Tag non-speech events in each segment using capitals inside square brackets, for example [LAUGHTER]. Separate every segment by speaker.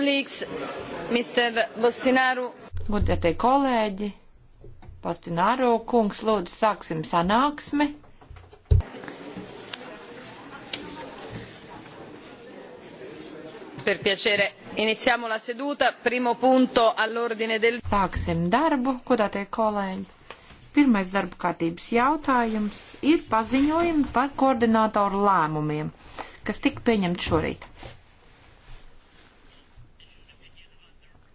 Speaker 1: colleagues, Mr. Bostināru. Godētie kolēģi, Bostināru kungs, lūdzu, sāksim sanāksmi. Per piacere, iniziamo la seduta. Primo punto all'ordine del. Sāksim darbu, godētie kolēģi. Pirmais darba kārtības jautājums ir paziņojumi par koordinātoru lēmumiem, kas tika pieņemti šorīt.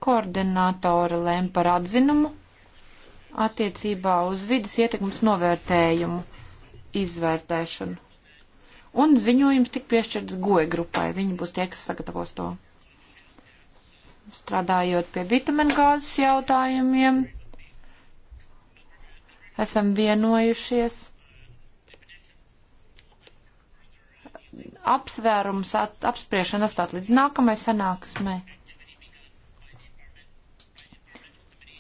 Speaker 1: Koordinātori lēma par atzinumu attiecībā uz vidas ietekmes novērtējumu izvērtēšanu. Un ziņojums tik piešķirts goja grupai. Viņi būs tie, kas sagatavos to. Strādājot pie vitamingāzes jautājumiem, esam vienojušies. Apsvērums at, apspriešana atstāt līdz nākamai sanāksmei.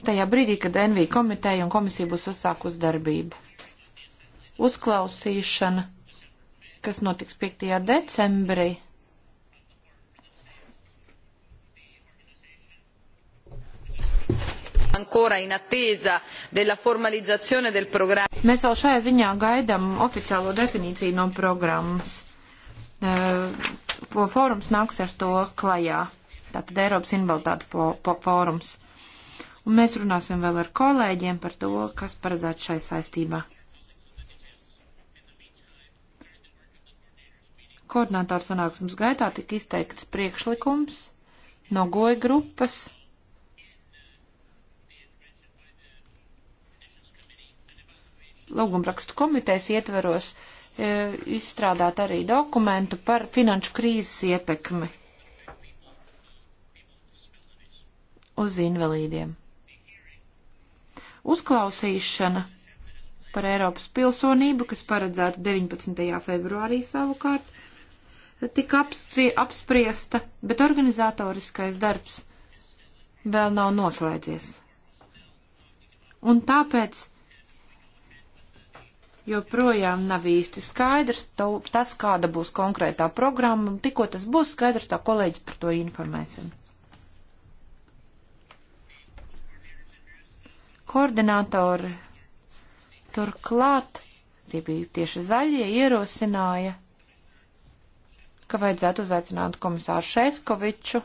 Speaker 1: tajā brīdī, kad NV komiteja un komisija būs uzsākus darbību. Uzklausīšana, kas notiks 5. decembrī.
Speaker 2: ancora in attesa
Speaker 1: della formalizzazione del programma. Mēs vēl šajā ziņā gaidām oficiālo definīciju no programmas. Eh, fórums nāks ar to klajā. Tātad Eiropas invaliditātes fórums un mēs runāsim vēl ar kolēģiem par to, kas paredzēts šai saistībā. Koordinātoru sanāksmes gaitā tika izteikts priekšlikums no goja grupas. Lūgumrakstu komitejas ietveros e, izstrādāt arī dokumentu par finanšu krīzes ietekmi uz invalīdiem. Uzklausīšana par Eiropas pilsonību, kas paredzēta 19. februārī savukārt, tika apstrie, apspriesta, bet organizatoriskais darbs vēl nav noslēdzies. Un tāpēc joprojām nav īsti skaidrs to, tas, kāda būs konkrētā programma, un tikko tas būs skaidrs, tā kolēģis par to informēsim. Koordinātori turklāt, tie bija tieši zaļie, ierosināja, ka vajadzētu uzaicināt komisāru Šefkoviču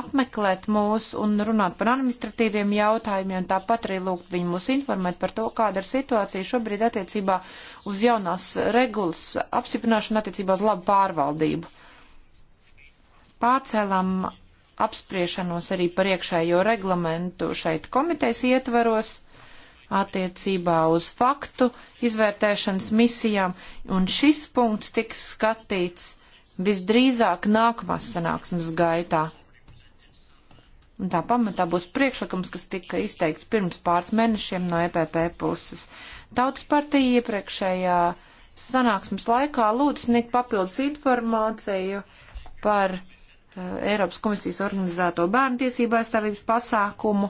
Speaker 1: apmeklēt mūs un runāt par administratīviem jautājumiem, tāpat arī lūgt viņu mūs informēt par to, kāda ir situācija šobrīd attiecībā uz jaunās regulas apstiprināšanu attiecībā uz labu pārvaldību. Pārcēlām apspriešanos arī par iekšējo reglamentu šeit komitejas ietvaros attiecībā uz faktu izvērtēšanas misijām, un šis punkts tiks skatīts visdrīzāk nākamās sanāksmes gaitā. Un tā pamatā būs priekšlikums, kas tika izteikts pirms pāris mēnešiem no EPP puses. Tautas partija iepriekšējā sanāksmes laikā lūdz sniegt papildus informāciju par Eh, Eiropas komisijas organizēto bērnu tiesību aizstāvības pasākumu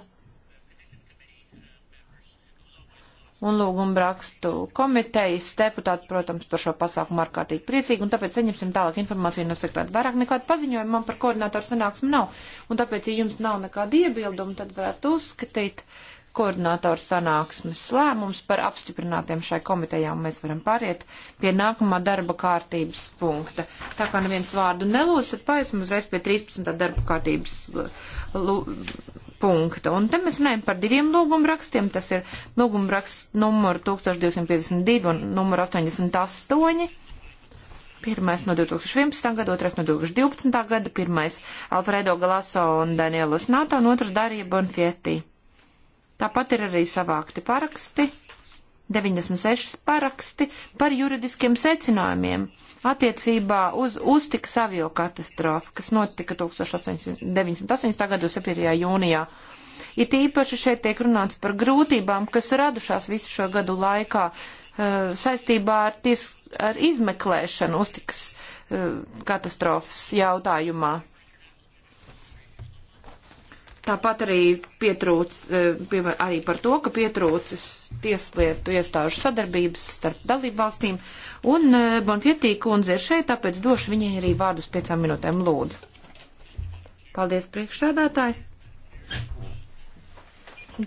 Speaker 1: un lūgumu rakstu komitejas deputāti, protams, par šo pasākumu ārkārtīgi priecīgi, un tāpēc saņemsim tālāk informāciju no sekretāra. Vairāk nekādu paziņojumu man par koordinātoru sanāksmi nav, un tāpēc, ja jums nav nekāda iebilduma, tad varētu uzskatīt, koordinātoru sanāksmes lēmums par apstiprinātiem šai komitejām. Mēs varam pāriet pie nākamā darba kārtības punkta. Tā kā neviens vārdu nelūs, tad paiesim uzreiz pie 13. darba kārtības uh, punkta. Un te mēs runājam par diviem lūgumrakstiem. Tas ir lūgumraksts numur 1252 un numur 88. Pirmais no 2011. gada, otrais no 2012. gada, pirmais Alfredo Galaso un Danielos Nato, un otrs Darija Bonfieti. Tāpat ir arī savākti paraksti, 96 paraksti par juridiskiem secinājumiem attiecībā uz uztikas avio katastrofu, kas notika 1980. gadu 7. jūnijā. It īpaši šeit tiek runāts par grūtībām, kas radušās visu šo gadu laikā eh, saistībā ar, ties, ar izmeklēšanu uztikas eh, katastrofas jautājumā. Tāpat arī pietrūc, e, piemēram, arī par to, ka pietrūcis tieslietu iestāžu sadarbības starp dalību valstīm, un e, Bonfietī kundze ir šeit, tāpēc došu viņai arī vārdus piecām minūtēm lūdzu. Paldies priekšsādātāji!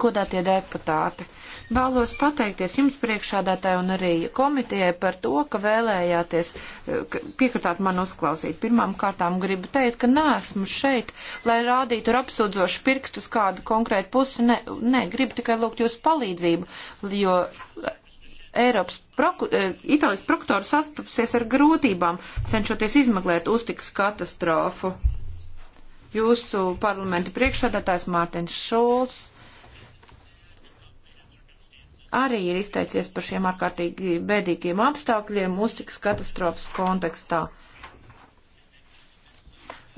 Speaker 1: Godātie deputāti! Vēlos pateikties jums priekšādātāju un arī komitejai par to, ka vēlējāties eh, piekritāt man uzklausīt. Pirmām kārtām gribu teikt, ka neesmu šeit, lai rādītu ar apsūdzošu pirkstu uz kādu konkrētu pusi. Nē, nē, gribu tikai lūgt jūsu palīdzību, jo eh, Eiropas proku, eh, Itālijas prokutora sastapsies ar grūtībām, cenšoties izmeklēt uztikas katastrofu. Jūsu parlamenta priekšsādātājs Mārtiņš Šulcs arī ir izteicies par šiem ārkārtīgi bēdīgiem apstākļiem uztiks katastrofas kontekstā.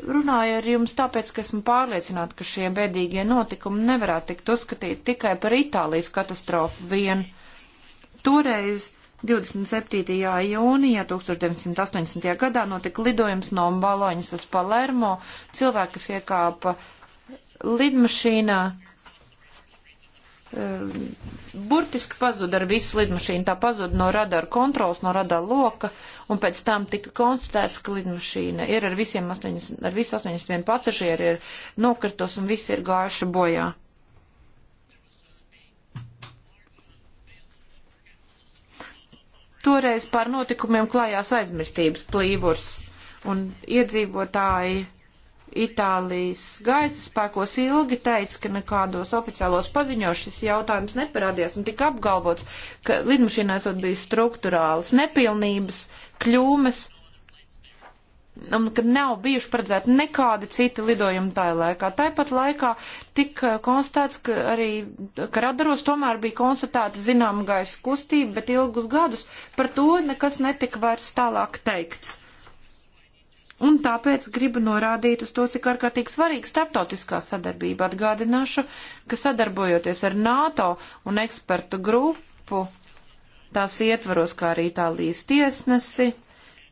Speaker 1: Runāju ar jums tāpēc, ka esmu pārliecināta, ka šie bēdīgie notikumi nevarētu tikt uzskatīti tikai par Itālijas katastrofu vien. Toreiz 27. jūnijā 1980. gadā notika lidojums no Baloņas uz Palermo. Cilvēki, kas iekāpa lidmašīnā, Ehm, burtiski pazuda ar visu lidmašīnu. Tā pazuda no radara kontrols, no radara loka, un pēc tam tika konstatēts, ka lidmašīna ir ar visiem 80, ar visu 81 pasažieri ir nokritos un visi ir gājuši bojā. Toreiz pār notikumiem klājās aizmirstības plīvurs, un iedzīvotāji Itālijas gaisa spēkos ilgi teica, ka nekādos oficiālos paziņos šis jautājums neparādījās un tika apgalvots, ka lidmašīnā esot bijis struktūrāls nepilnības, kļūmes un ka nav bijuši paredzēti nekādi citi lidojumi tajā laikā. Tāpat laikā tika konstatēts, ka arī ka radaros tomēr bija konstatēta zināma gaisa kustība, bet ilgus gadus par to nekas netika vairs tālāk teikts un tāpēc gribu norādīt uz to, cik ārkārtīgi svarīga starptautiskā sadarbība. Atgādināšu, ka sadarbojoties ar NATO un ekspertu grupu, tās ietvaros, kā arī Itālijas tiesnesi,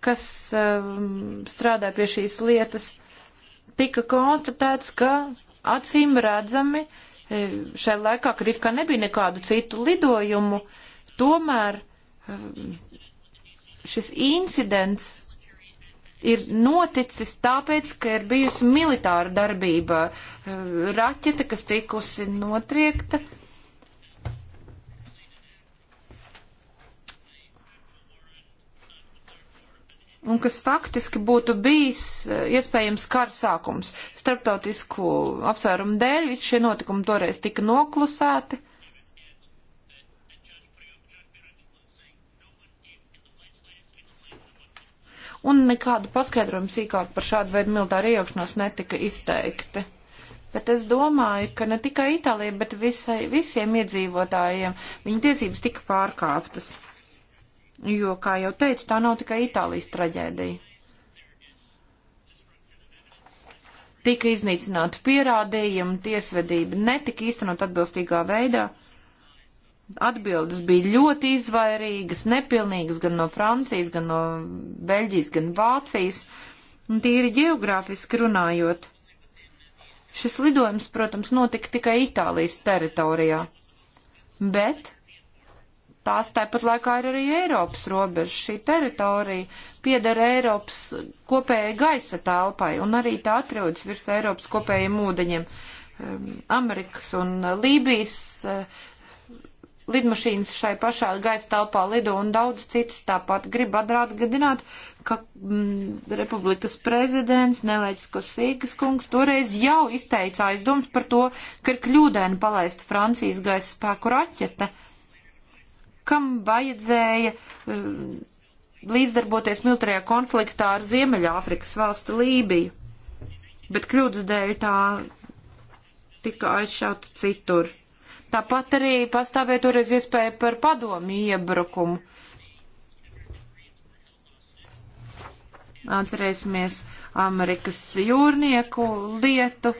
Speaker 1: kas um, strādā pie šīs lietas, tika konstatēts, ka acīm redzami e, šajā laikā, kad it kā nebija nekādu citu lidojumu, tomēr um, šis incidents ir noticis tāpēc, ka ir bijusi militāra darbība, eh, raķete, kas tikusi notriekta. un kas faktiski būtu bijis eh, iespējams kara sākums. Starptautisku apsvērumu dēļ visi šie notikumi toreiz tika noklusēti. Uh, un nekādu paskaidrojumu sīkāk par šādu veidu militāru iejaukšanos netika izteikti. Bet es domāju, ka ne tikai Itālija, bet visai, visiem iedzīvotājiem viņa tiesības tika pārkāptas. Jo, kā jau teicu, tā nav tikai Itālijas traģēdija. Tika iznīcināti pierādījumi, tiesvedība netika īstenot atbilstīgā veidā. Atbildes bija ļoti izvairīgas, nepilnīgas gan no Francijas, gan no Beļģijas, gan Vācijas, un tīri geogrāfiski runājot. Šis lidojums, protams, notika tikai Itālijas teritorijā, bet tās tāpat laikā ir arī Eiropas robeža. Šī teritorija piedara Eiropas kopējai gaisa telpai un arī tā atrodas virs Eiropas kopējiem ūdeņiem. Ehm, Amerikas un Lībijas eh, lidmašīnas šai pašā gaisa telpā lido un daudz citas tāpat. Gribu atgādināt, ka mm, republikas prezidents Nelēķis Kosīgas kungs toreiz jau izteica aizdoms par to, ka ir kļūdēni palaist Francijas gaisa spēku raķete, kam vajadzēja mm, līdzdarboties militārajā konfliktā ar Ziemeļāfrikas valsti Lībiju. Bet kļūdas dēļ tā tika aizšauta citur. Tāpat arī pastāvēja toreiz iespēja par padomu iebrukumu. Atcerēsimies Amerikas jūrnieku lietu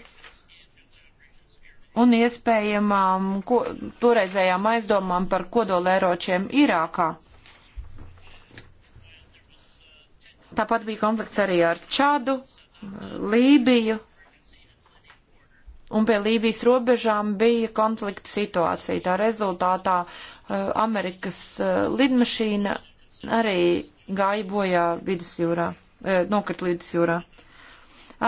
Speaker 1: un iespējamām ko, toreizējām aizdomām par kodolēročiem Irākā. Tāpat bija konflikts arī ar Čadu, Lībiju un pie Lībijas robežām bija konflikta situācija. Tā rezultātā uh, Amerikas uh, lidmašīna arī gāja bojā vidusjūrā, uh, eh, nokrita vidusjūrā.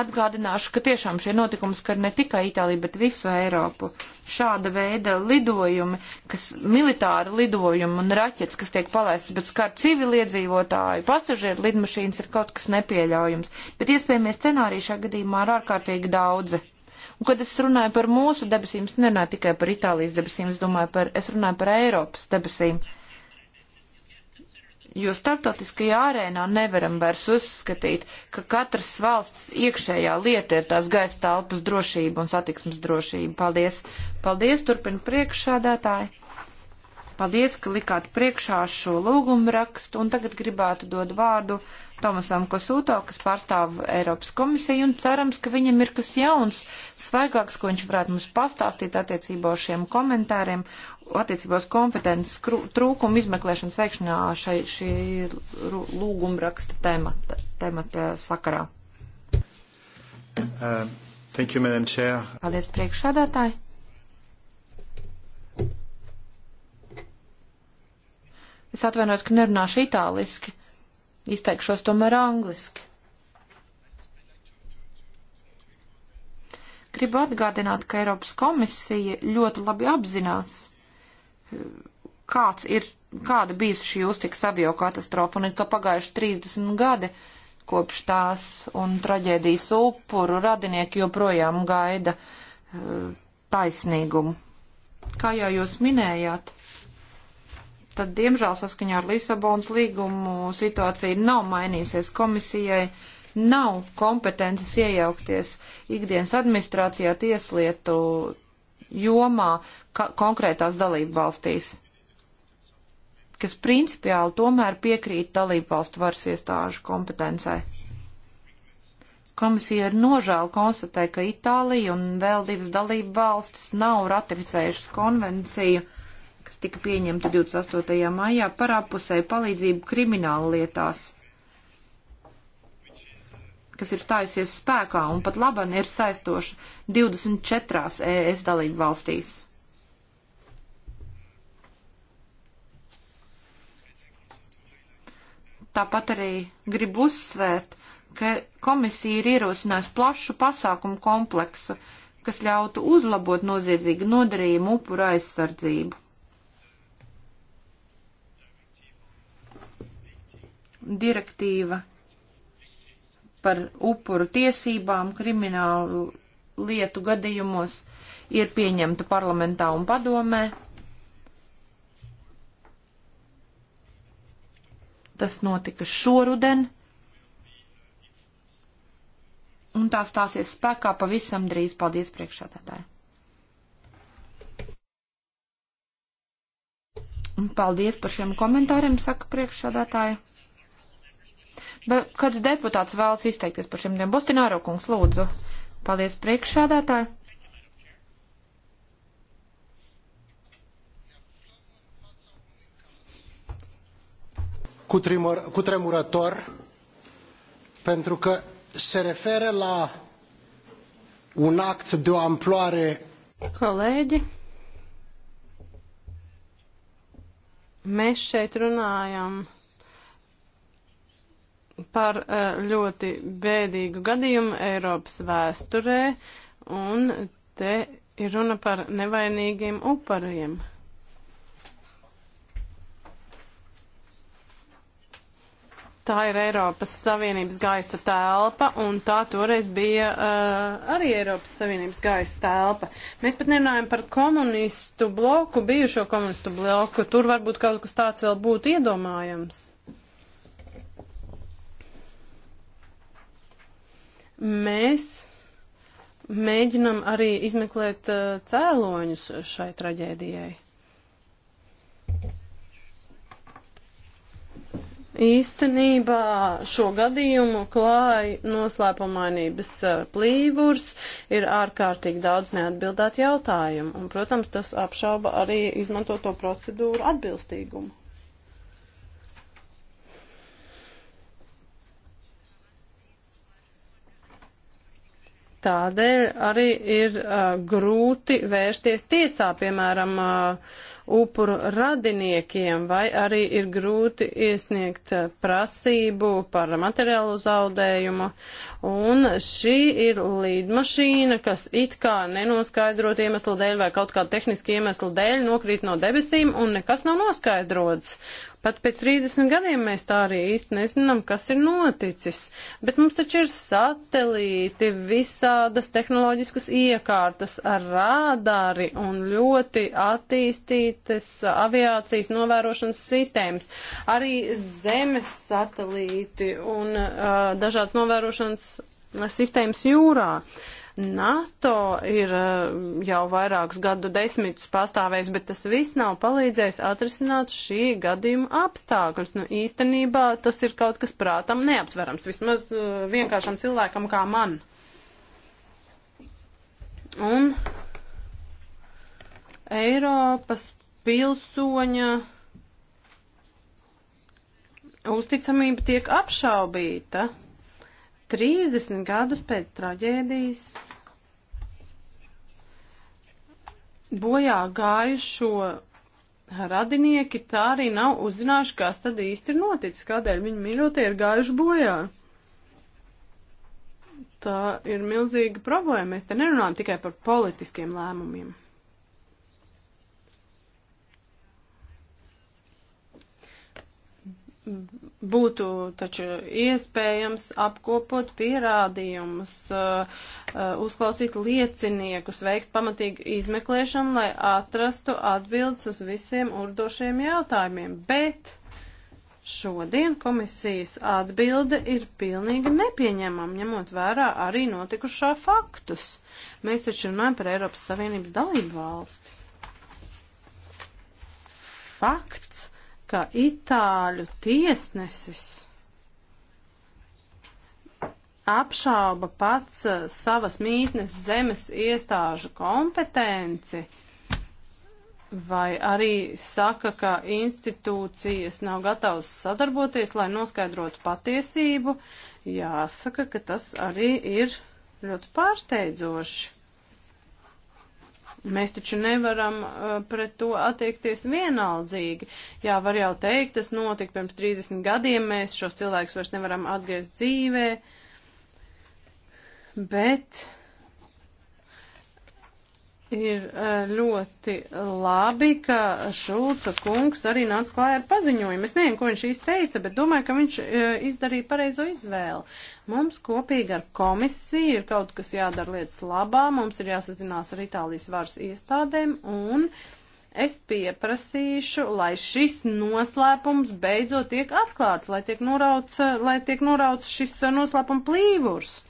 Speaker 1: Atgādināšu, ka tiešām šie notikumi skar ne tikai Itāliju, bet visu Eiropu. Šāda veida lidojumi, kas militāri lidojumi un raķets, kas tiek palaistas, bet skar civiliedzīvotāju, pasažieru lidmašīnas ir kaut kas nepieļaujams. Bet iespējamies scenāriji šajā gadījumā ir ārkārtīgi daudzi Un, kad es runāju par mūsu debesīm, es nerunāju tikai par Itālijas debesīm, es, domāju par, es runāju par Eiropas debesīm. Jo starptautiskajā arēnā nevaram vairs uzskatīt, ka katras valsts iekšējā lieta ir tās gaisa telpas drošība un satiksmes drošība. Paldies! Paldies! Turpin priekšsādātāji! Paldies, ka likāt priekšā šo lūgumu rakstu, un tagad gribētu dod vārdu Tomasam Kosūto, kas pārstāv Eiropas komisiju, un cerams, ka viņam ir kas jauns, svaigāks, ko viņš varētu mums pastāstīt attiecībā uz šiem komentāriem, attiecībā uz kompetences trūkumu izmeklēšanas veikšanā šai, šī lūgumraksta temata, temata sakarā.
Speaker 2: Uh, thank you, Madam Chair.
Speaker 1: Paldies, priekšsādātāji. Es atvainojos, ka nerunāšu itāliski Izteikšos tomēr angliski. Gribu atgādināt, ka Eiropas komisija ļoti labi apzinās, kāds ir, kāda bijusi šī uztiks avio katastrofa, un ir, ka pagājuši 30 gadi kopš tās un traģēdijas upuru radinieki joprojām gaida eh, taisnīgumu. Kā jau jūs minējāt, tad, diemžēl, saskaņā ar Lisabonas līgumu situācija nav mainīsies komisijai. Nav kompetences iejaukties ikdienas administrācijā, tieslietu jomā konkrētās dalību valstīs, kas principiāli tomēr piekrīt dalību valstu varas iestāžu kompetencē. Komisija ar nožēlu konstatē, ka Itālija un vēl divas dalību valstis nav ratificējušas konvenciju kas tika pieņemta 28. maijā par apusēju palīdzību krimināla lietās, kas ir stājusies spēkā un pat laban ir saistoša 24. ES dalību valstīs. Tāpat arī gribu uzsvērt, ka komisija ir ierosinājusi plašu pasākumu kompleksu, kas ļautu uzlabot noziedzīgu nodarījumu upuru aizsardzību. direktīva par upuru tiesībām kriminālu lietu gadījumos ir pieņemta parlamentā un padomē. Tas notika šoruden, un tā stāsies spēkā pavisam drīz. Paldies priekšādātāji! Paldies par šiem komentāriem, saka priekšādātāja. Bet kāds deputāts vēlas izteikties par šiem diem? Bostināro kungs, lūdzu. Paldies priekšsādātāji.
Speaker 3: cutremurător pentru că se referă la un act de o amploare. Colegi, mēs šeit runājam par eh, ļoti bēdīgu gadījumu Eiropas vēsturē, un te ir runa par nevainīgiem upariem. Tā ir Eiropas Savienības gaisa telpa, un tā toreiz bija uh, arī Eiropas Savienības gaisa telpa. Mēs pat nerunājam par komunistu bloku, bijušo komunistu bloku. Tur varbūt kaut kas tāds vēl būtu iedomājams. Mēs mēģinam arī izmeklēt uh, cēloņus šai traģēdijai. Īstenībā šo gadījumu klāja noslēpumainības uh, plīvurs, ir ārkārtīgi daudz neatbildēt jautājumu, un, protams, tas apšauba arī izmantoto procedūru atbilstīgumu. tādēļ arī ir uh, grūti vērsties tiesā, piemēram, uh, upuru radiniekiem, vai arī ir grūti iesniegt eh, prasību par materiālu zaudējumu. Un šī ir līdmašīna, kas it kā nenoskaidrot iemeslu dēļ vai kaut kādu tehnisku iemeslu dēļ nokrīt no debesīm un nekas nav noskaidrots. Pat pēc 30 gadiem mēs tā arī īsti nezinām, kas ir noticis. Bet mums taču ir satelīti, visādas tehnoloģiskas iekārtas, rādāri un ļoti attīstīti citas aviācijas novērošanas sistēmas, arī zemes satelīti un uh, dažādas novērošanas sistēmas jūrā. NATO ir uh, jau vairākus gadu desmitus pastāvējis, bet tas viss nav palīdzējis atrisināt šī gadījuma apstākļus. Nu, īstenībā tas ir kaut kas prātam neaptverams, vismaz uh, vienkāršam cilvēkam kā man. Un Eiropas pilsoņa uzticamība tiek apšaubīta 30 gadus pēc traģēdijas. Bojā gājušo radinieki tā arī nav uzzinājuši, kas tad īsti ir noticis, kādēļ viņu mīļotie ir gājuši bojā. Tā ir milzīga problēma. Mēs te nerunājam tikai par politiskiem lēmumiem. būtu taču iespējams apkopot pierādījumus, uh, uh, uzklausīt lieciniekus, veikt pamatīgu izmeklēšanu, lai atrastu atbildes uz visiem urdošiem jautājumiem. Bet šodien komisijas atbilde ir pilnīgi nepieņemama, ņemot vērā arī notikušā faktus. Mēs taču runājam par Eiropas Savienības dalību valsti. Fakts ka itāļu tiesnesis apšauba pats eh, savas mītnes zemes iestāžu kompetenci, vai arī saka, ka institūcijas nav gatavas sadarboties, lai noskaidrotu patiesību, jāsaka, ka tas arī ir ļoti pārsteidzoši. Mēs taču nevaram uh, pret to attiekties vienaldzīgi. Jā, var jau teikt, tas notika pirms 30 gadiem, mēs šos cilvēkus vairs nevaram atgriezt dzīvē, bet Ir e, ļoti labi, ka Šulca kungs arī nāca klāja ar paziņojumu. Es nezinu, ko viņš izteica, bet domāju, ka viņš e, izdarīja pareizo izvēli. Mums kopīgi ar komisiju ir kaut kas jādara lietas labā, mums ir jāsazinās ar Itālijas varas iestādēm un es pieprasīšu, lai šis noslēpums beidzot tiek atklāts, lai tiek norauts, lai tiek norauts šis e, noslēpuma plīvurs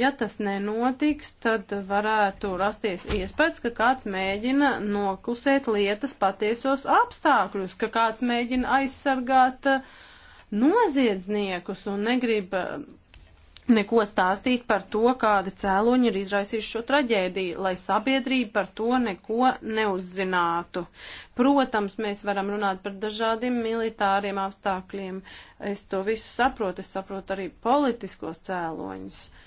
Speaker 3: Ja tas nenotiks, tad varētu rasties iespējas, ka kāds mēģina noklusēt lietas patiesos apstākļus, ka kāds mēģina aizsargāt uh, noziedzniekus un negrib uh, neko stāstīt par to, kādi cēloņi ir izraisījuši šo traģēdiju, lai sabiedrība par to neko neuzzinātu. Protams, mēs varam runāt par dažādiem militāriem apstākļiem. Es to visu saprotu, es saprotu arī politiskos cēloņus. Uh,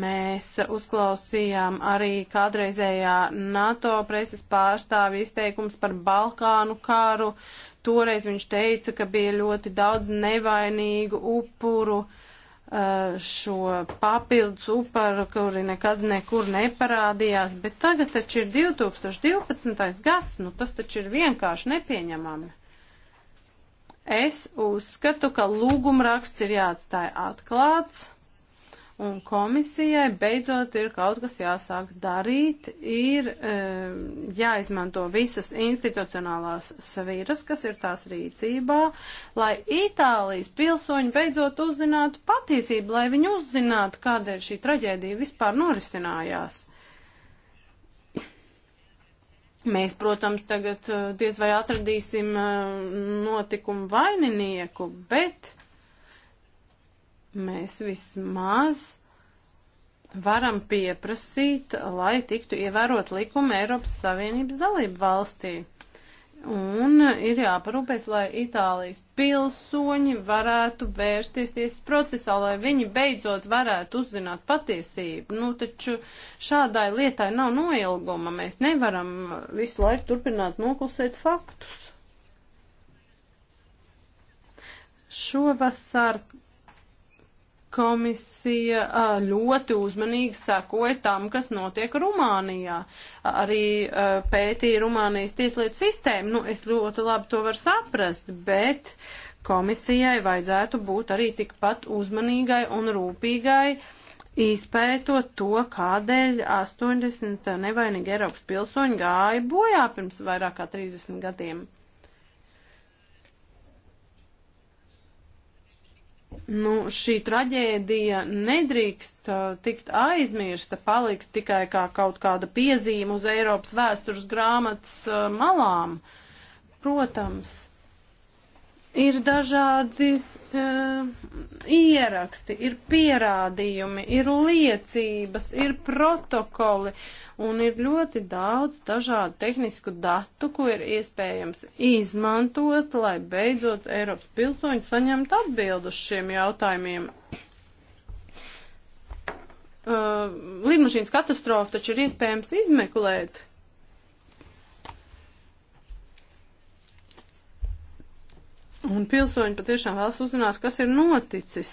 Speaker 3: Mēs uzklausījām arī kādreizējā NATO preses pārstāvi izteikums par Balkānu kāru. Toreiz viņš teica, ka bija ļoti daudz nevainīgu upuru eh, šo papildus uparu, kuri nekad nekur neparādījās, bet tagad taču ir 2012. gads, nu tas taču ir vienkārši nepieņemami. Es uzskatu, ka lūgumraksts ir jāatstāja atklāts Un komisijai beidzot ir kaut kas jāsāk darīt, ir e, jāizmanto visas institucionālās sviras, kas ir tās rīcībā, lai Itālijas pilsoņi beidzot uzzinātu patiesību, lai viņi uzzinātu, kādēļ šī traģēdija vispār norisinājās. Mēs, protams, tagad e, diez vai atradīsim e, notikumu vaininieku, bet mēs vismaz varam pieprasīt, lai tiktu ievērot likumi Eiropas Savienības dalību valstī. Un ir jāparūpēs, lai Itālijas pilsoņi varētu vērsties tiesas procesā, lai viņi beidzot varētu uzzināt patiesību. Nu, taču šādai lietai nav noilguma. Mēs nevaram visu laiku turpināt noklusēt faktus. Šovasar komisija ļoti uzmanīgi sekoja tam, kas notiek Rumānijā. Arī pētīja Rumānijas tieslietu sistēmu. Nu, es ļoti labi to varu saprast, bet komisijai vajadzētu būt arī tikpat uzmanīgai un rūpīgai. Izpētot to, kādēļ 80 nevainīgi Eiropas pilsoņi gāja bojā pirms vairāk kā 30 gadiem. Nu, šī traģēdija nedrīkst uh, tikt aizmirsta, palikt tikai kā kaut kāda piezīme uz Eiropas vēstures grāmatas uh, malām. Protams, ir dažādi uh, ieraksti, ir pierādījumi, ir liecības, ir protokoli un ir ļoti daudz dažādu tehnisku datu, ko ir iespējams izmantot, lai beidzot Eiropas pilsoņi saņemtu atbildus šiem jautājumiem. Uh, lidmašīnas katastrofa taču ir iespējams izmeklēt. Un pilsoņi patiešām vēlas uzzināt, kas ir noticis.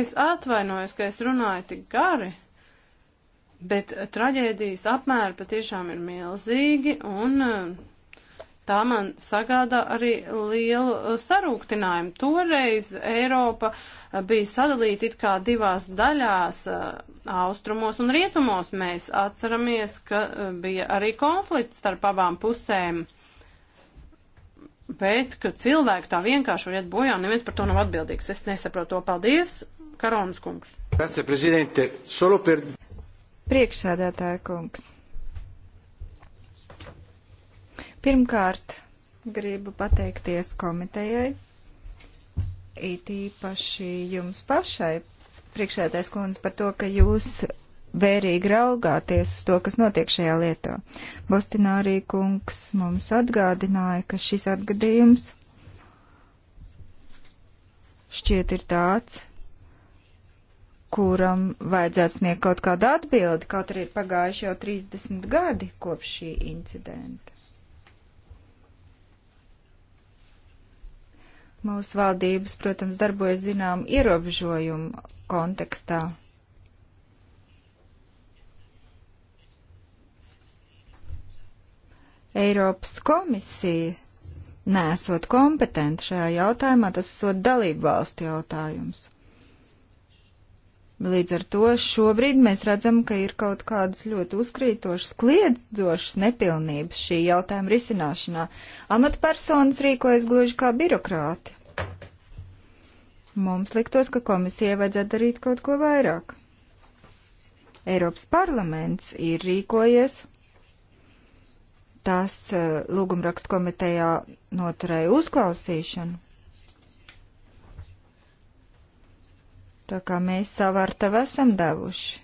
Speaker 3: Es atvainojos, ka es runāju tik gari, bet traģēdijas apmēri patiešām ir milzīgi un eh, tā man sagādā arī lielu eh, sarūktinājumu. Toreiz Eiropa eh, bija sadalīta it kā divās daļās - austrumos un rietumos. Mēs atceramies, ka bija arī konflikts starp abām pusēm bet ka cilvēki tā vienkārši var iet bojā un neviens par to nav atbildīgs. Es nesaprotu to. Paldies, Karonas kungs.
Speaker 2: Grazie, prezidente. Solo per... Priekšsēdētāja kungs. Pirmkārt, gribu pateikties komitejai, it īpaši jums pašai, priekšsēdētājs kundze, par to, ka jūs vērīgi raugāties uz to, kas notiek šajā lietā. Bostinārī kungs mums atgādināja, ka šis atgadījums šķiet ir tāds, kuram vajadzētu sniegt kaut kādu atbildi, kaut arī ir pagājuši jau 30 gadi kopš šī incidenta. Mūsu valdības, protams, darbojas zinām ierobežojumu kontekstā. Eiropas komisija nesot kompetenti šajā jautājumā, tas esot dalību valstu jautājums. Līdz ar to šobrīd mēs redzam, ka ir kaut kādas ļoti uzkrītošas, kliedzošas nepilnības šī jautājuma risināšanā. Amatpersonas rīkojas gluži kā birokrāti. Mums liktos, ka komisijai vajadzētu darīt kaut ko vairāk. Eiropas parlaments ir rīkojies tas eh, lūgumrakstu komitejā noturēja uzklausīšanu. Tā kā mēs savārtavu esam devuši.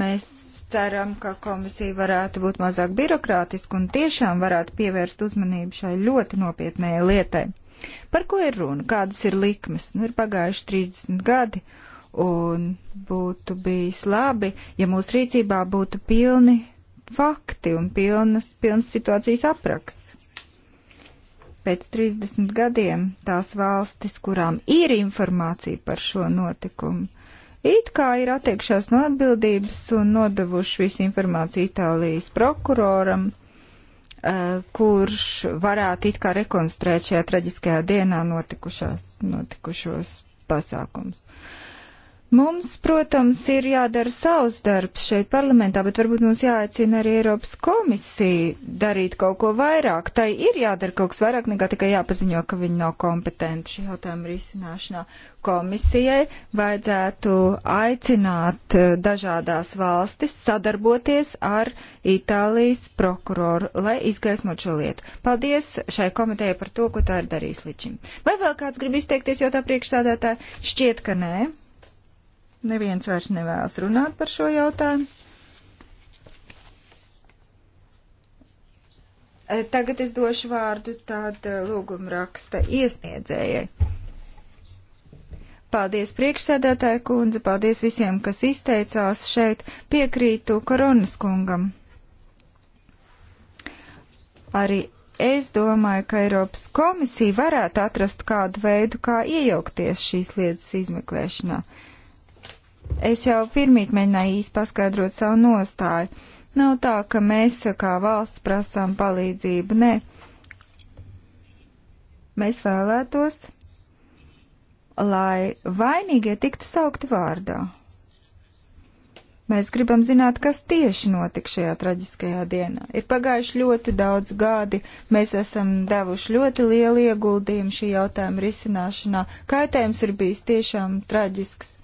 Speaker 2: Mēs ceram, ka komisija varētu būt mazāk birokrātiska un tiešām varētu pievērst uzmanību šai ļoti nopietnējai lietai. Par ko ir runa? Kādas ir likmes? Nu, ir pagājuši 30 gadi, un būtu bijis labi, ja mūsu rīcībā būtu pilni fakti un pilnas, pilnas situācijas apraksts. Pēc 30 gadiem tās valstis, kurām ir informācija par šo notikumu, it kā ir attiekšās no atbildības un nodevuši visu informāciju Itālijas prokuroram, eh, kurš varētu it kā rekonstruēt šajā traģiskajā dienā notikušos pasākums. Uh, Mums, protams, ir jādara savs darbs šeit parlamentā, bet varbūt mums jāaicina arī Eiropas komisija darīt kaut ko vairāk. Tai ir jādara kaut kas vairāk nekā tikai jāpaziņo, ka viņi nav kompetenti šī jautājuma risināšanā. Komisijai vajadzētu aicināt eh, dažādās valstis sadarboties ar Itālijas prokuroru, lai izgaismot šo lietu. Paldies šai komitejai par to, ko tā ir darījis līdz šim. Vai vēl kāds grib izteikties jautā priekšsādātāji? Šķiet, ka nē. Neviens vairs nevēlas runāt par šo jautājumu. E, tagad es došu vārdu tāda e, lūgumraksta iesniedzējai. Paldies priekšsēdētāja kundze, paldies visiem, kas izteicās šeit, piekrītu Koronas kungam. Arī es domāju, ka Eiropas komisija varētu atrast kādu veidu, kā iejaukties šīs lietas izmeklēšanā. Uh, Es jau pirmīt mēģināju īsti paskaidrot savu nostāju. Nav tā, ka mēs kā valsts prasām palīdzību, nē. Mēs vēlētos, lai vainīgie tiktu saukti vārdā. Mēs gribam zināt, kas tieši notika šajā traģiskajā dienā. Ir pagājuši ļoti daudz gadi, mēs esam devuši ļoti lielu ieguldījumu šī jautājuma risināšanā. Kaitējums ir bijis tiešām traģisks.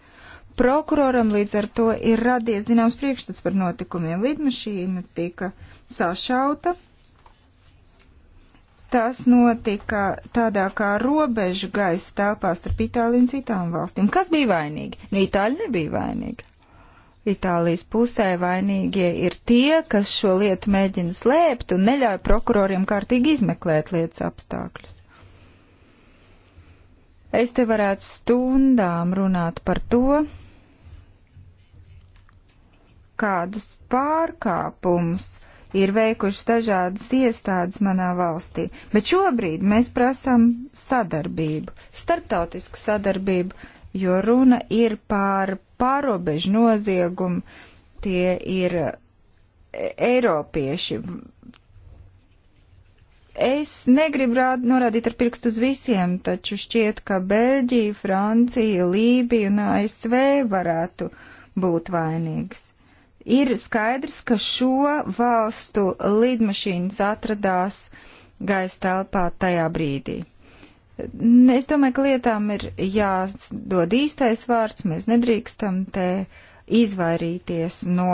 Speaker 2: Prokuroram līdz ar to ir radies zināms priekšstats par notikumiem. Lidmašīna tika sašauta. Tas notika tādā kā robežu gaisa telpā starp Itāliju un citām valstīm. Kas bija vainīgi? Nu, Itāļi nebija vainīgi. Itālijas pusē vainīgie ir tie, kas šo lietu mēģina slēpt un neļauj prokuroriem kārtīgi izmeklēt lietas apstākļus. Es te varētu stundām runāt par to, kādus pārkāpumus ir veikušas dažādas iestādes manā valstī, bet šobrīd mēs prasām sadarbību, starptautisku sadarbību, jo runa ir pār pārobežu noziegumu, tie ir e, Eiropieši. Es negribu rād, norādīt ar pirkstu uz visiem, taču šķiet, ka Beļģija, Francija, Lībija un ASV varētu būt vainīgas. Ir skaidrs, ka šo valstu lidmašīnas atradās gaisa telpā tajā brīdī. Es domāju, ka lietām ir jādod īstais vārds, mēs nedrīkstam te izvairīties no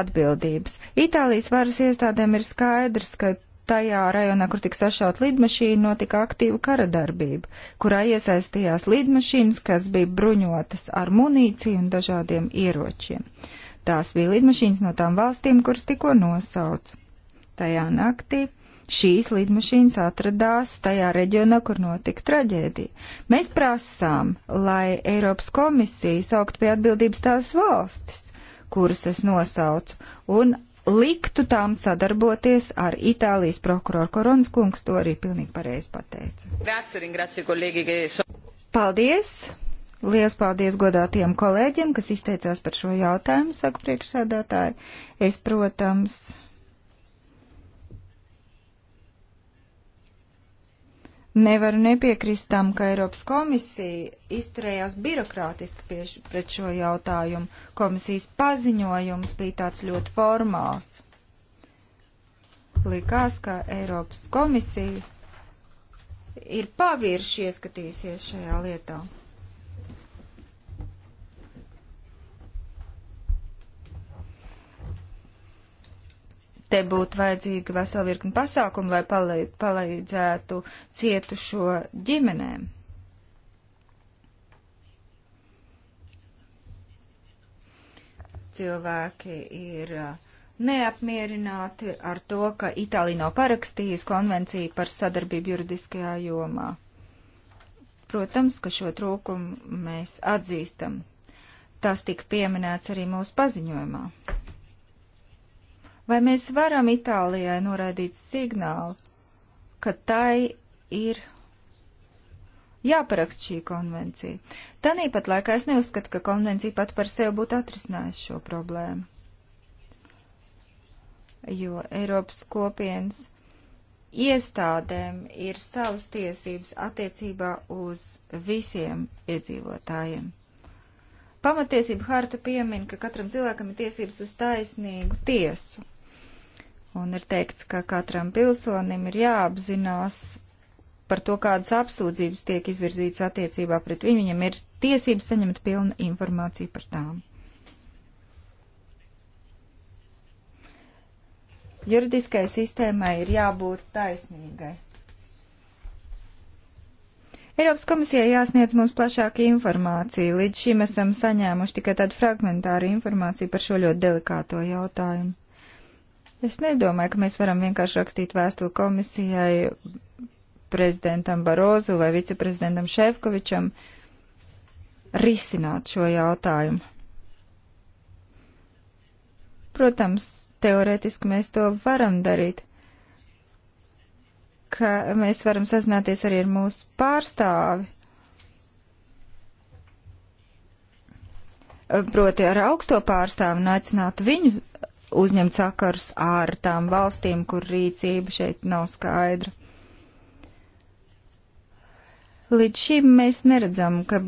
Speaker 2: atbildības. Itālijas varas iestādēm ir skaidrs, ka tajā rajonā, kur tika sašaut lidmašīna, notika aktīva kara darbība, kurā iesaistījās lidmašīnas, kas bija bruņotas ar munīciju un dažādiem ieročiem. Uh, Tās bija lidmašīnas no tām valstīm, kuras tikko nosaucu. Tajā naktī šīs lidmašīnas atradās tajā reģionā, kur notika traģēdija. Mēs prasām, lai Eiropas komisija saukt pie atbildības tās valstis, kuras es nosaucu, un liktu tām sadarboties ar Itālijas prokuroru Korons kungs, to arī pilnīgi pareizi pateica. Paldies! Lielas paldies godātiem kolēģiem, kas izteicās par šo jautājumu, saka priekšsēdētāji. Es, protams, Nevaru nepiekrist tam, ka Eiropas komisija izturējās birokrātiski pie, pret šo jautājumu. Komisijas paziņojums bija tāds ļoti formāls. Likās, ka Eiropas komisija ir pavirši ieskatījusies šajā lietā. Te būtu vajadzīga vesela virkni pasākumu, lai palīdzētu cietušo ģimenēm. Cilvēki ir uh, neapmierināti ar to, ka Itālija nav parakstījusi konvenciju par sadarbību juridiskajā jomā. Protams, ka šo trūkumu mēs atzīstam. Tas tika pieminēts arī mūsu paziņojumā. Vai mēs varam Itālijai noraidīt signālu, ka tai ir jāparakst šī konvencija? Tanīpat laikā es neuzskatu, ka konvencija pat par sevi būtu atrisinājusi šo problēmu. Jo Eiropas kopienas iestādēm ir savas tiesības attiecībā uz visiem iedzīvotājiem. Pamatiesība harta piemin, ka katram cilvēkam ir tiesības uz taisnīgu tiesu. Un ir teikts, ka katram pilsonim ir jāapzinās par to, kādas apsūdzības tiek izvirzītas attiecībā pret viņu. Viņam ir tiesības saņemt pilnu informāciju par tām. Juridiskai sistēmai ir jābūt taisnīgai. Eiropas komisijai jāsniedz mums plašāka informācija. Līdz šim esam saņēmuši tikai tādu fragmentāru informāciju par šo ļoti delikāto jautājumu. Es nedomāju, ka mēs varam vienkārši rakstīt vēstuli komisijai, prezidentam Barozu vai viceprezidentam Šefkovičam, risināt šo jautājumu. Protams, teorētiski mēs to varam darīt, ka mēs varam sazināties arī ar mūsu pārstāvi. Proti ar augsto pārstāvu un aicināt viņu uzņemt sakars ar tām valstīm, kur rīcība šeit nav skaidra. Līdz šim mēs neredzam, ka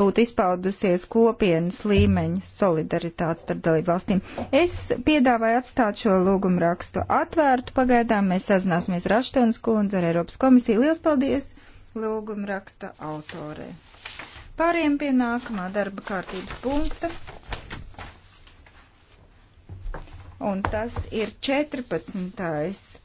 Speaker 2: būtu izpaudusies kopienas līmeņa solidaritāte starp dalību valstīm. Es piedāvāju atstāt šo lūgumu rakstu atvērtu. Pagaidām mēs sazināsimies ar Aštons kundzi, ar Eiropas komisiju. Lielas paldies lūgumu raksta autorē. Pāriem pie nākamā darba kārtības punkta un tas ir 14.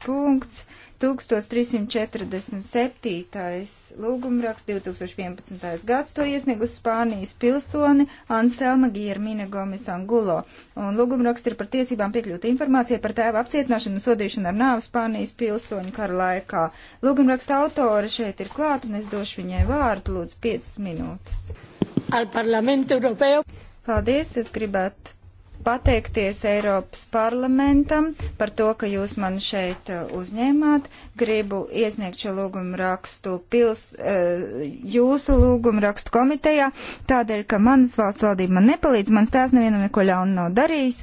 Speaker 2: punkts, 1347. lūgumraksts 2011. gads, to iesniegus Spānijas pilsoni Anselma Giermine Gomes Angulo, un lūgumraksts ir par tiesībām piekļūt informācijai par tēva apcietināšanu un sodīšanu ar nāvu Spānijas pilsoņu kara laikā. Lūgumraksta autora šeit ir klāt, un es došu viņai vārdu, lūdzu, 5 minūtes. Al Parlamento Europeo. Paldies, es gribētu pateikties Eiropas parlamentam par to, ka jūs mani šeit uh, uzņēmāt. Gribu iesniegt šo lūgumu rakstu pils, uh, jūsu lūgumu rakstu komitejā, tādēļ, ka manas valsts valdība man nepalīdz, mans tēvs nevienam neko ļaunu nav darījis.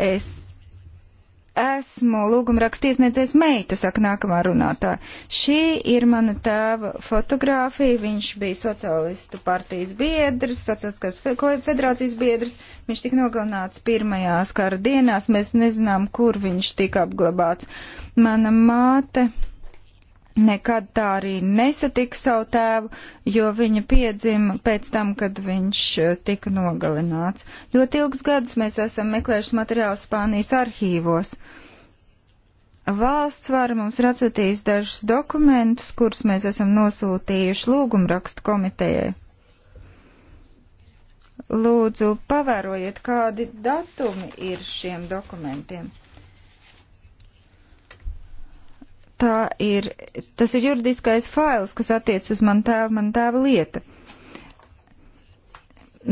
Speaker 2: Es Esmu lūgumraksta iesniedzējs meita, saka nākamā runātāja. Šī ir mana tēva fotografija. Viņš bija socialistu partijas biedrs, sociāliskās federācijas biedrs. Viņš tika nogalināts pirmajās kara dienās. Mēs nezinām, kur viņš tika apglabāts. Mana māte nekad tā arī nesatika savu tēvu, jo viņa piedzima pēc tam, kad viņš e, tika nogalināts. Ļoti ilgus gadus mēs esam meklējuši materiālus Spānijas arhīvos. Valsts vara mums ir atsūtījusi dažus dokumentus, kurus mēs esam nosūtījuši lūgumrakstu komitejai. Lūdzu, pavērojiet, kādi datumi ir šiem dokumentiem. tā ir, tas ir juridiskais fails, kas attiec uz man tēva, man tēva lieta.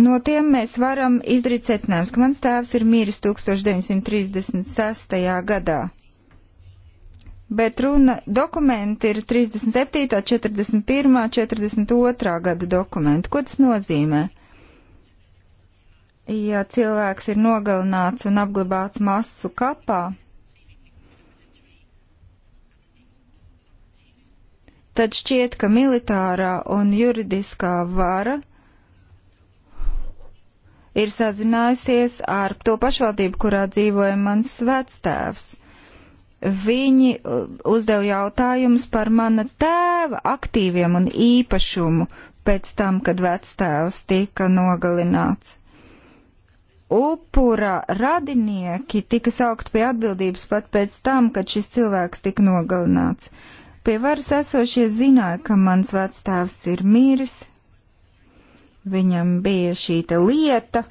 Speaker 2: No tiem mēs varam izdarīt secinājumus, ka mans tēvs ir mīris 1936. gadā. Bet runa dokumenti ir 37., 41., 42. gada dokumenti. Ko tas nozīmē? Ja cilvēks ir nogalināts un apglabāts masu kapā, tad šķiet, ka militārā un juridiskā vara ir sazinājusies ar to pašvaldību, kurā dzīvoja mans svētstēvs. Viņi uzdev jautājumus par mana tēva aktīviem un īpašumu pēc tam, kad vectēvs tika nogalināts. Upura radinieki tika saukt pie atbildības pat pēc tam, kad šis cilvēks tika nogalināts. Uh, Pie varas esošie zināja, ka mans vecstāvs ir miris, viņam bija šī lieta,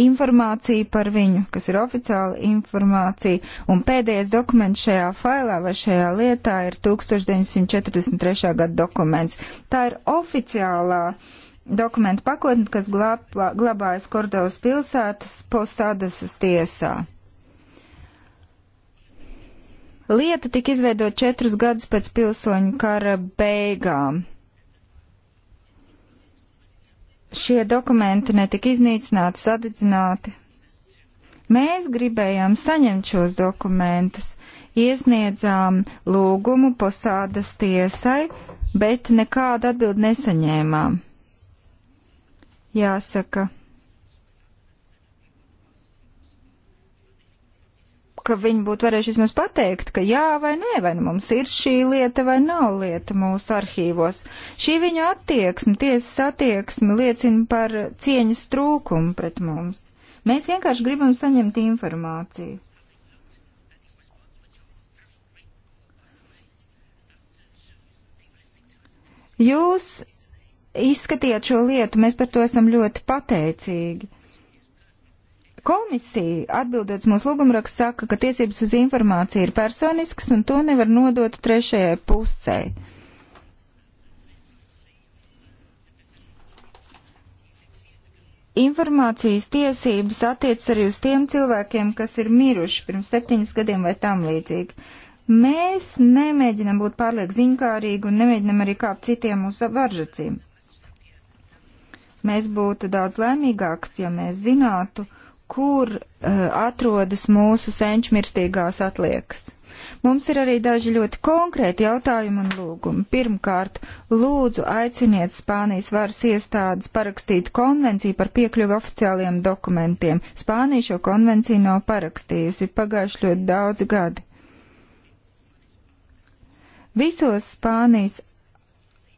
Speaker 2: informācija par viņu, kas ir oficiāla informācija, un pēdējais dokuments šajā failā vai šajā lietā ir 1943. gada dokuments. Tā ir oficiālā dokumentu pakotne, kas glabā, glabājas Kordovas pilsētas posādas tiesā. Lieta tika izveidota četrus gadus pēc pilsoņu kara beigām. Šie dokumenti netika iznīcināti, sadedzināti. Mēs gribējām saņemt šos dokumentus, iesniedzām lūgumu posādas tiesai, bet nekādu atbildi nesaņēmām. Jāsaka, ka viņi būtu varējuši vismaz pateikt, ka jā vai nē, vai nu mums ir šī lieta vai nav lieta mūsu arhīvos. Šī viņu attieksme, tiesas attieksme liecina par cieņas trūkumu pret mums. Mēs vienkārši gribam saņemt informāciju. Jūs izskatījāt šo lietu, mēs par to esam ļoti pateicīgi. Komisija, atbildot mūsu lūgumrakstu, saka, ka tiesības uz informāciju ir personiskas un to nevar nodot trešajai pusē. Informācijas tiesības attiec arī uz tiem cilvēkiem, kas ir miruši pirms septiņas gadiem vai tam līdzīgi. Mēs nemēģinam būt pārlieku ziņkārīgi un nemēģinam arī kāpt citiem uz varžacīm. Mēs būtu daudz laimīgāks, ja mēs zinātu, uh, kur uh, atrodas mūsu senčmirstīgās atliekas. Mums ir arī daži ļoti konkrēti jautājumi un lūgumi. Pirmkārt, lūdzu aiciniet Spānijas varas iestādes parakstīt konvenciju par piekļuvi oficiāliem dokumentiem. Spānija šo konvenciju nav parakstījusi, ir pagājuši ļoti daudz gadi. Visos Spānijas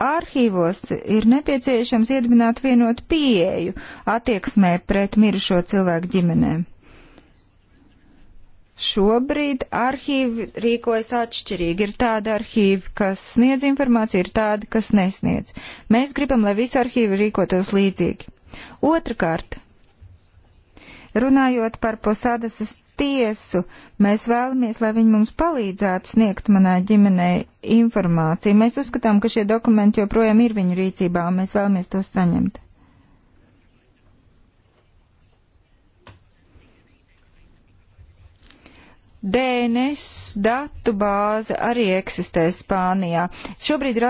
Speaker 2: Arhīvos ir nepieciešams iedibināt vienotu pieeju attieksmē pret mirušo cilvēku ģimenēm. Šobrīd arhīvi rīkojas atšķirīgi. Ir tāda arhīva, kas sniedz informāciju, ir tāda, kas nesniedz. Mēs gribam, lai visi arhīvi rīkotos līdzīgi. Otrakārt, runājot par posādas tiesu. Mēs vēlamies, lai viņi mums palīdzētu sniegt manā ģimenei informāciju. Mēs uzskatām, ka šie dokumenti joprojām ir viņu rīcībā, un mēs vēlamies tos saņemt. DNS datu bāze arī eksistē Spānijā. Šobrīd ir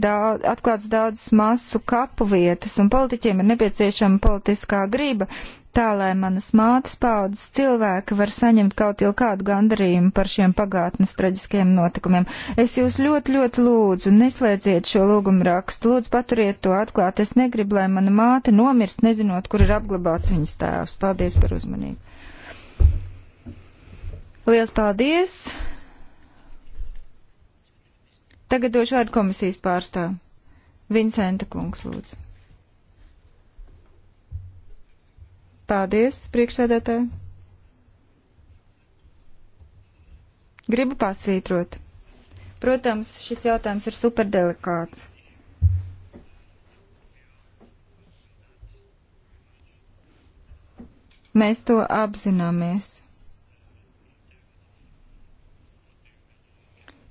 Speaker 2: daudz, atklāts daudzas masu kapu vietas, un politiķiem ir nepieciešama politiskā griba, tā lai manas mātes paudzes cilvēki var saņemt kaut jau kādu gandarījumu par šiem pagātnes traģiskiem notikumiem. Es jūs ļoti, ļoti lūdzu, neslēdziet šo lūgumu rakstu, lūdzu paturiet to atklāt. Es negribu, lai mana māte nomirst, nezinot, kur ir apglabāts viņas tēvs. Paldies par uzmanību. Lielas paldies! Tagad došu vārdu komisijas pārstāvu. Vincenta kungs, lūdzu. Paldies, priekšsēdētāji. Gribu pasvītrot. Protams, šis jautājums ir superdelikāts. Mēs to apzināmies.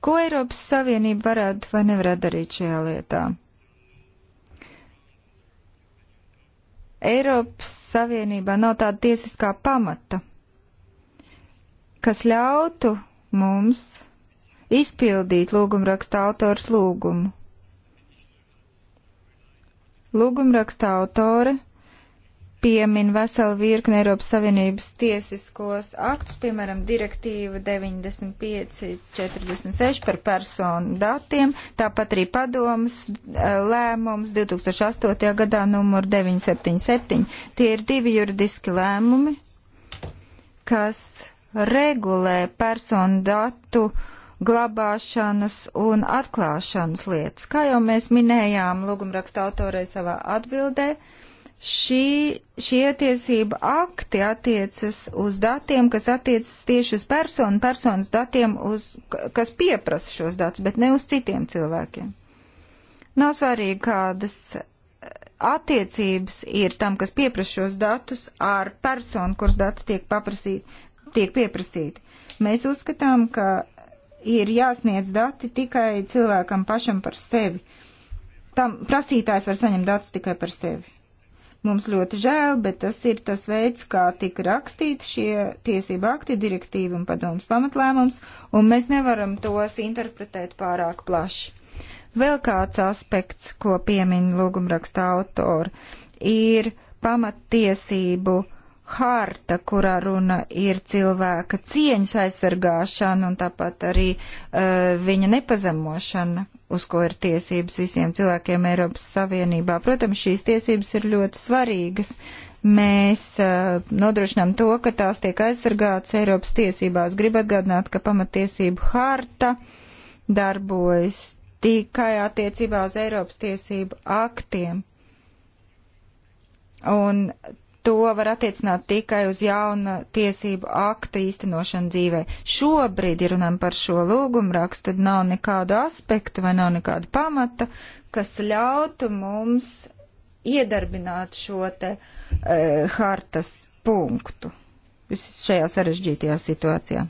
Speaker 2: Ko Eiropas Savienība varētu vai nevarētu darīt šajā lietā? Eiropas Savienībā nav tāda tiesiskā pamata, kas ļautu mums izpildīt lūgumraksta autors lūgumu. Lūgumraksta autore piemin veselu virkni Eiropas Savienības tiesiskos aktus, piemēram, direktīva 9546 par personu datiem, tāpat arī padomas eh, lēmums 2008. gadā numur 977. Tie ir divi juridiski lēmumi, kas regulē personu datu glabāšanas un atklāšanas lietas. Kā jau mēs minējām lūgumraksta autorei savā atbildē, uh, šī, šie tiesība akti attiecas uz datiem, kas attiecas tieši uz personu, personas datiem, uz, kas pieprasa šos datus, bet ne uz citiem cilvēkiem. Nav svarīgi, kādas attiecības ir tam, kas pieprasa šos datus ar personu, kuras dati tiek, paprasīt, tiek pieprasīti. Mēs uzskatām, ka ir jāsniedz dati tikai cilvēkam pašam par sevi. Tam prasītājs var saņemt datus tikai par sevi. Mums ļoti žēl, bet tas ir tas veids, kā tika rakstīti šie tiesība akti, direktīva un padoms pamatlēmums, un mēs nevaram tos interpretēt pārāk plaši. Vēl kāds aspekts, ko piemin lūgumraksta autori, ir pamattiesību harta, kurā runa ir cilvēka cieņas aizsargāšana un tāpat arī uh, viņa nepazemošana uz ko ir tiesības visiem cilvēkiem Eiropas Savienībā. Protams, šīs tiesības ir ļoti svarīgas. Mēs uh, nodrošinām to, ka tās tiek aizsargātas Eiropas tiesībās. Gribu atgādināt, ka pamatiesību harta darbojas tikai attiecībā uz Eiropas tiesību aktiem. Un to var attiecināt tikai uz jauna tiesību akta īstenošanu dzīvē. Šobrīd, ja runājam par šo lūgumu rakstu, tad nav nekādu aspektu vai nav nekādu pamata, kas ļautu mums iedarbināt šo te e, hartas punktu šajā sarežģītajā situācijā.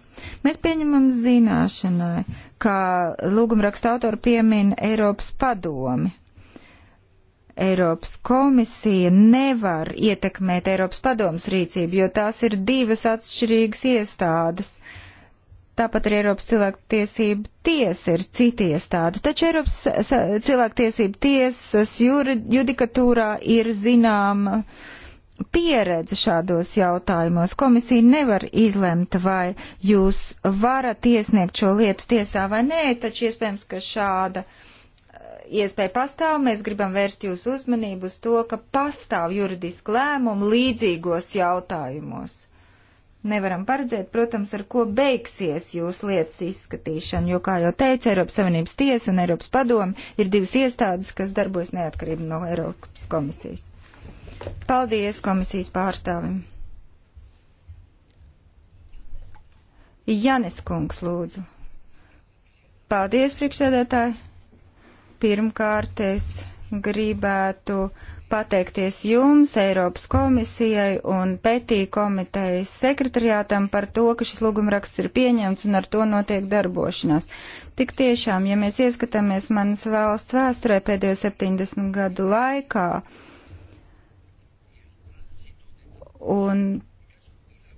Speaker 2: Mēs pieņemam zināšanai, ka lūgumraksta autori piemin Eiropas padomi Eiropas komisija nevar ietekmēt Eiropas padomas rīcību, jo tās ir divas atšķirīgas iestādes. Tāpat arī Eiropas cilvēktiesība tiesa ir cita iestāde, taču Eiropas cilvēktiesība tiesas judikatūrā ir zināma pieredze šādos jautājumos. Komisija nevar izlemt, vai jūs varat iesniegt šo lietu tiesā vai nē, taču iespējams, ka šāda uh, iespēja pastāv, mēs gribam vērst jūsu uzmanību uz to, ka pastāv juridiski lēmumi līdzīgos jautājumos. Nevaram paredzēt, protams, ar ko beigsies jūsu lietas izskatīšana, jo, kā jau teicu, Eiropas Savienības tiesa un Eiropas padomi ir divas iestādes, kas darbojas neatkarību no Eiropas komisijas. Paldies komisijas pārstāvim. Janis Kungs, lūdzu. Paldies, priekšsēdētāji. Pirmkārt, es gribētu pateikties jums, Eiropas komisijai un pētī komitejas sekretariātam par to, ka šis lūgumraksts ir pieņemts un ar to notiek darbošanās. Tik tiešām, ja mēs ieskatāmies manas valsts vēsturē pēdējo 70 gadu laikā un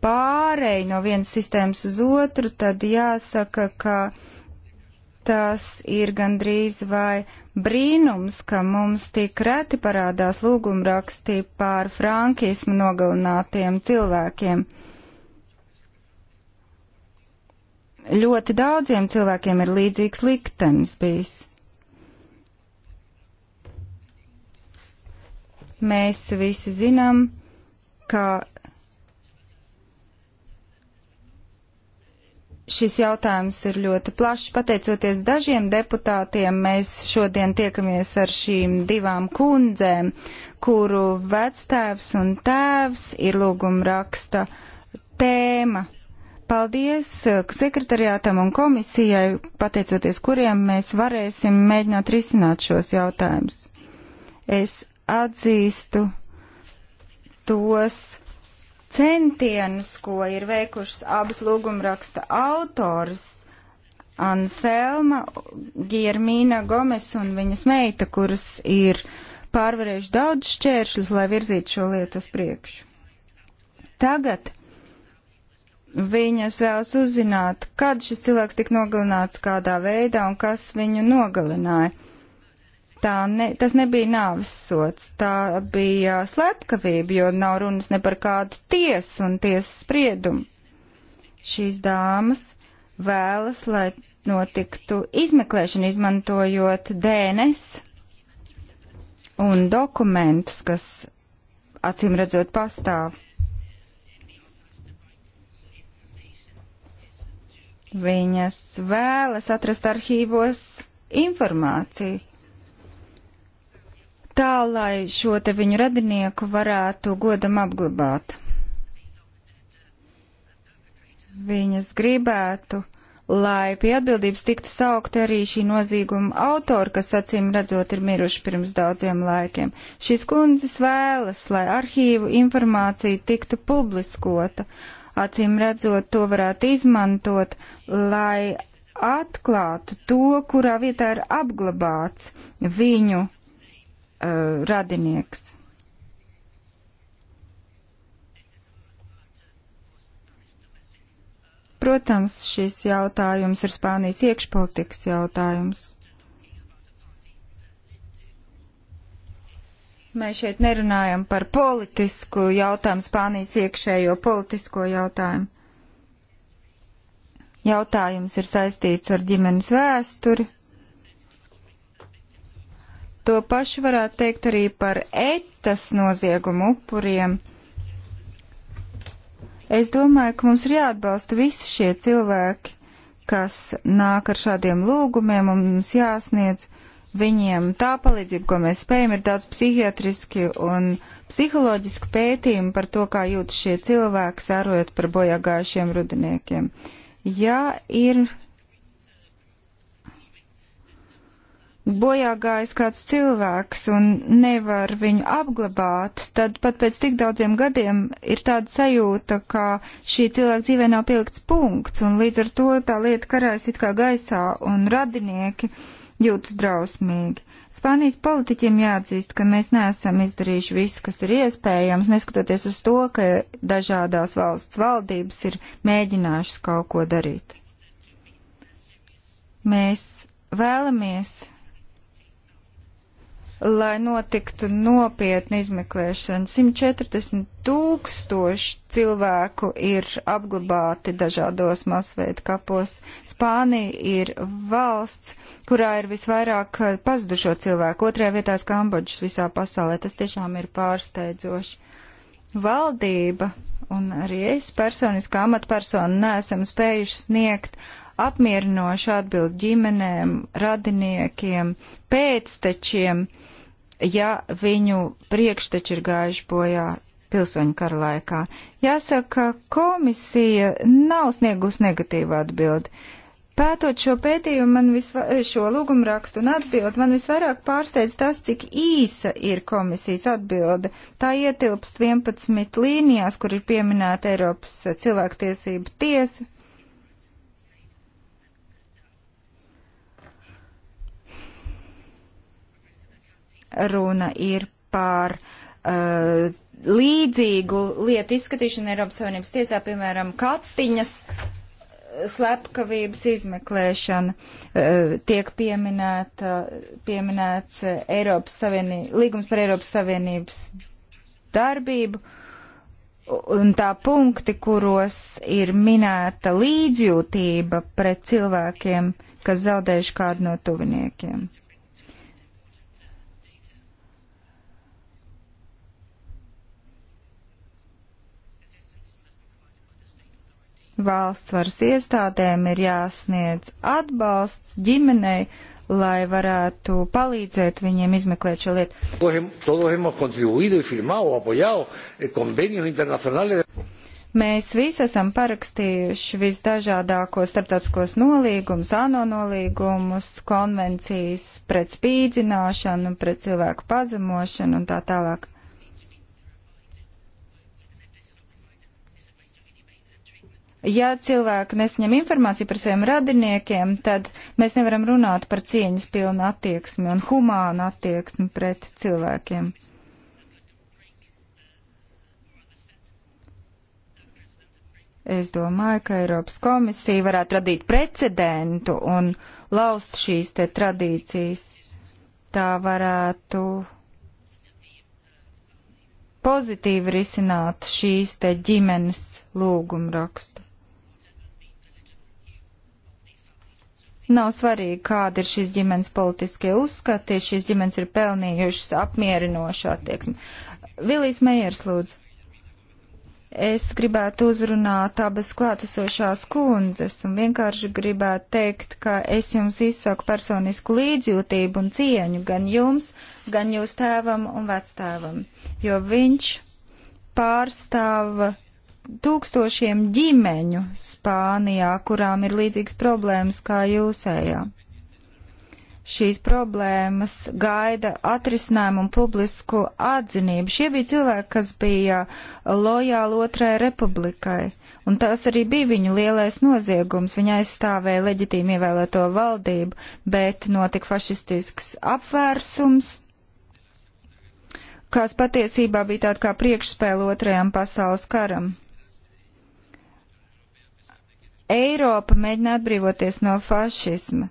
Speaker 2: pārēj no vienas sistēmas uz otru, tad jāsaka, ka tas ir gandrīz vai brīnums, ka mums tik reti parādās lūgumrakstī pār frankismu nogalinātiem cilvēkiem. Ļoti daudziem cilvēkiem ir līdzīgs liktenis bijis. Mēs visi zinām, ka Šis jautājums ir ļoti plašs. Pateicoties dažiem deputātiem, mēs šodien tiekamies ar šīm divām kundzēm, kuru vectēvs un tēvs ir lūguma raksta tēma. Paldies eh, sekretariātam un komisijai, pateicoties kuriem mēs varēsim mēģināt risināt šos jautājumus. Es atzīstu tos centienus, ko ir veikušas abas lūgumraksta autors Anselma, Giermīna Gomes un viņas meita, kuras ir pārvarējuši daudz šķēršļus, lai virzītu šo lietu uz priekšu. Tagad viņas vēlas uzzināt, kad šis cilvēks tika nogalināts kādā veidā un kas viņu nogalināja Tā ne, tas nebija nāves sots, tā bija slepkavība, jo nav runas ne par kādu tiesu un tiesas spriedumu. Šīs dāmas vēlas, lai notiktu izmeklēšana izmantojot DNS un dokumentus, kas acīm redzot pastāv. Viņas vēlas atrast arhīvos informāciju tā, lai šo te viņu radinieku varētu godam apglabāt. Viņas gribētu, lai pie atbildības tiktu saukti arī šī nozīguma autori, kas acīm redzot ir miruši pirms daudziem laikiem. Šīs kundzes vēlas, lai arhīvu informācija tiktu publiskota. Acīm redzot, to varētu izmantot, lai atklātu to, kurā vietā ir apglabāts viņu uh, radinieks. Protams, šis jautājums ir Spānijas iekšpolitikas jautājums. Mēs šeit nerunājam par politisku jautājumu, Spānijas iekšējo politisko jautājumu. Jautājums ir saistīts ar ģimenes vēsturi. To pašu varētu teikt arī par etas noziegumu upuriem. Es domāju, ka mums ir jāatbalsta visi šie cilvēki, kas nāk ar šādiem lūgumiem un mums jāsniedz viņiem tā palīdzība, ko mēs spējam, ir daudz psihiatriski un psiholoģiski pētījumi par to, kā jūtas šie cilvēki, sērojot par bojāgājušiem rudiniekiem. Ja ir bojā gājis kāds cilvēks un nevar viņu apglabāt, tad pat pēc tik daudziem gadiem ir tāda sajūta, ka šī cilvēka dzīvē nav pielikts punkts, un līdz ar to tā lieta karājas it kā gaisā, un radinieki jūtas drausmīgi. Spānijas politiķiem jāatzīst, ka mēs neesam izdarījuši visu, kas ir iespējams, neskatoties uz to, ka dažādās valsts valdības ir mēģinājušas kaut ko darīt. Mēs vēlamies lai notiktu nopietna izmeklēšana. 140 tūkstoši cilvēku ir apglabāti dažādos masveida kapos. Spānija ir valsts, kurā ir visvairāk pazudušo cilvēku. Otrajā vietā ir Kambodžas visā pasaulē. Tas tiešām ir pārsteidzoši. Valdība un arī es personiski amatpersonu neesam spējuši sniegt apmierinošu atbildi ģimenēm, radiniekiem, pēctečiem ja viņu priekšteči ir gājuši bojā pilsoņu kara laikā. Jāsaka, komisija nav sniegus negatīvu atbildi. Pētot šo pētījumu, man visva, šo lūgumu rakstu un atbildi, man visvairāk pārsteidz tas, cik īsa ir komisijas atbilde. Tā ietilpst 11 līnijās, kur ir pieminēta Eiropas cilvēktiesība tiesa, Runa ir par uh, līdzīgu lietu izskatīšanu Eiropas Savienības tiesā, piemēram, Katiņas uh, slepkavības izmeklēšana uh, tiek pieminēta, pieminēts Eiropas Savienība, līgums par Eiropas Savienības darbību, un tā punkti, kuros ir minēta līdzjūtība pret cilvēkiem, kas zaudējuši kādu no tuviniekiem. valsts varas iestādēm ir jāsniedz atbalsts ģimenei, lai varētu palīdzēt viņiem izmeklēt šo lietu. Mēs visi esam parakstījuši visdažādākos starptautiskos nolīgumus, ANO nolīgumus, konvencijas pret spīdzināšanu, pret cilvēku pazemošanu un tā tālāk. Ja cilvēki nesaņem informāciju par saviem radiniekiem, tad mēs nevaram runāt par cieņas pilnu attieksmi un humānu attieksmi pret cilvēkiem. Es domāju, ka Eiropas komisija varētu radīt precedentu un laust šīs te tradīcijas. Tā varētu pozitīvi risināt šīs te ģimenes lūgumrakstu. Nav svarīgi, kāda ir šīs ģimenes politiskie uzskati, šīs ģimenes ir pelnījušas apmierinošu attieksmi. Vilijas Meijers lūdzu. Es gribētu uzrunāt abas klātesošās kundzes un vienkārši gribētu teikt, ka es jums izsaku personisku līdzjūtību un cieņu gan jums, gan jūs tēvam un vectēvam, jo viņš pārstāva tūkstošiem ģimeņu Spānijā, kurām ir līdzīgas problēmas kā jūsējā. Šīs problēmas gaida atrisinājumu un publisku atzinību. Šie bija cilvēki, kas bija lojāli otrai republikai, un tas arī bija viņu lielais noziegums. Viņa aizstāvēja leģitīmi ievēlēto valdību, bet notika fašistisks apvērsums kas patiesībā bija tāda kā priekšspēle otrajam pasaules karam. Eiropa mēģina atbrīvoties no fašisma.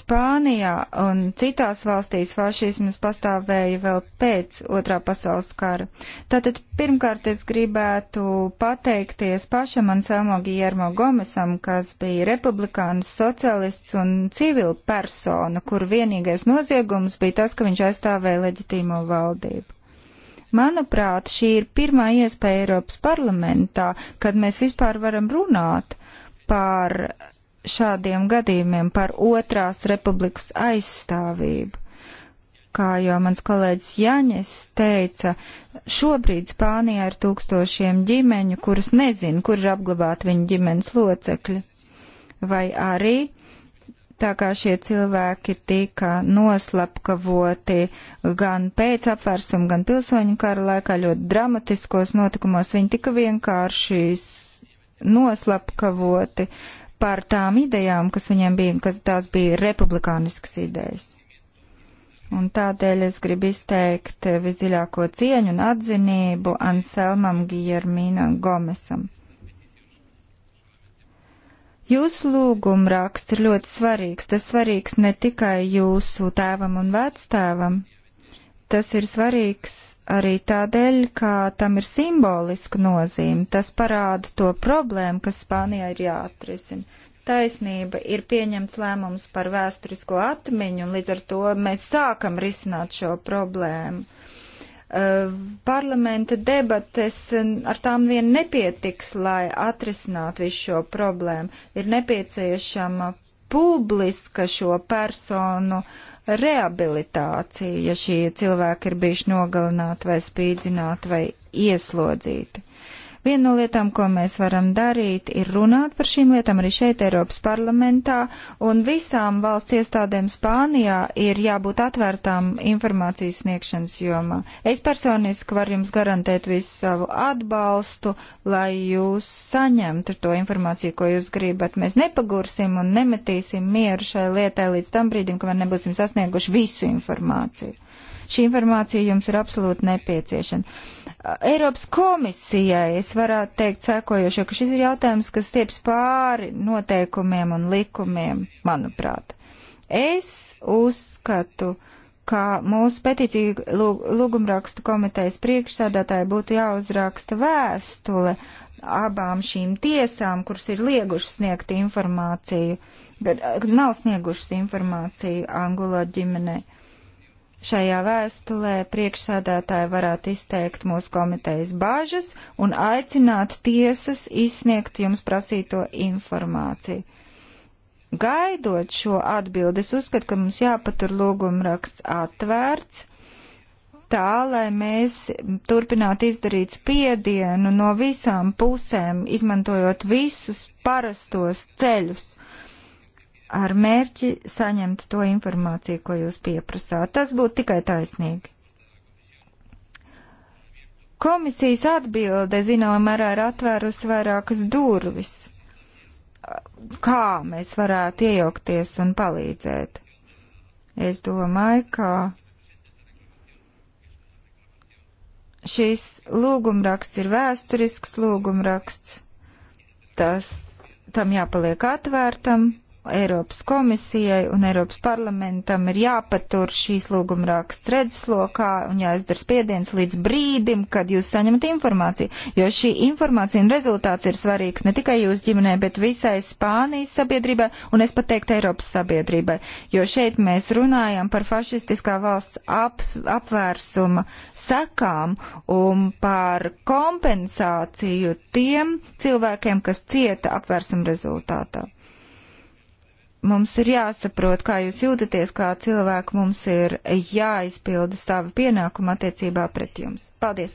Speaker 2: Spānijā un citās valstīs fašisms pastāvēja vēl pēc otrā pasaules kara. Tātad pirmkārt es gribētu pateikties pašam Anselmo Giermo Gomesam, kas bija republikāns, socialists un civila persona, kur vienīgais noziegums bija tas, ka viņš aizstāvēja leģitīmo valdību. Manuprāt, šī ir pirmā iespēja Eiropas parlamentā, kad mēs vispār varam runāt par šādiem gadījumiem, par otrās republikas aizstāvību. Kā jau mans kolēģis Jaņes teica, šobrīd Spānijā ir tūkstošiem ģimeņu, kuras nezin, kur ir apglabāti viņu ģimenes locekļi. Vai arī tā kā šie cilvēki tika noslapkavoti gan pēc apvērsuma, gan pilsoņu kara laikā ļoti dramatiskos notikumos, viņi tika vienkārši noslapkavoti par tām idejām, kas viņiem bija, kas tās bija republikāniskas idejas. Un tādēļ es gribu izteikt visdziļāko cieņu un atzinību Anselmam Giermīna Gomesam. Jūsu lūguma raksts ir ļoti svarīgs. Tas svarīgs ne tikai jūsu tēvam un vectēvam, tas ir svarīgs arī tādēļ, ka tam ir simboliska nozīme. Tas parāda to problēmu, kas Spānijā ir jāatrisina. Taisnība ir pieņemts lēmums par vēsturisko atmiņu, un līdz ar to mēs sākam risināt šo problēmu. Uh, parlamenta debates uh, ar tām vien nepietiks, lai atrisinātu visu šo problēmu. Ir nepieciešama publiska šo personu reabilitācija, ja šie cilvēki ir bijuši nogalināti vai spīdzināti vai ieslodzīti. Viena no lietām, ko mēs varam darīt, ir runāt par šīm lietām arī šeit Eiropas parlamentā, un visām valsts iestādēm Spānijā ir jābūt atvērtām informācijas sniegšanas jomā. Es personiski varu jums garantēt visu savu atbalstu, lai jūs saņemtu to informāciju, ko jūs gribat. Mēs nepagursim un nemetīsim mieru šai lietai līdz tam brīdim, kamēr nebūsim sasnieguši visu informāciju. Šī informācija jums ir absolūti nepieciešama. Eiropas komisijai es varētu teikt sekojošo, ka šis ir jautājums, kas stieps pāri noteikumiem un likumiem, manuprāt. Es uzskatu, ka mūsu petīcija lūgumrakstu komitejas priekšsādātāji būtu jāuzraksta vēstule abām šīm tiesām, kuras ir liegušas sniegt informāciju, eh, nav sniegušas informāciju Angulo ģimenei Šajā vēstulē priekšsēdētāji varētu izteikt mūsu komitejas bāžas un aicināt tiesas izsniegt jums prasīto informāciju. Gaidot šo atbildi, es uzskatu, ka mums jāpatur lūgumraksts atvērts, tā, lai mēs turpinātu izdarīt spiedienu no visām pusēm, izmantojot visus parastos ceļus. Uh, ar mērķi saņemt to informāciju, ko jūs pieprasāt. Tas būtu tikai taisnīgi. Komisijas atbilde, zinām, arā ir atvērusi vairākas durvis, kā mēs varētu iejaukties un palīdzēt. Es domāju, ka šīs lūgumraksts ir vēsturisks lūgumraksts, tas tam jāpaliek atvērtam Eiropas komisijai un Eiropas parlamentam ir jāpatur šīs lūguma raksts redzeslokā un jāizdara spiediens līdz brīdim, kad jūs saņemat informāciju, jo šī informācija un rezultāts ir svarīgs ne tikai jūsu ģimenei, bet visai Spānijas sabiedrībai un es pat teiktu Eiropas sabiedrībai, jo šeit mēs runājam par fašistiskā valsts aps, apvērsuma sekām un par kompensāciju tiem cilvēkiem, kas cieta apvērsuma rezultātā mums ir jāsaprot, kā jūs jūtaties, kā cilvēki mums ir jāizpilda savu pienākumu attiecībā pret jums. Paldies!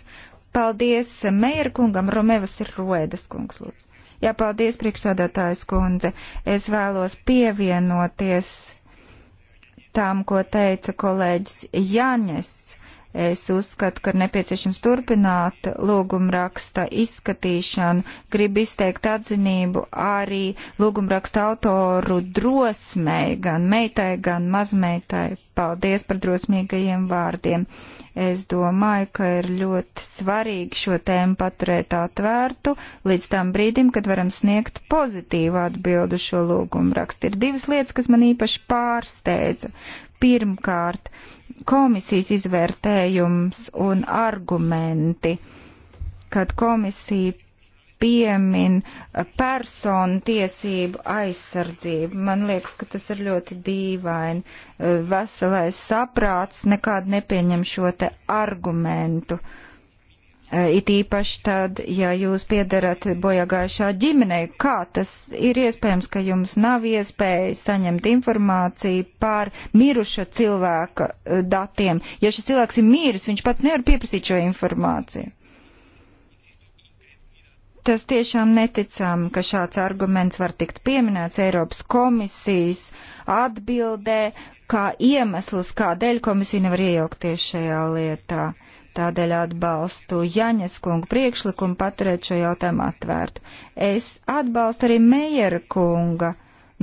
Speaker 2: Paldies Meira kungam, Romevas ir Roedas kungs. Lūdzu. Jā, paldies priekšsādātājs kundze. Es vēlos pievienoties tām, ko teica kolēģis Jaņes Es uzskatu, ka ir nepieciešams turpināt lūgumraksta izskatīšanu. Gribu izteikt atzinību arī lūgumraksta autoru drosmei, gan meitai, gan mazmeitai. Paldies par drosmīgajiem vārdiem. Es domāju, ka ir ļoti svarīgi šo tēmu paturēt atvērtu līdz tam brīdim, kad varam sniegt pozitīvu atbildu šo lūgumrakstu. Ir divas lietas, kas man īpaši pārsteidza. Pirmkārt, uh, komisijas izvērtējums un argumenti, kad komisija piemin personu tiesību aizsardzību. Man liekas, ka tas ir ļoti dīvaini. Veselais saprāts nekād nepieņem šo te argumentu. Uh, Eh, it īpaši tad, ja jūs piedarat bojāgājušā ģimenei, kā tas ir iespējams, ka jums nav iespēja saņemt informāciju par miruša cilvēka eh, datiem. Ja šis cilvēks ir mīris, viņš pats nevar pieprasīt šo informāciju tas tiešām neticam, ka šāds arguments var tikt pieminēts Eiropas komisijas atbildē kā iemesls, kādēļ komisija nevar iejaukties šajā lietā. Tādēļ atbalstu Jaņes kungu priekšlikumu paturēt šo jautājumu atvērtu. Es atbalstu arī Meijera kunga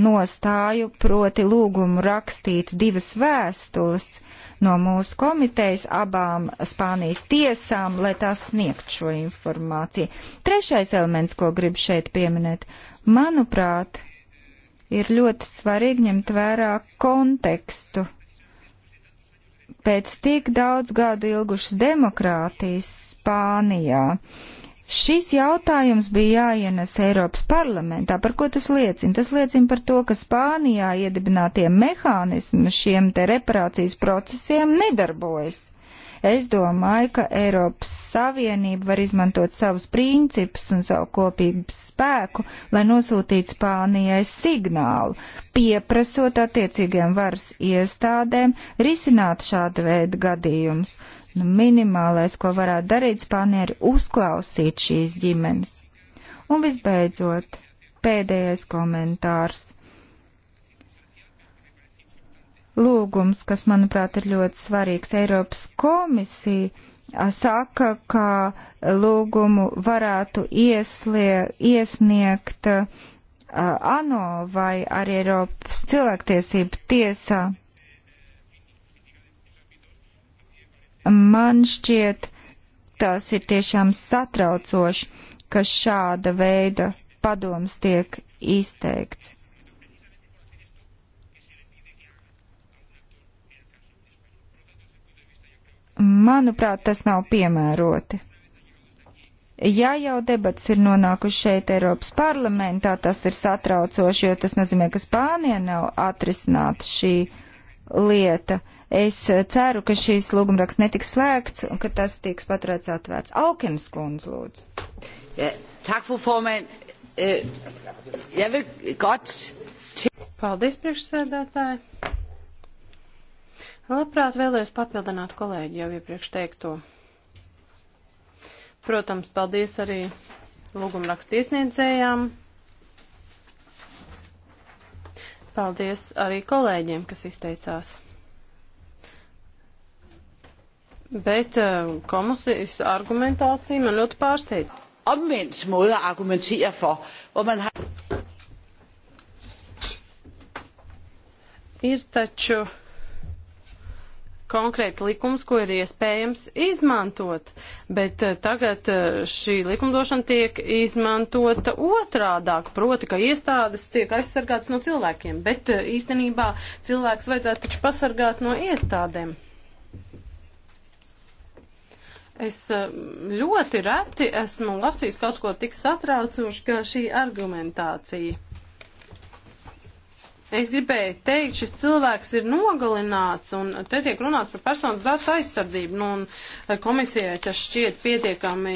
Speaker 2: nostāju, proti lūgumu rakstīt divas vēstules no mūsu komitejas abām Spānijas tiesām, lai tās sniegt šo informāciju. Trešais elements, ko gribu šeit pieminēt, manuprāt, ir ļoti svarīgi ņemt vērā kontekstu pēc tik daudz gadu ilgušas demokrātijas Spānijā. Šis jautājums bija jāienes Eiropas parlamentā. Par ko tas liecina? Tas liecina par to, ka Spānijā iedibinātie mehānismi šiem te reparācijas procesiem nedarbojas. Es domāju, ka Eiropas Savienība var izmantot savus principus un savu kopības spēku, lai nosūtītu Spānijai signālu, pieprasot attiecīgiem varas iestādēm risināt šādu veidu gadījumus. Nu, minimālais, ko varētu darīt Spānija, ir uzklausīt šīs ģimenes. Un visbeidzot, pēdējais komentārs lūgums, kas, manuprāt, ir ļoti svarīgs. Eiropas komisija saka, ka lūgumu varētu ieslie, iesniegt uh, ANO vai arī Eiropas cilvēktiesību tiesā. Man šķiet, tas ir tiešām satraucoši, ka šāda veida padoms tiek izteikts. Manuprāt, tas nav piemēroti. Ja jau debats ir nonākuši šeit Eiropas parlamentā, tas ir satraucoši, jo tas nozīmē, ka Spānija nav atrisināta šī lieta. Es ceru, ka šīs lūgumraksts netiks slēgts un ka tas tiks paturēts atvērts. Aukens kundz, lūdzu.
Speaker 3: Ja, tak, fru formand. Eh, jeg vil godt. Paldies, priekšsēdētāji. Labprāt vēlējos papildināt kolēģi jau iepriekš teikto. Protams, paldies arī lūgumrakstu iesniedzējām. Paldies arī kolēģiem, kas izteicās. Bet eh, komisijas argumentācija man ļoti pārsteidz. Omvendt måde at argumentere for, hvor man har... Ir taču konkrēts likums, ko ir iespējams izmantot, bet eh, tagad eh, šī likumdošana tiek izmantota otrādāk, proti, ka iestādes tiek aizsargātas no cilvēkiem, bet eh, īstenībā cilvēks vajadzētu taču pasargāt no iestādēm. Es ļoti reti esmu lasījis kaut ko tik satraucošu, kā šī argumentācija. Es gribēju teikt, šis cilvēks ir nogalināts, un te tiek runāts par personas datu aizsardzību, nu, un eh, komisijai tas šķiet pietiekami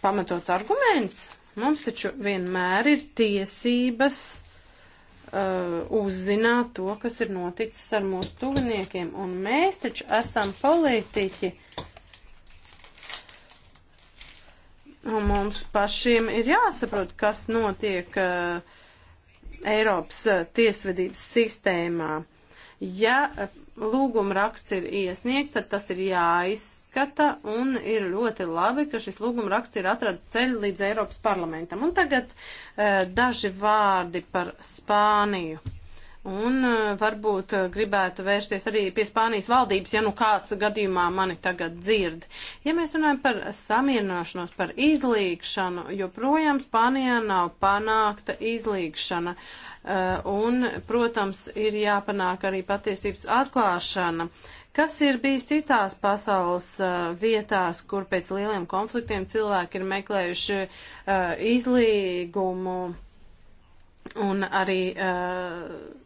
Speaker 3: pamatots arguments. Mums taču vienmēr ir tiesības uh, uzzināt to, kas ir noticis ar mūsu tuviniekiem, un mēs taču esam politiķi. Un mums pašiem ir jāsaprot, kas notiek. Uh, Eiropas eh, tiesvedības sistēmā. Ja eh, lūguma raksts ir iesniegts, tad tas ir jāizskata un ir ļoti labi, ka šis lūguma raksts ir atradis ceļu līdz Eiropas parlamentam. Un tagad e, daži vārdi par Spāniju. Un uh, varbūt uh, gribētu vērsties arī pie Spānijas valdības, ja nu kāds gadījumā mani tagad dzird. Ja mēs runājam par samierināšanos, par izlīgšanu, joprojām Spānijā nav panākta izlīgšana. Uh, un, protams, ir jāpanāk arī patiesības atklāšana. Kas ir bijis citās pasaules uh, vietās, kur pēc lieliem konfliktiem cilvēki ir meklējuši uh, izlīgumu un arī uh,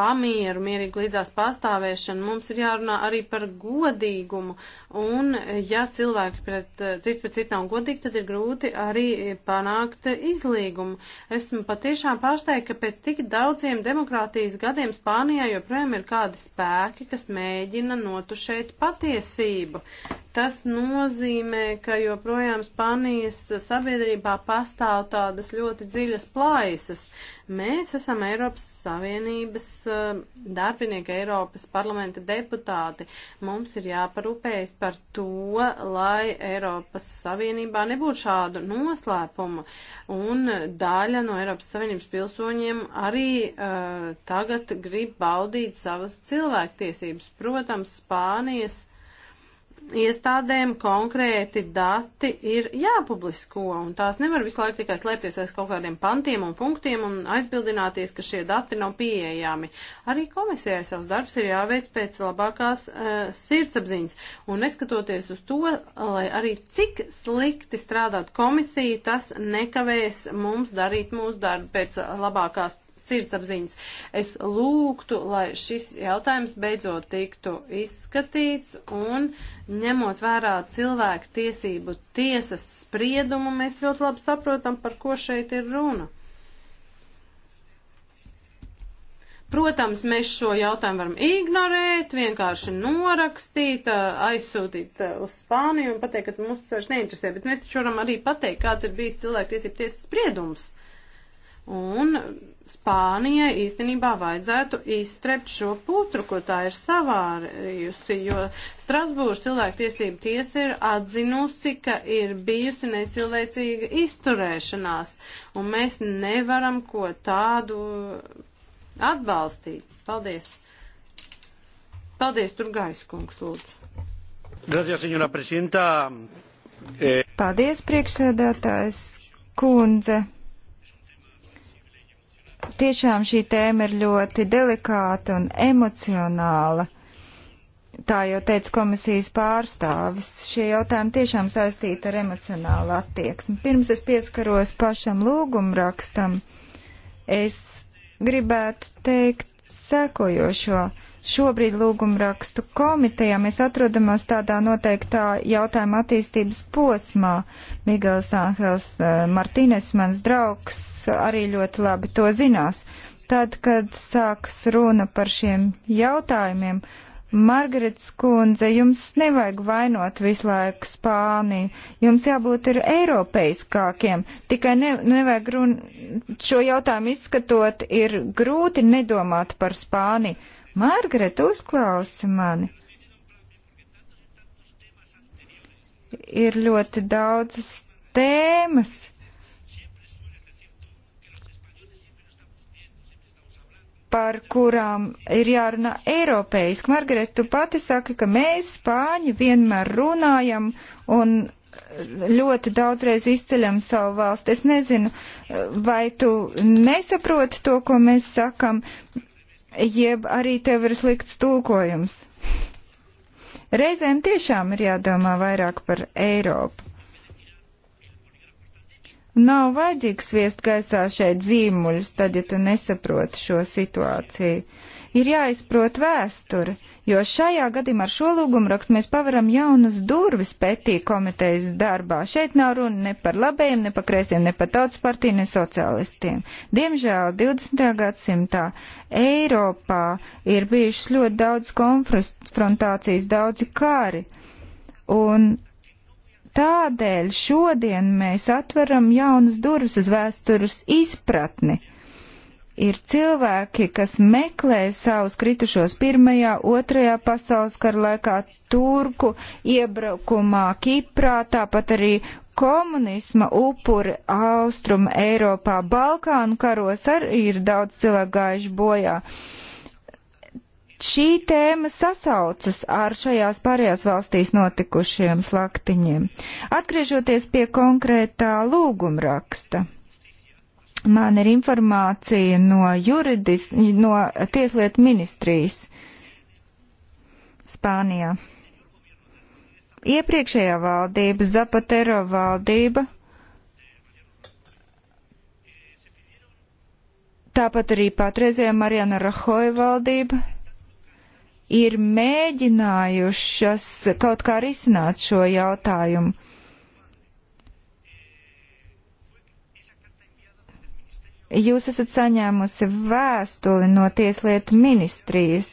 Speaker 3: pamieru, mierīgi līdzās pastāvēšanu, mums ir jārunā arī par godīgumu. Un, ja cilvēki pret, cits pret citu nav godīgi, tad ir grūti arī panākt izlīgumu. Esmu patiešām pārsteigta, ka pēc tik daudziem demokrātijas gadiem Spānijā joprojām ir kādi spēki, kas mēģina notušēt patiesību. Tas nozīmē, ka joprojām Spānijas sabiedrībā pastāv tādas ļoti dziļas plaisas. Mēs esam Eiropas Savienības eh, darbinieki, Eiropas parlamenta deputāti. Mums ir jāparūpējas par to, lai Eiropas Savienībā nebūtu šādu noslēpumu. Un daļa no Eiropas Savienības pilsoņiem arī uh, tagad grib baudīt savas cilvēktiesības. Protams, Spānijas iestādēm konkrēti dati ir jāpublisko, un tās nevar visu laiku tikai slēpties aiz kaut kādiem pantiem un punktiem un aizbildināties, ka šie dati nav pieejami. Arī komisijai savs darbs ir jāveic pēc labākās uh, sirdsapziņas, un neskatoties uz to, lai arī cik slikti strādāt komisija, tas nekavēs mums darīt mūsu darbu pēc labākās sirdsapziņas. Es lūgtu, lai šis jautājums beidzot tiktu izskatīts un ņemot vērā cilvēku tiesību tiesas spriedumu, mēs ļoti labi saprotam, par ko šeit ir runa. Protams, mēs šo jautājumu varam ignorēt, vienkārši norakstīt, aizsūtīt uz Spāniju un pateikt, ka mums tas vairs neinteresē, bet mēs taču varam arī pateikt, kāds ir bijis cilvēktiesību tiesas spriedums. Un Spānijai īstenībā vajadzētu iztrept šo putru, ko tā ir savārījusi, jo Strasbūras cilvēktiesība tiesa ir atzinusi, ka ir bijusi necilvēcīga izturēšanās, un mēs nevaram ko tādu atbalstīt. Paldies! Paldies, tur gaiskungs, lūdzu! Gracias, señora presidenta.
Speaker 2: Paldies, priekšsēdētājs kundze. Tiešām šī tēma ir ļoti delikāta un emocionāla. Tā jau teica komisijas pārstāvis. Šie jautājumi tiešām saistīti ar emocionālu attieksmi. Pirms es pieskaros pašam lūgumrakstam, es gribētu teikt sekojošo. Šobrīd lūgumrakstu komitejā mēs atrodamies tādā noteiktā jautājuma attīstības posmā. Migels Anhels eh, Martīnes, mans draugs, arī ļoti labi to zinās. Tad, kad sāks runa par šiem jautājumiem, Margarets kundze, jums nevajag vainot visu laiku Spāniju, jums jābūt ir eiropeiskākiem, tikai ne, nevajag run, šo jautājumu izskatot, ir grūti nedomāt par Spāniju. Margaret, uzklausi mani! Ir ļoti daudzas tēmas, par kurām ir jārunā eiropeiski. Margaret, tu pati saki, ka mēs, spāņi, vienmēr runājam un ļoti daudzreiz izceļam savu valsti. Es nezinu, vai tu nesaproti to, ko mēs sakam, jeb arī tev ir slikts tulkojums. Reizēm tiešām ir jādomā vairāk par Eiropu. Nav vajadzīgs viest gaisā šeit zīmuļus, tad, ja tu nesaproti šo situāciju. Ir jāizprot vēsture, jo šajā gadījumā ar šo lūgumu rakstu mēs pavaram jaunas durvis pētī komitejas darbā. Šeit nav runa ne par labējiem, ne par kreisiem, ne par tautas partiju, ne sociālistiem. Diemžēl 20. gadsimtā Eiropā ir bijušas ļoti daudz konfrontācijas, daudzi kāri. Un Tādēļ šodien mēs atveram jaunas durvis uz vēstures izpratni. Ir cilvēki, kas meklē savus kritušos pirmajā, otrajā pasaules kara laikā, turku iebrukumā Kiprā, tāpat arī komunisma upuri Austruma Eiropā, Balkānu karos arī ir daudz cilvēku gājuši bojā. Uh, Šī tēma sasaucas ar šajās pārējās valstīs notikušiem slaktiņiem. Atgriežoties pie konkrētā lūgumraksta. Man ir informācija no, juridis, no Tieslietu ministrijas Spānijā. Iepriekšējā valdība, Zapatero valdība, tāpat arī patreizējā Mariana Rahoja valdība ir mēģinājušas kaut kā risināt šo jautājumu. Jūs esat saņēmusi vēstuli no Tieslietu ministrijas,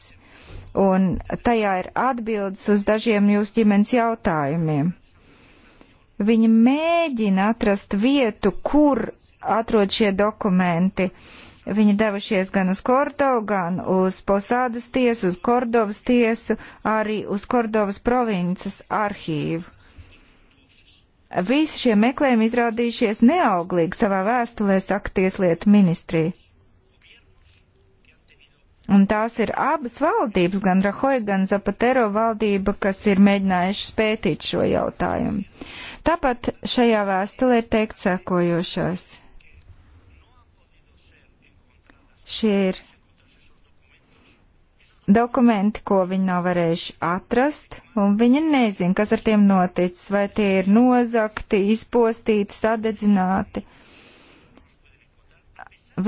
Speaker 2: un tajā ir atbildes uz dažiem jūsu ģimenes jautājumiem. Viņi mēģina atrast vietu, kur atrod šie dokumenti. Uh, Viņi devušies gan uz Kordovu, gan uz Posādas tiesu, uz Kordovas tiesu, arī uz Kordovas provinces arhīvu. Visi šie meklējumi izrādījušies neauglīgi savā vēstulē, saka Tieslietu ministrija. Un tās ir abas valdības, gan Rahoja, gan Zapatero valdība, kas ir mēģinājuši spētīt šo jautājumu. Tāpat šajā vēstulē ir teikt sekojošais. Šie ir dokumenti, ko viņi nav varējuši atrast, un viņi nezina, kas ar tiem noticis, vai tie ir nozakti, izpostīti, sadedzināti.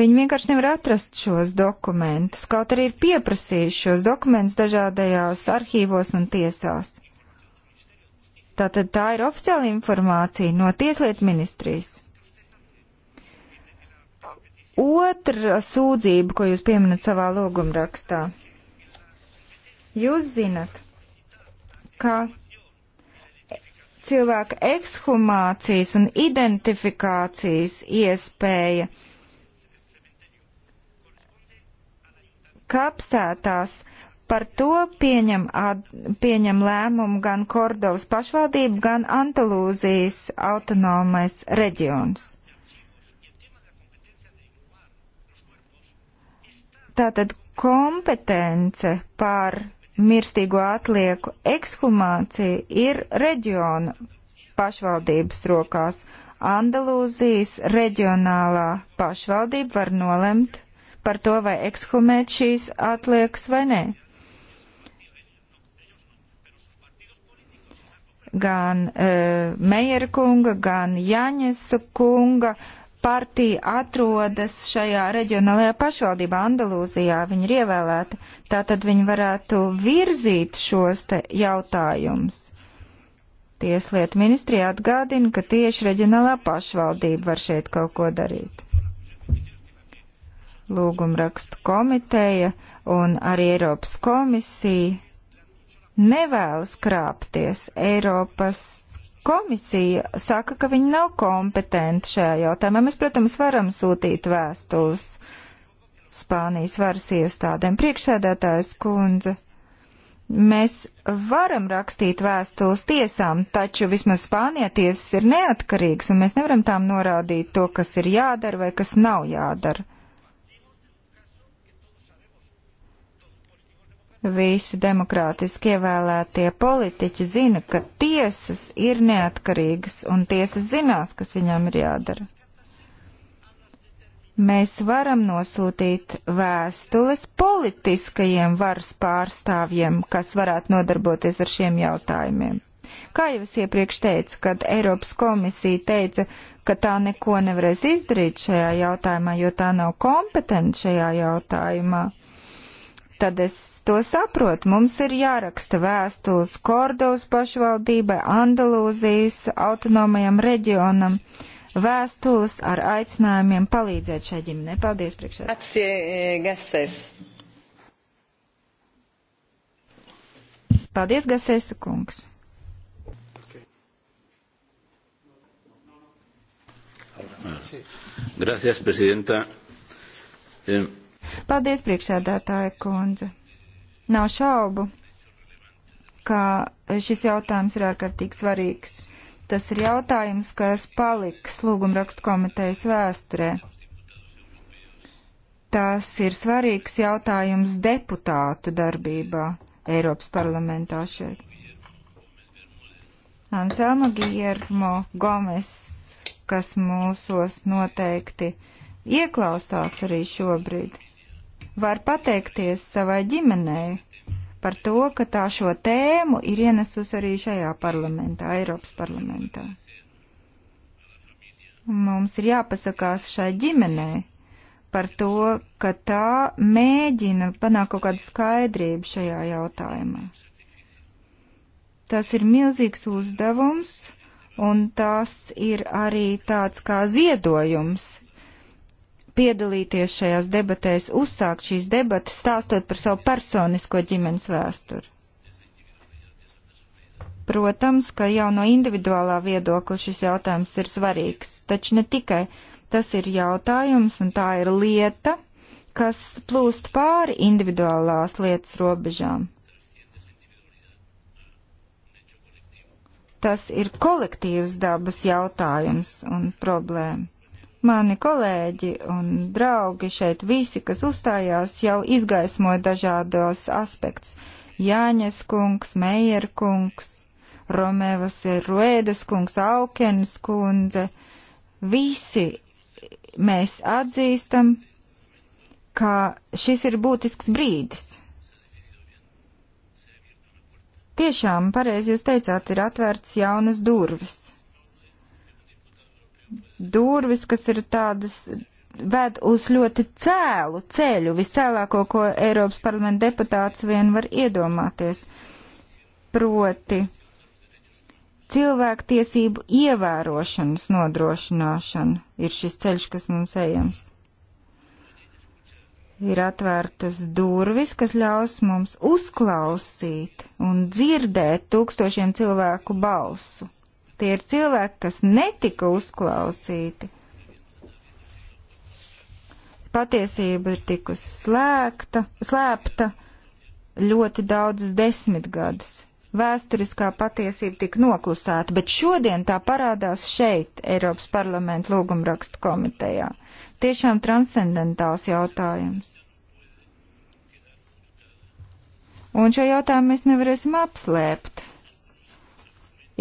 Speaker 2: Viņi vienkārši nevar atrast šos dokumentus, kaut arī ir pieprasījuši šos dokumentus dažādajās arhīvos un tiesās. Tātad tā ir oficiāla informācija no Tieslietu ministrijas. Otra sūdzība, ko jūs pieminat savā logumrakstā. Jūs zinat, ka cilvēka ekshumācijas un identifikācijas iespēja kapsētās par to pieņem, ad, pieņem lēmumu gan Kordovas pašvaldība, gan Antalūzijas autonomais reģions. Tātad kompetence pār mirstīgo atlieku ekshumāciju ir reģiona pašvaldības rokās. Andalūzijas reģionālā pašvaldība var nolemt par to, vai ekshumēt šīs atliekas vai nē. Gan uh, eh, Meijera kunga, gan Jaņesa kunga uh, partija atrodas šajā reģionālajā pašvaldībā Andalūzijā, viņi ir ievēlēti, tā tad viņi varētu virzīt šos te jautājumus. Tieslietu ministrija atgādina, ka tieši reģionālā pašvaldība var šeit kaut ko darīt. Lūgumrakstu komiteja un arī Eiropas komisija nevēlas krāpties Eiropas Komisija saka, ka viņi nav kompetenti šajā jautājumā. Mēs, protams, varam sūtīt vēstules Spānijas varas iestādēm. Priekšsēdētājs kundze. Mēs varam rakstīt vēstules tiesām, taču vismaz Spānijā tiesas ir neatkarīgas, un mēs nevaram tām norādīt to, kas ir jādara vai kas nav jādara. visi demokrātiski ievēlētie politiķi zina, ka tiesas ir neatkarīgas un tiesas zinās, kas viņām ir jādara. Mēs varam nosūtīt vēstules politiskajiem varas pārstāvjiem, kas varētu nodarboties ar šiem jautājumiem. Kā jau es iepriekš teicu, kad Eiropas komisija teica, ka tā neko nevarēs izdarīt šajā jautājumā, jo tā nav kompetenta šajā jautājumā tad es to saprotu. Mums ir jāraksta vēstules Kordovas pašvaldībai, Andalūzijas autonomajam reģionam, vēstules ar aicinājumiem palīdzēt šai ģimenei. Paldies, priekšsēdētājs.
Speaker 3: Eh,
Speaker 2: Paldies, Gasēsa kungs. Okay.
Speaker 3: Gracias, presidenta. Eh,
Speaker 2: Paldies, priekšsēdētāja kundze. Nav šaubu, ka šis jautājums ir ārkārtīgi svarīgs. Tas ir jautājums, kas paliks lūgumrakstu komitejas vēsturē. Tas ir svarīgs jautājums deputātu darbībā Eiropas parlamentā šeit. Anselmo Giermo Gomes, kas mūsos noteikti ieklausās arī šobrīd var pateikties savai ģimenei par to, ka tā šo tēmu ir ienesusi arī šajā parlamentā, Eiropas parlamentā. Mums ir jāpasakās šai ģimenei par to, ka tā mēģina panākt kaut kādu skaidrību šajā jautājumā. Tas ir milzīgs uzdevums, un tas ir arī tāds kā ziedojums piedalīties šajās debatēs, uzsākt šīs debatas, stāstot par savu personisko ģimenes vēsturi protams, ka jau no individuālā viedokļa šis jautājums ir svarīgs, taču ne tikai tas ir jautājums un tā ir lieta, kas plūst pāri individuālās lietas robežām. Tas ir kolektīvas dabas jautājums un problēma. Mani kolēģi un draugi šeit visi, kas uzstājās, jau izgaismoja dažādos aspektus. Jāņes kungs, Meijer kungs, Romevas Ruēdes kungs, Aukenas kundze. Visi mēs atzīstam, ka šis ir būtisks brīdis. Tiešām, pareizi jūs teicāt, ir atvērts jaunas durvis durvis, kas ir tādas ved uz ļoti cēlu ceļu, viscēlāko, ko Eiropas parlamenta deputāts vien var iedomāties. Proti cilvēktiesību ievērošanas nodrošināšana ir šis ceļš, kas mums ejams. Ir atvērtas durvis, kas ļaus mums uzklausīt un dzirdēt tūkstošiem cilvēku balsu. Tie ir cilvēki, kas netika uzklausīti. Patiesība ir tikusi slēgta, slēpta ļoti daudzas desmitgades. Vēsturiskā patiesība tika noklusēta, bet šodien tā parādās šeit, Eiropas parlamenta lūgumrakstu komitejā. Tiešām transcendentāls jautājums. Un šo jautājumu mēs nevarēsim apslēpt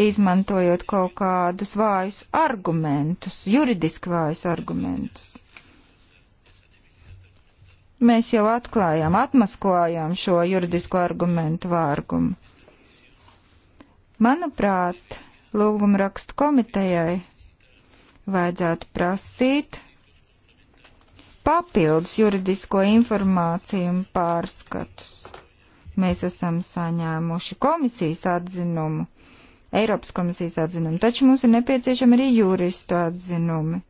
Speaker 2: izmantojot kaut kādus vājus argumentus, juridiski vājus argumentus. Mēs jau atklājām, atmaskojām šo juridisko argumentu vārgumu. Manuprāt, lūguma rakstu komitejai vajadzētu prasīt papildus juridisko informāciju un pārskatus. Mēs esam saņēmuši komisijas atzinumu Eiropas komisijas atzinumu, taču mums ir nepieciešami arī juristu atzinumi,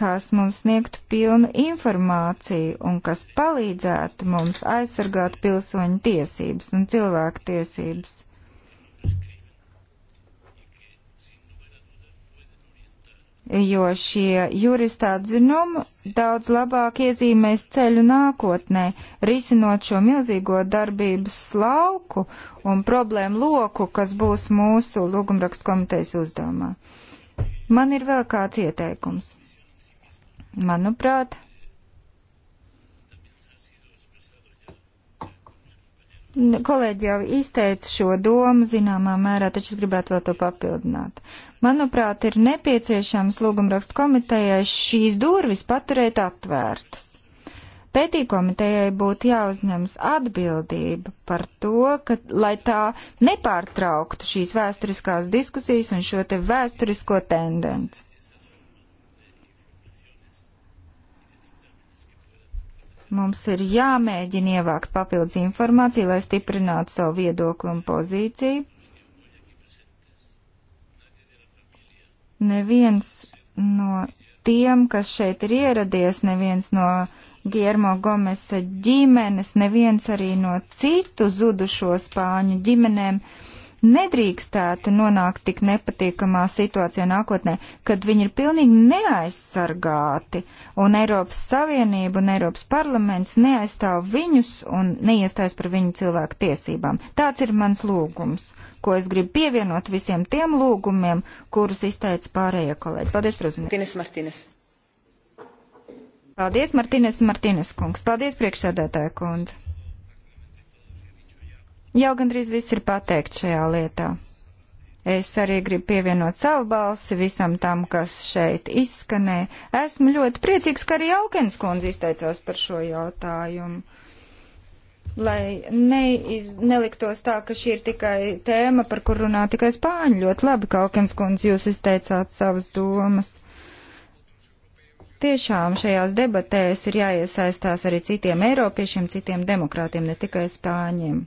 Speaker 2: kas mums sniegtu pilnu informāciju un kas palīdzētu mums aizsargāt pilsoņu tiesības un cilvēku tiesības. jo šie juristi atzinumi daudz labāk iezīmēs ceļu nākotnē, risinot šo milzīgo darbības lauku un problēmu loku, kas būs mūsu lūgumrakstu komitejas uzdevumā. Man ir vēl kāds ieteikums. Manuprāt, Kolēģi jau izteica šo domu zināmā mērā, taču es gribētu vēl to papildināt. Manuprāt, ir nepieciešams lūgumrakstu komitejai šīs durvis paturēt atvērtas. Pētī komitejai būtu jāuzņems atbildība par to, ka, lai tā nepārtrauktu šīs vēsturiskās diskusijas un šo te vēsturisko tendenci. Mums ir jāmēģina ievākt papildus informāciju, lai stiprinātu savu viedokli un pozīciju. Neviens no tiem, kas šeit ir ieradies, neviens no Giermo Gomesa ģimenes, neviens arī no citu zudušo spāņu ģimenēm uh, nedrīkstētu nonākt tik nepatīkamā situācijā nākotnē, kad viņi ir pilnīgi neaizsargāti, un Eiropas Savienība un Eiropas parlaments neaizstāv viņus un neiestājas par viņu cilvēku tiesībām. Tāds ir mans lūgums, ko es gribu pievienot visiem tiem lūgumiem, kurus izteica pārējie kolēģi. Paldies, prezidents! Paldies, Martīnes Martīnes kungs. Paldies, priekšsēdētāja kundze. Jau gandrīz viss ir pateikts šajā lietā. Es arī gribu pievienot savu balsi visam tam, kas šeit izskanē. Esmu ļoti priecīgs, ka arī Aukens kundze izteicās par šo jautājumu. Lai neiz, neliktos tā, ka šī ir tikai tēma, par kur runā tikai spāņi. Ļoti labi, ka Aukens kundze jūs izteicāt savas domas tiešām šajās debatēs ir jāiesaistās arī citiem eiropiešiem, citiem demokrātiem, ne tikai spāņiem.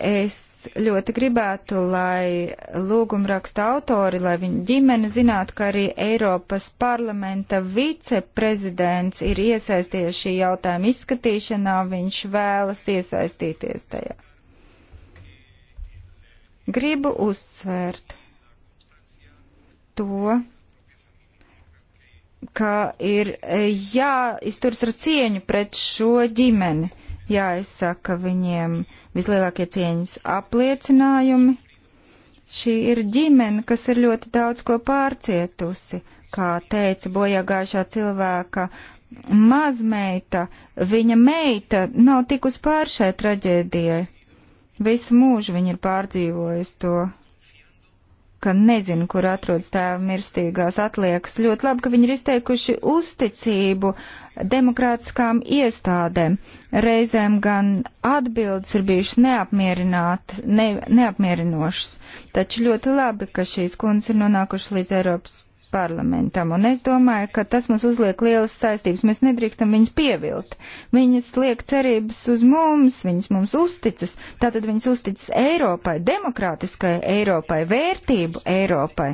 Speaker 2: Es ļoti gribētu, lai lūgumraksta autori, lai viņa ģimene zinātu, ka arī Eiropas parlamenta viceprezidents ir iesaistījies šī jautājuma izskatīšanā, viņš vēlas iesaistīties tajā. Gribu uzsvērt to, ka ir e, jāizturas ar cieņu pret šo ģimeni jāizsaka viņiem vislielākie cieņas apliecinājumi. Šī ir ģimene, kas ir ļoti daudz ko pārcietusi, kā teica bojāgājušā cilvēka mazmeita, viņa meita nav tikus pār šai traģēdijai. Visu mūžu viņa ir pārdzīvojusi to ka nezinu, kur atrodas tēva mirstīgās atliekas. Ļoti labi, ka viņi ir izteikuši uzticību demokrātiskām iestādēm. Reizēm gan atbildes ir bijušas neapmierinātas, ne, neapmierinošas. Taču ļoti labi, ka šīs kundzes ir nonākušas līdz Eiropas parlamentam, un es domāju, ka tas mums uzliek lielas saistības. Mēs nedrīkstam viņas pievilt. Viņas liek cerības uz mums, viņas mums uzticas. Tātad viņas uzticas Eiropai, demokrātiskai Eiropai, vērtību Eiropai.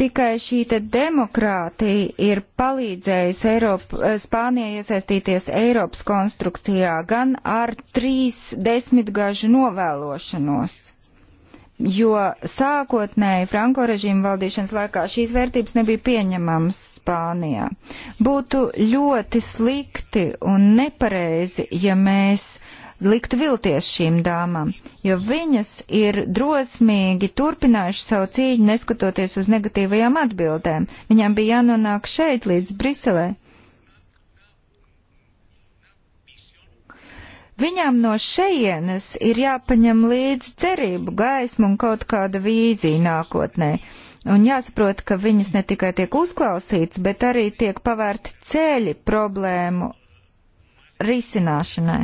Speaker 2: Tikai šī te demokrātija ir palīdzējusi Eiropa, eh, Spānijai iesaistīties Eiropas konstrukcijā gan ar trīs desmitgažu novēlošanos. Jo sākotnēji Franko režīmu valdīšanas laikā šīs vērtības nebija pieņemamas Spānijā. Būtu ļoti slikti un nepareizi, ja mēs uh, likt vilties šīm dāmām, jo viņas ir drosmīgi turpinājuši savu cīņu, neskatoties uz negatīvajām atbildēm. Viņām bija jānonāk šeit līdz Briselē. Viņām no šejienes ir jāpaņem līdz cerību, gaismu un kaut kāda vīzija nākotnē. Un jāsaprot, ka viņas ne tikai tiek uzklausītas, bet arī tiek pavērti ceļi problēmu risināšanai.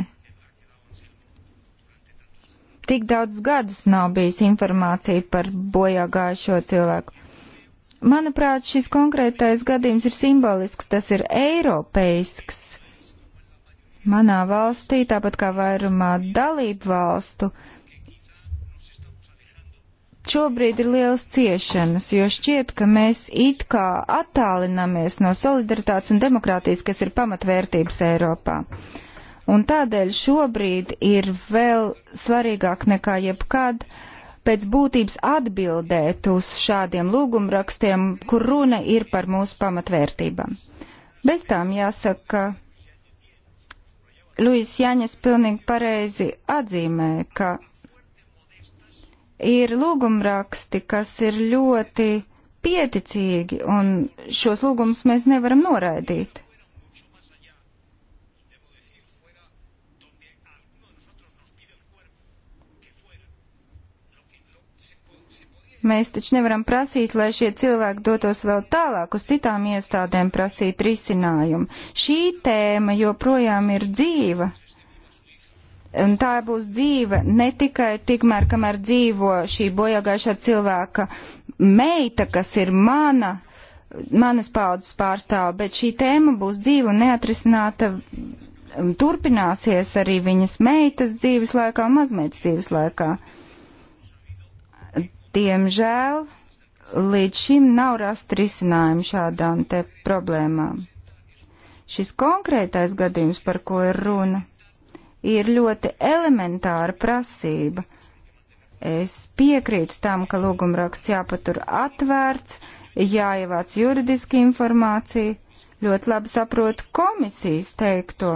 Speaker 2: Tik daudz gadus nav bijis informācija par bojā gājušo cilvēku. Manuprāt, šis konkrētais gadījums ir simbolisks, tas ir eiropeisks. Manā valstī, tāpat kā vairumā dalību valstu, šobrīd ir liels ciešanas, jo šķiet, ka mēs it kā attālinamies no solidaritātes un demokrātijas, kas ir pamatvērtības Eiropā. Uh, Un tādēļ šobrīd ir vēl svarīgāk nekā jebkad pēc būtības atbildēt uz šādiem lūgumrakstiem, kur runa ir par mūsu pamatvērtībām. Bez tām jāsaka, ka Luis Jaņas pilnīgi pareizi atzīmē, ka ir lūgumraksti, kas ir ļoti pieticīgi, un šos lūgumus mēs nevaram noraidīt. Mēs taču nevaram prasīt, lai šie cilvēki dotos vēl tālāk uz citām iestādēm prasīt risinājumu. Šī tēma joprojām ir dzīva. Un tā būs dzīve ne tikai tikmēr, kamēr dzīvo šī bojāgājušā cilvēka meita, kas ir mana, manas paudzes pārstāva, bet šī tēma būs dzīva un neatrisināta um, turpināsies arī viņas meitas dzīves laikā, mazmeitas dzīves laikā. Diemžēl līdz šim nav rast risinājumu šādām te problēmām. Šis konkrētais gadījums, par ko ir runa, ir ļoti elementāra prasība. Es piekrītu tam, ka lūgumraksts jāpatur atvērts, jāievāc juridiski informācija, ļoti labi saprotu komisijas teikto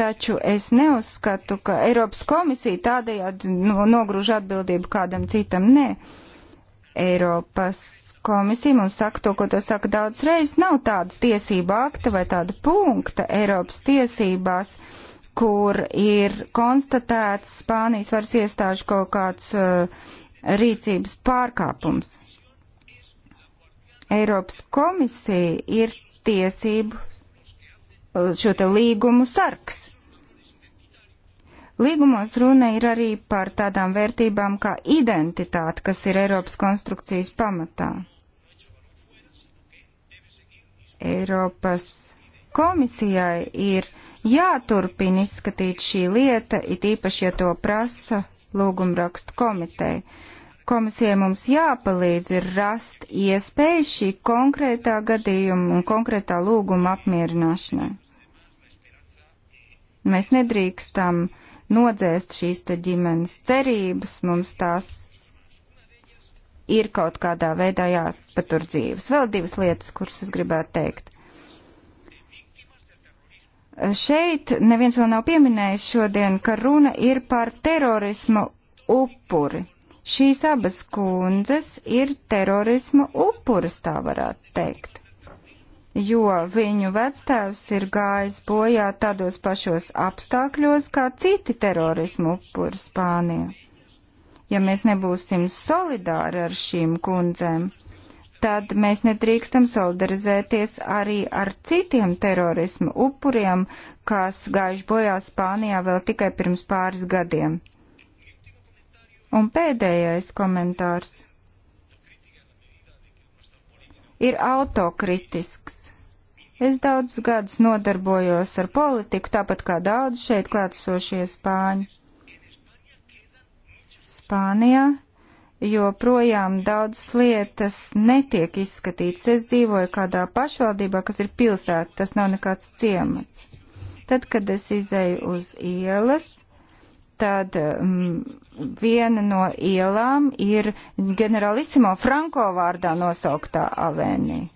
Speaker 2: taču es neuzskatu, ka Eiropas komisija tādējādi nogruž atbildību kādam citam. Nē, Eiropas komisija mums saka to, ko to saka daudz reizes, nav tāda tiesība akta vai tāda punkta Eiropas tiesībās kur ir konstatēts Spānijas varas iestāžu kaut kāds uh, rīcības pārkāpums. Eiropas komisija ir tiesību uh, šo te līgumu sargs. Līgumos runa ir arī par tādām vērtībām kā identitāte, kas ir Eiropas konstrukcijas pamatā. Eiropas komisijai ir jāturpina izskatīt šī lieta, it īpaši, ja to prasa lūgumrakstu komiteja. Komisijai mums jāpalīdz ir rast iespējas šī konkrētā gadījuma un konkrētā lūguma apmierināšanai. Mēs nedrīkstam uh, nodzēst šīs te ģimenes cerības, mums tās ir kaut kādā veidā jāpatur dzīves. Vēl divas lietas, kuras es gribētu teikt. Šeit neviens vēl nav pieminējis šodien, ka runa ir par terorismu upuri. Šīs abas kundzes ir terorismu upuras, tā varētu teikt jo viņu vectēvs ir gājis bojā tādos pašos apstākļos kā citi terorismu upuri Spānijā. Ja mēs nebūsim solidāri ar šīm kundzēm, tad mēs nedrīkstam solidarizēties arī ar citiem terorismu upuriem, kas gājuši bojā Spānijā vēl tikai pirms pāris gadiem. Un pēdējais komentārs ir autokritisks Es daudz gadus nodarbojos ar politiku, tāpat kā daudz šeit klātsošie spāņi. Spānijā joprojām daudzas lietas netiek izskatītas. Es dzīvoju kādā pašvaldībā, kas ir pilsēta, tas nav nekāds ciemats. Tad, kad es izēju uz ielas, tad mm, viena no ielām ir generālisimo Franko vārdā nosauktā avēnija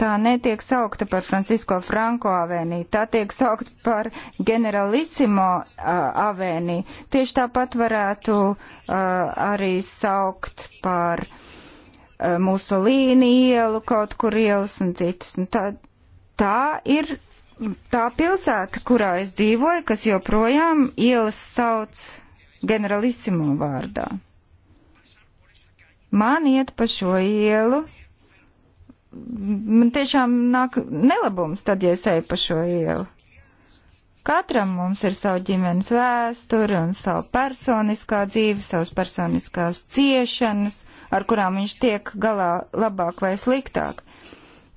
Speaker 2: tā netiek saukta par Francisko Franko avēniju, tā tiek saukt par Generalissimo uh, avēniju. Tieši tāpat varētu uh, arī saukt par uh, Musolīni ielu, kaut kur ielas un citus. Un tā, tā ir tā pilsēta, kurā es dzīvoju, kas joprojām ielas sauc Generalissimo vārdā. Man iet pa šo ielu man tiešām nāk nelabums tad, ja es eju pa šo ielu. Katram mums ir savu ģimenes vēsturi un savu personiskā dzīve, savas personiskās ciešanas, ar kurām viņš tiek galā labāk vai sliktāk.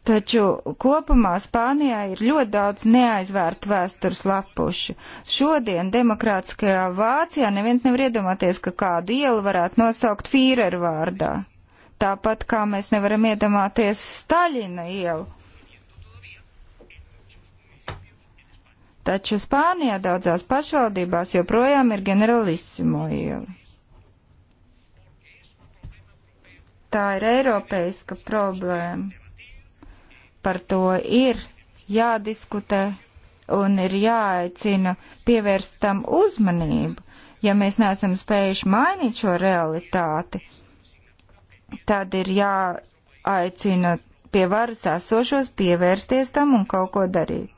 Speaker 2: Taču kopumā Spānijā ir ļoti daudz neaizvērtu vēstures lapušu. Šodien demokrātiskajā Vācijā neviens nevar iedomāties, ka kādu ielu varētu nosaukt fīreru vārdā tāpat kā mēs nevaram iedomāties Staļina ielu. Taču Spānijā daudzās pašvaldībās joprojām ir generalisimo iela. Tā ir eiropeiska problēma. Par to ir jādiskutē un ir jāaicina pievērst tam uzmanību. Ja mēs neesam spējuši mainīt šo realitāti, tad ir jāaicina pie varas esošos pievērsties tam un kaut ko darīt.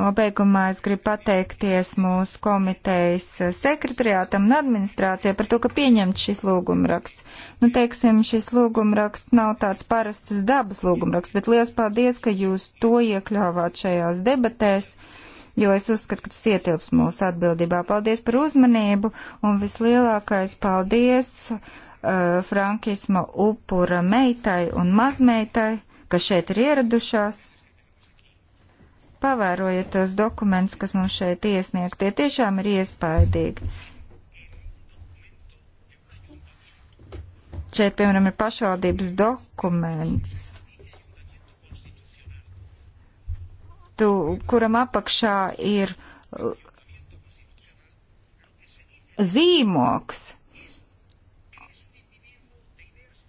Speaker 2: Nobeigumā es gribu pateikties mūsu komitejas sekretariātam un administrācijai par to, ka pieņemts šis lūgumraksts. Nu, teiksim, šis lūgumraksts nav tāds parastas dabas lūgumraksts, bet liels paldies, ka jūs to iekļāvāt šajās debatēs. Uh, jo es uzskatu, ka tas ietilps mūsu atbildībā. Paldies par uzmanību un vislielākais paldies uh, frankisma upura meitai un mazmeitai, kas šeit ir ieradušās pavērojiet tos dokumentus, kas mums šeit iesniegt. Tie tiešām ir iespaidīgi. Šeit, piemēram, ir pašvaldības dokuments. projektu, kuram apakšā ir zīmoks.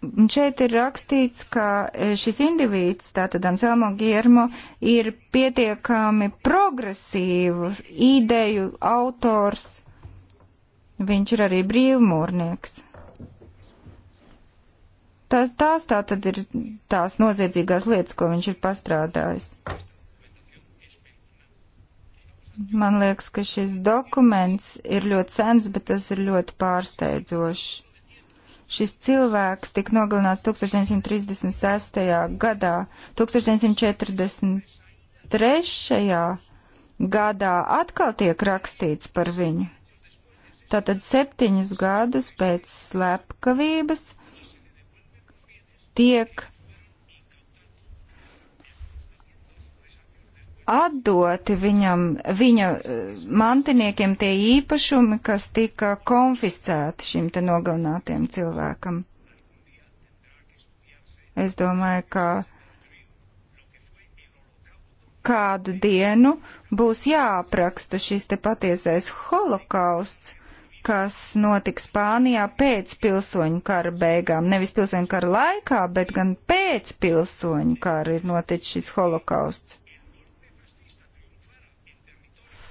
Speaker 2: Un šeit ir rakstīts, ka šis indivīds, tātad Anselmo Giermo, ir pietiekami progresīvu ideju autors. Viņš ir arī brīvmūrnieks. Tās, tās tā tad ir tās noziedzīgās lietas, ko viņš ir pastrādājis. Man liekas, ka šis dokuments ir ļoti sens, bet tas ir ļoti pārsteidzošs. Šis cilvēks tika nogalināts 1936. gadā, 1943. gadā atkal tiek rakstīts par viņu. Tātad septiņus gadus pēc slepkavības tiek atdoti viņam, viņa eh, mantiniekiem tie īpašumi, kas tika konfiscēti šim te nogalinātiem cilvēkam. Es domāju, ka kādu dienu būs jāapraksta šis te patiesais holokausts, kas notika Spānijā pēc pilsoņu kara beigām. Nevis pilsoņu kara laikā, bet gan pēc pilsoņu kara ir noticis šis holokausts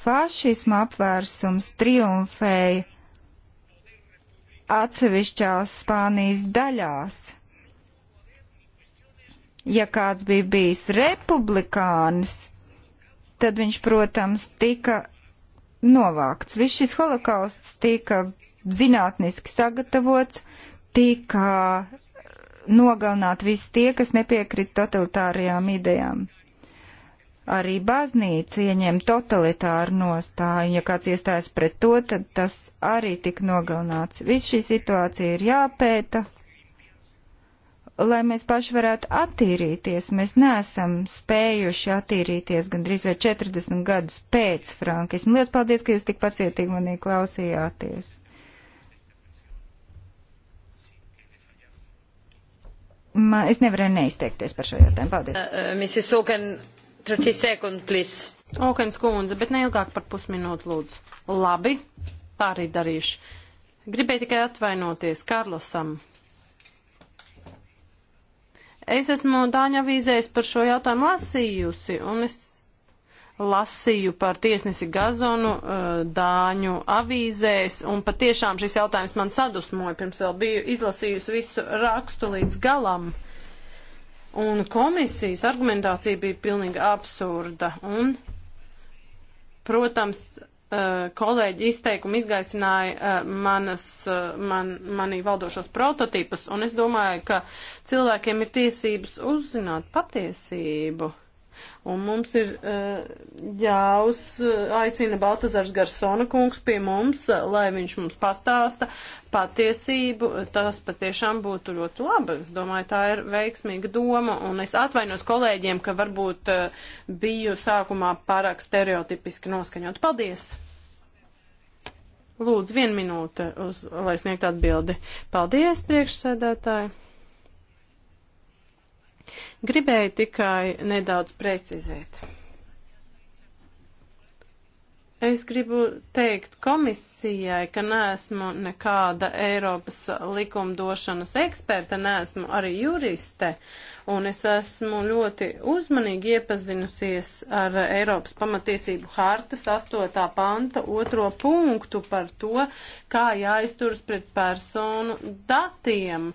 Speaker 2: fašisma apvērsums triumfēja atsevišķās Spānijas daļās. Ja kāds bija bijis republikānis, tad viņš, protams, tika novākts. Viss šis holokausts tika zinātniski sagatavots, tika nogalināt visi tie, kas nepiekrita totalitārajām idejām. Arī baznīca ieņem totalitāru nostāju, ja kāds iestājas pret to, tad tas arī tik nogalināts. Viss šī situācija ir jāpēta, lai mēs paši varētu attīrīties. Mēs neesam spējuši attīrīties gandrīz vai 40 gadus pēc frankismu. Lielas paldies, ka jūs tik pacietīgi manī klausījāties. Man, es nevarēju neizteikties par šo jautājumu. Paldies.
Speaker 1: Uh, uh, 30
Speaker 3: sekundes, please. Okens kundze, bet neilgāk par pusminūtu lūdzu. Labi, tā arī darīšu. Gribēju tikai atvainoties Karlosam. Es esmu Dāņa avīzēs par šo jautājumu lasījusi, un es lasīju par tiesnesi Gazonu uh, Dāņu avīzēs, un patiešām šis jautājums man sadusmoja, pirms vēl biju izlasījusi visu rakstu līdz galam. Uh, Un komisijas argumentācija bija pilnīgi absurda. Un, protams, eh, kolēģi izteikumi izgaisināja eh, manas, eh, man, manī valdošos prototīpus, un es domāju, ka cilvēkiem ir tiesības uzzināt patiesību. Un mums ir uh, eh, jāuz eh, aicina Baltazars Garsona kungs pie mums, eh, lai viņš mums pastāsta patiesību. Tas patiešām būtu ļoti labi. Es domāju, tā ir veiksmīga doma. Un es atvainos kolēģiem, ka varbūt uh, biju sākumā pārāk stereotipiski noskaņot. Paldies! Lūdzu, vienu minūti, uz, lai sniegtu atbildi. Paldies, priekšsēdētāji! Gribēju tikai nedaudz precizēt. Es gribu teikt komisijai, ka neesmu nekāda Eiropas likumdošanas eksperta, neesmu arī juriste, un es esmu ļoti uzmanīgi iepazinusies ar Eiropas pamatiesību hartas 8. panta otro punktu par to, kā jāizturas pret personu datiem,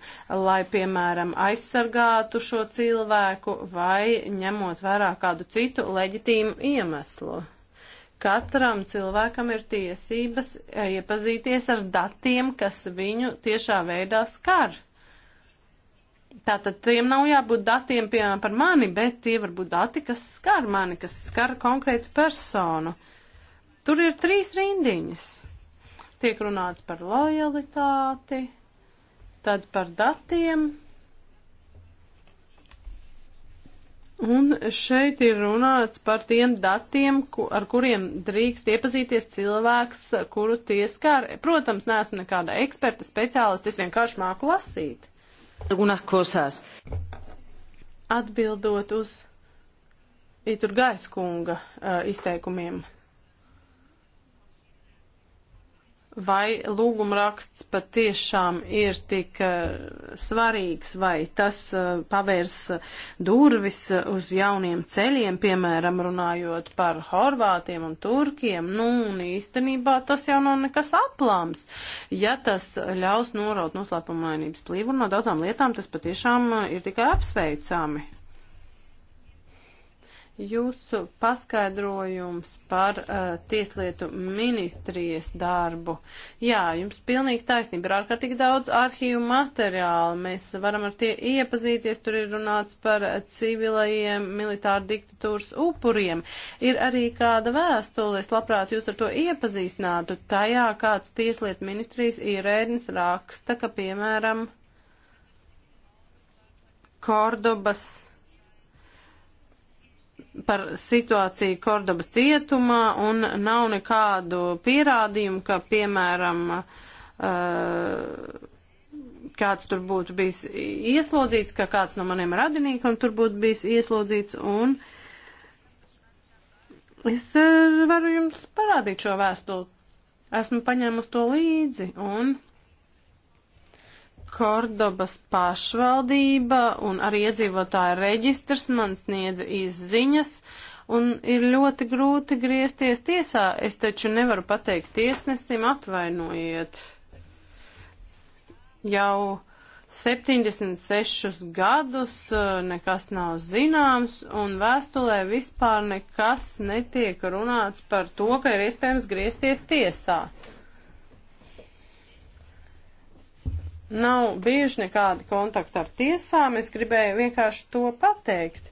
Speaker 3: lai, piemēram, aizsargātu šo cilvēku vai ņemot vērā kādu citu leģitīmu iemeslu. Katram cilvēkam ir tiesības eh, iepazīties ar datiem, kas viņu tiešā veidā skar. Tātad tiem nav jābūt datiem, piemēram, par mani, bet tie var būt dati, kas skar mani, kas skar konkrētu personu. Tur ir trīs rindiņas. Tiek runāts par lojalitāti, tad par datiem, Un šeit ir runāts par tiem datiem, ku, ar kuriem drīkst iepazīties cilvēks, kuru tie skar. Protams, neesmu nekāda eksperta, speciālista, es vienkārši māku lasīt. Atbildot uz Itur Gaiskunga uh, eh, izteikumiem. vai lūgumraksts patiešām ir tik eh, svarīgs, vai tas eh, pavērs durvis uz jauniem ceļiem, piemēram, runājot par horvātiem un turkiem. Nu, un īstenībā tas jau nav nekas aplāms. Ja tas ļaus noraut noslēpumainības plīvu no daudzām lietām, tas patiešām eh, ir tikai apsveicami. Jūsu paskaidrojums par uh, tieslietu ministrijas darbu. Jā, jums pilnīgi taisnība. Ir ārkārtīgi daudz arhīvu materiālu. Mēs varam ar tie iepazīties. Tur ir runāts par civilajiem militāru diktatūras upuriem. Ir arī kāda vēstule. Es labprāt jūs ar to iepazīstinātu. Tajā kāds tieslietu ministrijas ierēdnis raksta, ka, piemēram, Kordobas par situāciju Kordobas cietumā un nav nekādu pierādījumu, ka, piemēram, eh, kāds tur būtu bijis ieslodzīts, ka kāds no maniem radiniekiem tur būtu bijis ieslodzīts un es eh, varu jums parādīt šo vēstuli. Esmu paņēmusi to līdzi un Kordobas pašvaldība un arī iedzīvotāja reģistrs man sniedza izziņas, un ir ļoti grūti griezties tiesā. Es taču nevaru pateikt tiesnesim atvainojiet. Jau 76 gadus eh, nekas nav zināms, un vēstulē vispār nekas netiek runāts par to, ka ir iespējams griezties tiesā. Nav bijuši nekādi kontakti ar tiesām, es gribēju vienkārši to pateikt,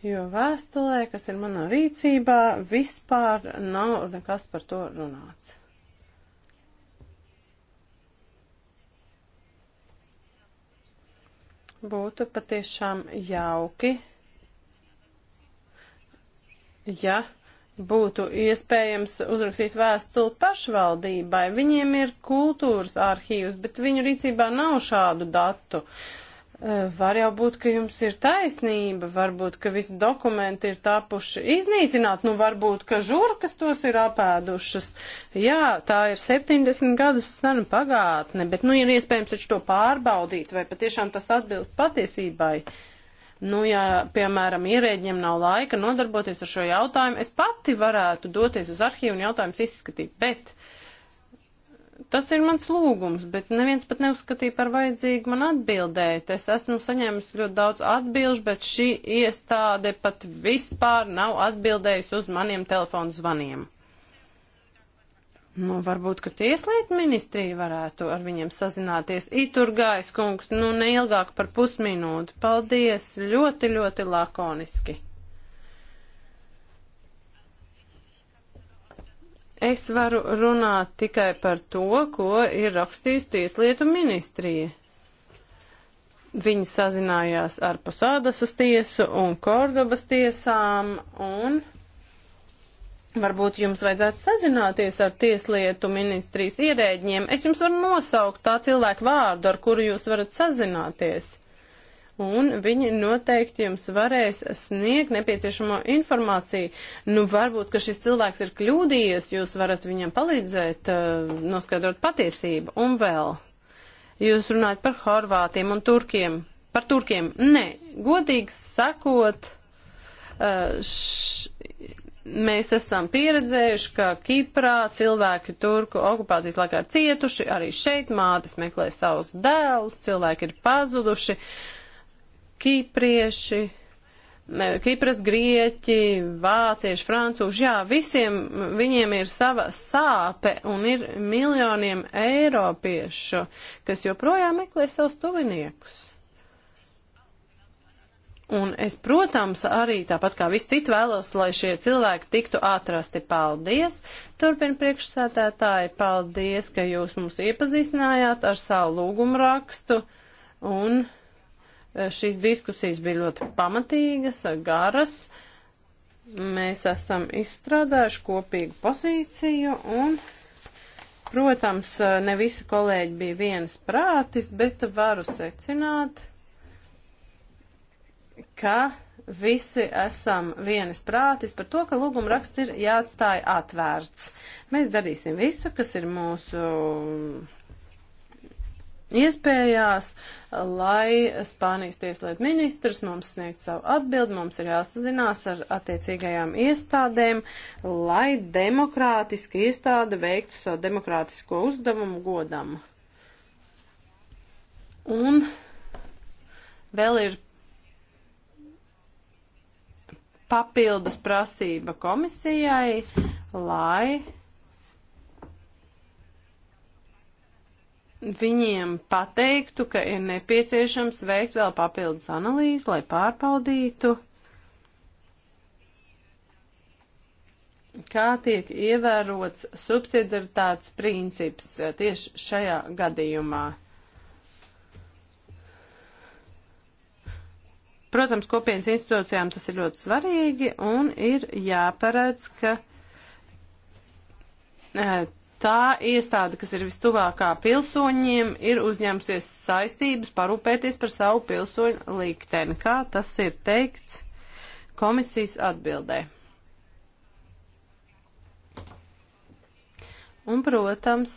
Speaker 3: jo vēstulē, kas ir manā rīcībā, vispār nav nekas par to runāts. Būtu patiešām jauki, ja būtu iespējams uzrakstīt vēstuli pašvaldībai. Viņiem ir kultūras arhīvs, bet viņu rīcībā nav šādu datu. E, var jau būt, ka jums ir taisnība, varbūt, ka visi dokumenti ir tapuši iznīcināti, nu varbūt, ka žurkas tos ir apēdušas. Jā, tā ir 70 gadus sena pagātne, bet nu ir iespējams taču to pārbaudīt, vai patiešām tas atbilst patiesībai. Uh, Nu, ja, piemēram, ierēģiem nav laika nodarboties ar šo jautājumu, es pati varētu doties uz arhīvu un jautājumus izskatīt, bet tas ir mans lūgums, bet neviens pat neuzskatīja par vajadzīgu man atbildēt. Es esmu saņēmusi ļoti daudz atbilžu, bet šī iestāde pat vispār nav atbildējusi uz maniem telefonu zvaniem. Nu, varbūt, ka tieslietu ministrija varētu ar viņiem sazināties. Iturgājs kungs, nu, neilgāk par pusminūti. Paldies, ļoti, ļoti lakoniski. Es varu runāt tikai par to, ko ir rakstījusi tieslietu ministrija. Viņi sazinājās ar Posādasas tiesu un Kordobas tiesām un Varbūt jums vajadzētu sazināties ar tieslietu ministrijas ierēģiem. Es jums varu nosaukt tā cilvēku vārdu, ar kuru jūs varat sazināties. Un viņi noteikti jums varēs sniegt nepieciešamo informāciju. Nu, varbūt, ka šis cilvēks ir kļūdījies, jūs varat viņam palīdzēt, eh, noskaidrot patiesību. Un vēl, jūs runājat par Horvātiem un Turkiem. Par Turkiem. Nē, godīgi sakot, eh, š mēs esam pieredzējuši, ka Kiprā cilvēki turku okupācijas laikā ir cietuši, arī šeit mātes meklē savus dēlus, cilvēki ir pazuduši, kiprieši, Kipras grieķi, vācieši, francūži, jā, visiem viņiem ir sava sāpe un ir miljoniem eiropiešu, kas joprojām meklē savus tuviniekus. Un es, protams, arī tāpat kā visi citi vēlos, lai šie cilvēki tiktu atrasti. Paldies! Turpin priekšsētētāji, paldies, ka jūs mūs iepazīstinājāt ar savu lūgumu rakstu. Un e, šīs diskusijas bija ļoti pamatīgas, garas. Mēs esam izstrādājuši kopīgu pozīciju un. Protams, e, ne visi kolēģi bija vienas prātis, bet varu secināt, ka visi esam vienas prātis par to, ka lūguma raksts ir jāatstāja atvērts. Mēs darīsim visu, kas ir mūsu iespējās, lai Spānijas tieslietu ministrs mums sniegt savu atbildi, mums ir jāsazinās ar attiecīgajām iestādēm, lai demokrātiski iestāde veiktu savu demokrātisko uzdevumu godam. Un vēl ir papildus prasība komisijai, lai viņiem pateiktu, ka ir nepieciešams veikt vēl papildus analīzi, lai pārbaudītu, kā tiek ievērots subsidiaritātes princips eh, tieši šajā gadījumā. Protams, kopienas institūcijām tas ir ļoti svarīgi un ir jāparedz, ka e, tā iestāde, kas ir vistuvākā pilsoņiem, ir uzņēmusies saistības parūpēties par savu pilsoņu likteni, kā tas ir teikts komisijas atbildē. Un, protams,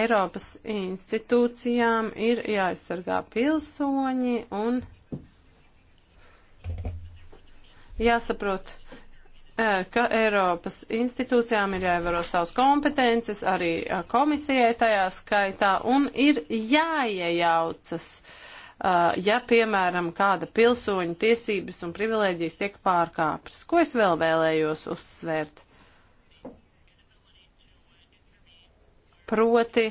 Speaker 3: Eiropas institūcijām ir jāaizsargā pilsoņi un Jāsaprot, ka Eiropas institūcijām ir jāievēro savas kompetences, arī komisijai tajā skaitā, un ir jāiejaucas, ja, piemēram, kāda pilsoņa tiesības un privilēģijas tiek pārkāptas. Ko es vēl vēlējos uzsvērt? Proti,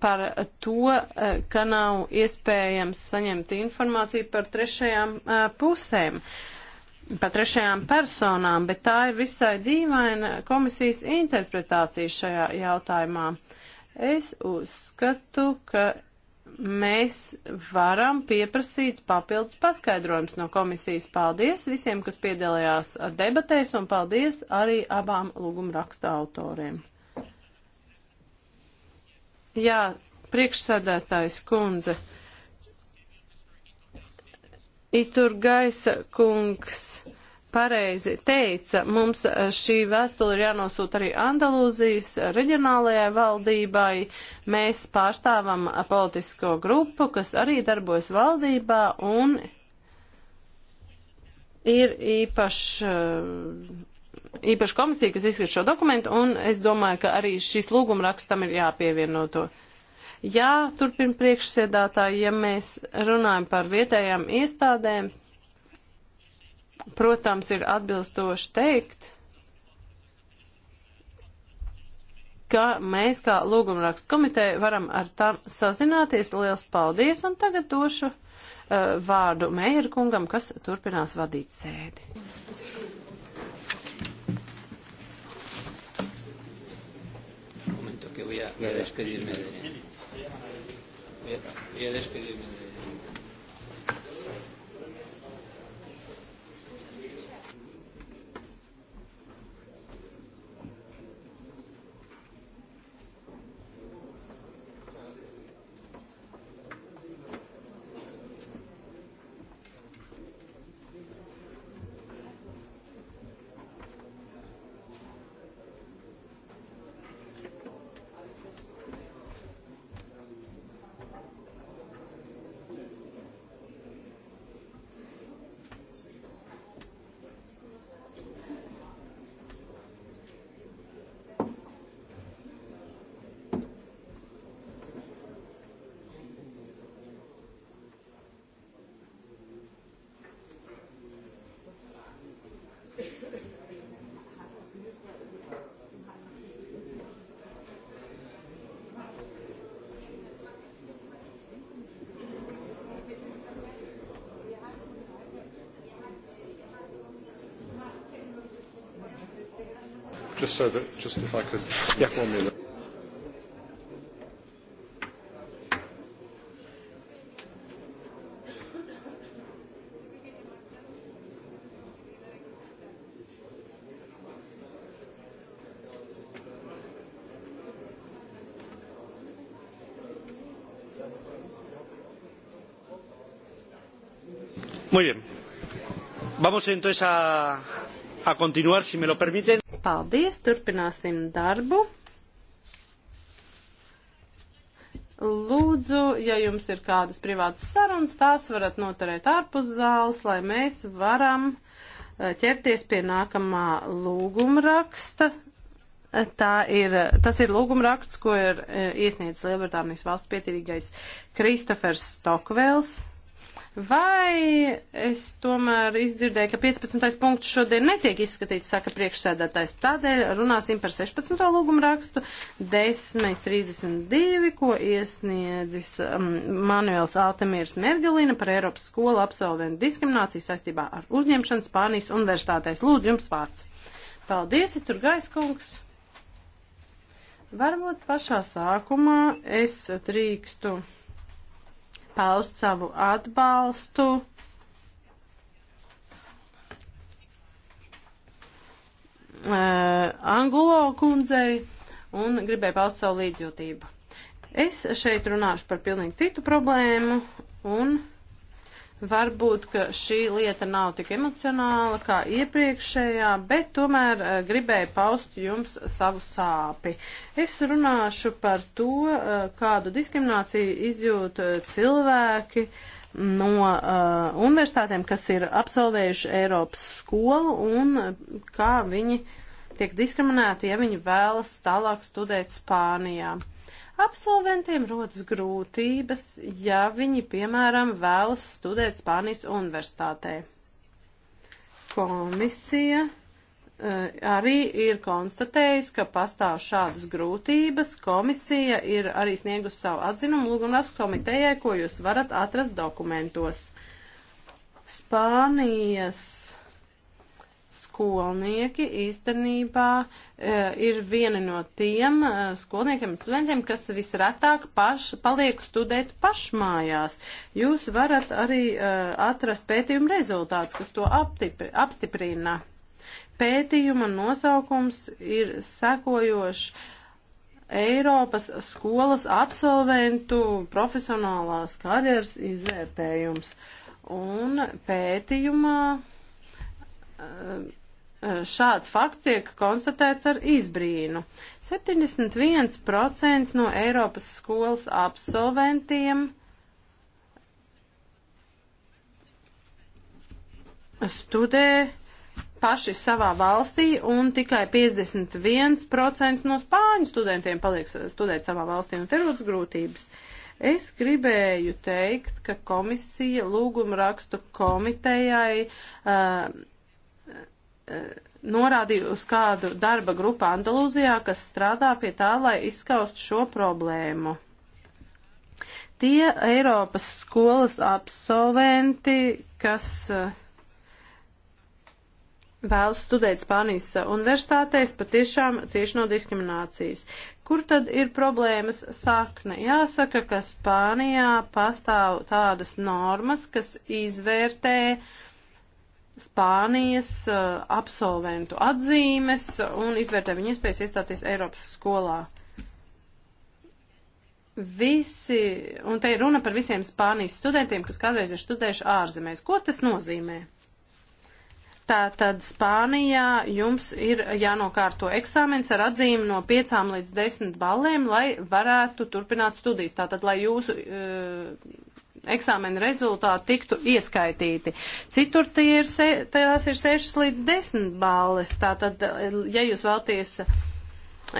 Speaker 3: par to, eh, ka nav iespējams saņemt informāciju par trešajām eh, pusēm par trešajām personām, bet tā ir visai dīvaina komisijas interpretācija šajā jautājumā. Es uzskatu, ka mēs varam pieprasīt papildus paskaidrojums no komisijas. Paldies visiem, kas piedalījās debatēs, un paldies arī abām lūguma raksta autoriem. Jā, priekšsēdētājs kundze. Itur gaisa kungs pareizi teica, mums eh, šī vēstule ir jānosūta arī Andalūzijas reģionālajai valdībai. Mēs pārstāvam politisko grupu, kas arī darbojas valdībā un ir īpašs eh, īpaša komisija, kas izskat šo dokumentu, un es domāju, ka arī šis lūgumrakstam ir jāpievieno to. Jā, turpin priekšsēdātāji, ja mēs runājam par vietējām iestādēm, protams, ir atbilstoši teikt, ka mēs kā lūgumrakstu komiteja varam ar tam sazināties. Liels paldies, un tagad došu uh, vārdu Meijera kungam, kas turpinās vadīt sēdi. voy a, voy a despedirme de voy a, voy a despedirme de
Speaker 1: Just so that, just if I could yeah. inform you that.
Speaker 3: Muy bien. Vamos entonces a, a continuar, si me lo permiten. Paldies, turpināsim darbu. Lūdzu, ja jums ir kādas privātas sarunas, tās varat noturēt ārpus zāles, lai mēs varam eh, ķerties pie nākamā lūgumraksta. Eh, tā ir, tas ir lūgumraksts, ko ir eh, iesniedzis Lielbritānijas valsts pietirīgais Kristofers Stokvēls. Vai es tomēr izdzirdēju, ka 15. punkts šodien netiek izskatīts, saka priekšsēdētājs. Tādēļ runāsim par 16. lūgumu rakstu 10.32, ko iesniedzis um, Manuels Altemīrs Mergelina par Eiropas skolu absolventu diskrimināciju saistībā ar uzņemšanu Spānijas universitātēs. Lūdzu, jums vārds. Paldies, ja tur gaiskungs. Varbūt pašā sākumā es drīkstu paust savu atbalstu. Uh, Angulo kundzei un gribēju paust savu līdzjūtību. Es šeit runāšu par pilnīgi citu problēmu un Varbūt, ka šī lieta nav tik emocionāla kā iepriekšējā, bet tomēr eh, gribēju paust jums savu sāpi. Es runāšu par to, eh, kādu diskrimināciju izjūt eh, cilvēki no uh, universitātēm, kas ir absolvējuši Eiropas skolu un kā viņi tiek diskriminēti, ja viņi vēlas tālāk studēt Spānijā. Uh, Absolventiem rodas grūtības, ja viņi, piemēram, vēlas studēt Spānijas universitātē. Komisija eh, arī ir konstatējusi, ka pastāv šādas grūtības. Komisija ir arī sniegusi savu atzinumu lūgumrakstu komitejai, ko jūs varat atrast dokumentos. Spānijas skolnieki īstenībā e, ir vieni no tiem e, skolniekiem un studentiem, kas visretāk paš, paliek studēt pašmājās. Jūs varat arī e, atrast pētījumu rezultāts, kas to aptipri, apstiprina. Pētījuma nosaukums ir sekojošs. Eiropas skolas absolventu profesionālās karjeras izvērtējums. Un pētījumā Eh, šāds fakts tiek konstatēts ar izbrīnu. 71% no Eiropas skolas absolventiem studē paši savā valstī, un tikai 51% no spāņu studentiem paliek studēt savā valstī, un te rodas grūtības. Es gribēju teikt, ka komisija lūguma rakstu komitejai uh, norādīju uz kādu darba grupu Andalūzijā, kas strādā pie tā, lai izskaust šo problēmu. Tie Eiropas skolas absolventi, kas eh, vēlas studēt Spānijas universitātēs, patiešām cieši no diskriminācijas. Kur tad ir problēmas sakne? Jāsaka, ka Spānijā pastāv tādas normas, kas izvērtē uh, Spānijas uh, absolventu atzīmes un izvērtē viņu iespējas iestāties Eiropas skolā. Visi, un te ir runa par visiem Spānijas studentiem, kas kādreiz ir studējuši ārzemēs. Ko tas nozīmē? Tātad Spānijā jums ir jānokārto eksāmens ar atzīmi no 5 līdz 10 ballēm, lai varētu turpināt studijas. Tātad, lai jūsu uh, eksāmena rezultāti tiktu ieskaitīti. Citur ir se, tās ir 6 līdz 10 balles. Tātad, ja jūs vēlties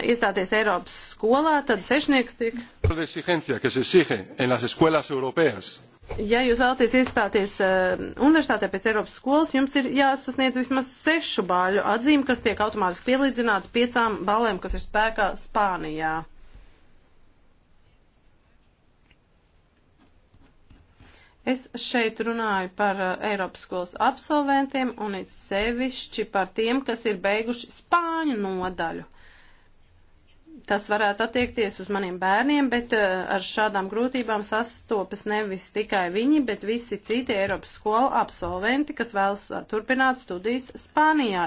Speaker 3: iestāties Eiropas skolā, tad sešnieks tiek. Ja jūs vēlaties iestāties uh, universitātē pēc Eiropas skolas, jums ir jāsasniedz vismaz sešu bāļu atzīme, kas tiek automātiski pielīdzināts piecām balēm, kas ir spēkā Spānijā. Es šeit runāju par uh, Eiropas skolas absolventiem un it sevišķi par tiem, kas ir beiguši spāņu nodaļu. Tas varētu attiekties uz maniem bērniem, bet uh, ar šādām grūtībām sastopas nevis tikai viņi, bet visi citi Eiropas skolu absolventi, kas vēlas uh, turpināt studijas Spānijā.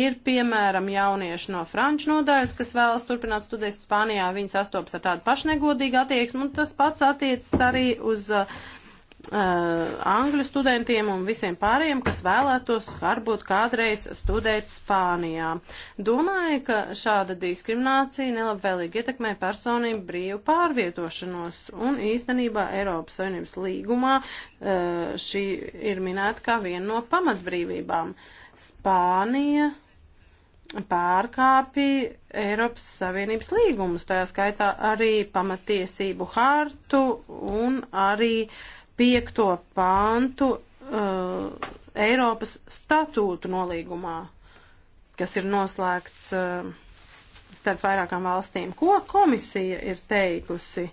Speaker 3: Ir, piemēram, jaunieši no franču nodaļas, kas vēlas turpināt studijas Spānijā, viņi sastopas ar tādu pašnegodīgu attieksmi, un tas pats attiecas arī uz uh, Uh, angļu studentiem un visiem pārējiem, kas vēlētos varbūt kādreiz studēt Spānijā. Domāju, ka šāda diskriminācija nelabvēlīgi ietekmē personību brīvu pārvietošanos, un īstenībā Eiropas Savienības līgumā uh, šī ir minēta kā viena no pamatbrīvībām. Spānija pārkāpi Eiropas Savienības līgumus, tajā skaitā arī pamatiesību hartu un arī uh, piekto pāntu uh, Eiropas statūtu nolīgumā, kas ir noslēgts uh, starp vairākām valstīm. Ko komisija ir teikusi?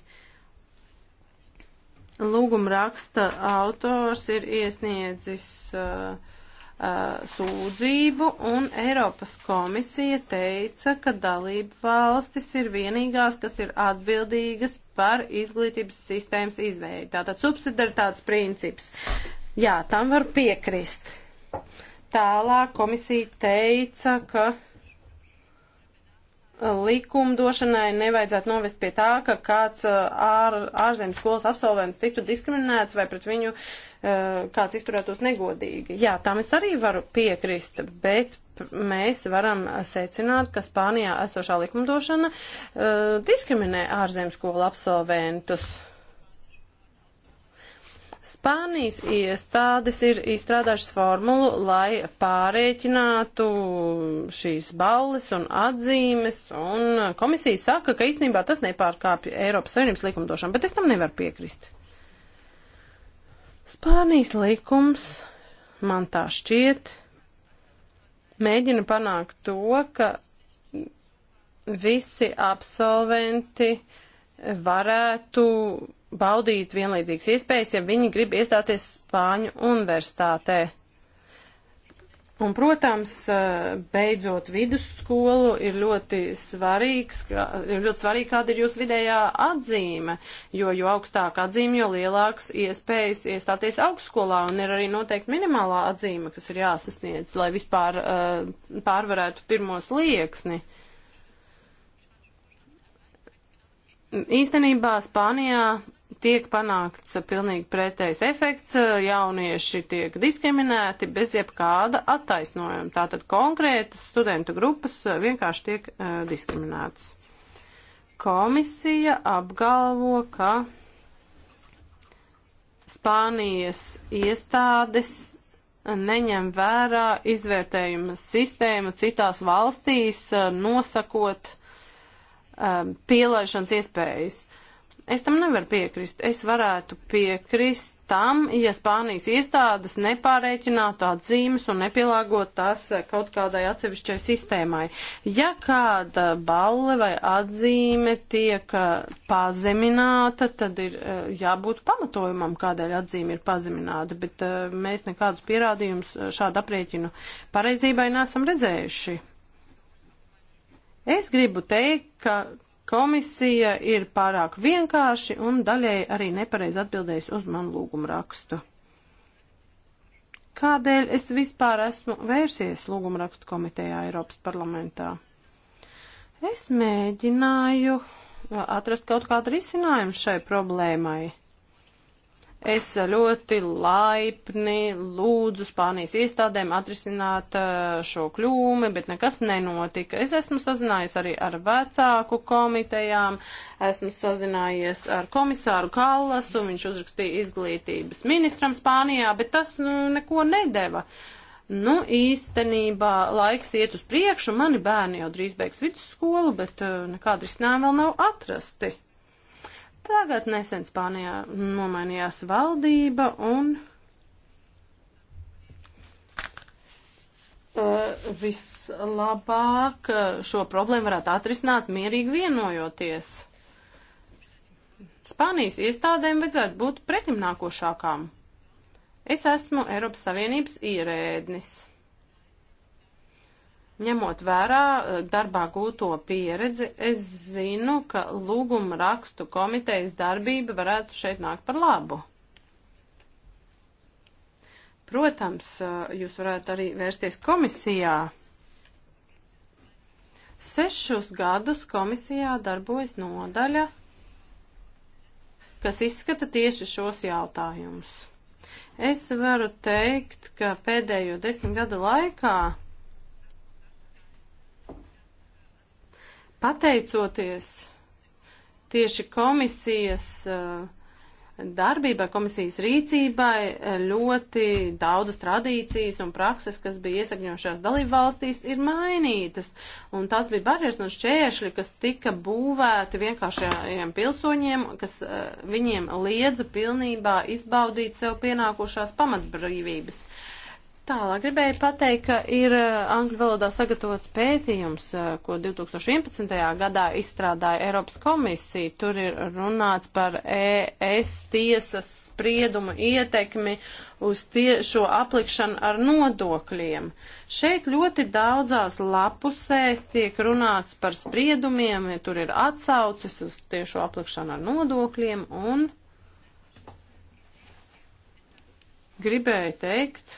Speaker 3: Lūguma raksta autors ir iesniedzis uh, sūdzību, un Eiropas komisija teica, ka dalību valstis ir vienīgās, kas ir atbildīgas par izglītības sistēmas izveidi. Tātad subsidaritātes princips. Jā, tam var piekrist. Tālāk komisija teica, ka likumdošanai nevajadzētu novest pie tā, ka kāds uh, ār, ārzemes skolas absolvents tiktu diskriminēts vai pret viņu uh, kāds izturētos negodīgi. Jā, tam es arī varu piekrist, bet mēs varam secināt, ka Spānijā esošā likumdošana uh, diskriminē ārzemes skolu absolventus. Spānijas iestādes ir izstrādājušas formulu, lai pārēķinātu šīs balles un atzīmes, un komisija saka, ka īstenībā tas nepārkāpja Eiropas Savienības likumdošanu, bet es tam nevaru piekrist. Spānijas likums, man tā šķiet, mēģina panākt to, ka visi absolventi varētu baudīt vienlīdzīgas iespējas, ja viņi grib iestāties Spāņu universitātē. Un, protams, eh, beidzot vidusskolu ir ļoti svarīgs, ir ļoti svarīgi, kāda ir jūsu vidējā atzīme, jo, jo augstāka atzīme, jo lielāks iespējas iestāties augstskolā, un ir arī noteikti minimālā atzīme, kas ir jāsasniedz, lai vispār uh, pārvarētu pirmos lieksni. Īstenībā Spānijā tiek panākts pilnīgi pretējs efekts, jaunieši tiek diskriminēti bez jebkāda attaisnojuma. Tātad konkrētas studentu grupas vienkārši tiek uh, diskriminētas. Komisija apgalvo, ka Spānijas iestādes neņem vērā izvērtējuma sistēmu citās valstīs, nosakot um, pielaišanas iespējas. Es tam nevaru piekrist. Es varētu piekrist tam, ja Spānijas iestādes nepārēķinātu atzīmes un nepielāgot tās kaut kādai atsevišķai sistēmai. Ja kāda balle vai atzīme tiek eh, pazemināta, tad ir eh, jābūt pamatojumam, kādēļ atzīme ir pazemināta, bet eh, mēs nekādus pierādījumus šādu aprēķinu pareizībai nesam redzējuši. Es gribu teikt, ka Komisija ir pārāk vienkārši un daļēji arī nepareiz atbildējusi uz manu lūgumu rakstu. Kādēļ es vispār esmu vērsies lūgumu rakstu komitejā Eiropas parlamentā? Es mēģināju uh, atrast kaut kādu risinājumu šai problēmai. Es ļoti laipni lūdzu Spānijas iestādēm atrisināt eh, šo kļūmi, bet nekas nenotika. Es esmu sazinājies arī ar vecāku komitejām, esmu sazinājies ar komisāru Kallasu, viņš uzrakstīja izglītības ministram Spānijā, bet tas nu, neko nedeva. Nu, īstenībā laiks iet uz priekšu, mani bērni jau drīz beigs vidusskolu, bet eh, nekāda risinājuma vēl nav atrasti. Tagad nesen Spānijā nomainījās valdība un uh, vislabāk uh, šo problēmu varētu atrisināt mierīgi vienojoties. Spānijas iestādēm vajadzētu būt pretimnākošākām. Es esmu Eiropas Savienības ierēdnis. Ņemot vērā eh, darbā gūto pieredzi, es zinu, ka lūguma rakstu komitejas darbība varētu šeit nākt par labu. Protams, eh, jūs varētu arī vērsties komisijā. Sešus gadus komisijā darbojas nodaļa, kas izskata tieši šos jautājumus. Es varu teikt, ka pēdējo desmit gadu laikā Pateicoties tieši komisijas eh, darbībai, komisijas rīcībai, eh, ļoti daudzas tradīcijas un prakses, kas bija iesakņojušās dalību valstīs, ir mainītas. Un tas bija barjeras un šķēršļi, kas tika būvēti vienkāršajiem pilsoņiem, kas eh, viņiem liedza pilnībā izbaudīt sev pienākušās pamatbrīvības. Tālāk gribēju pateikt, ka ir uh, angļu valodā sagatavots pētījums, uh, ko 2011. gadā izstrādāja Eiropas komisija. Tur ir runāts par ES tiesas spriedumu ietekmi uz tiešo aplikšanu ar nodokļiem. Šeit ļoti daudzās lapusēs tiek runāts par spriedumiem, ja tur ir atsaucis uz tiešo aplikšanu ar nodokļiem un gribēju teikt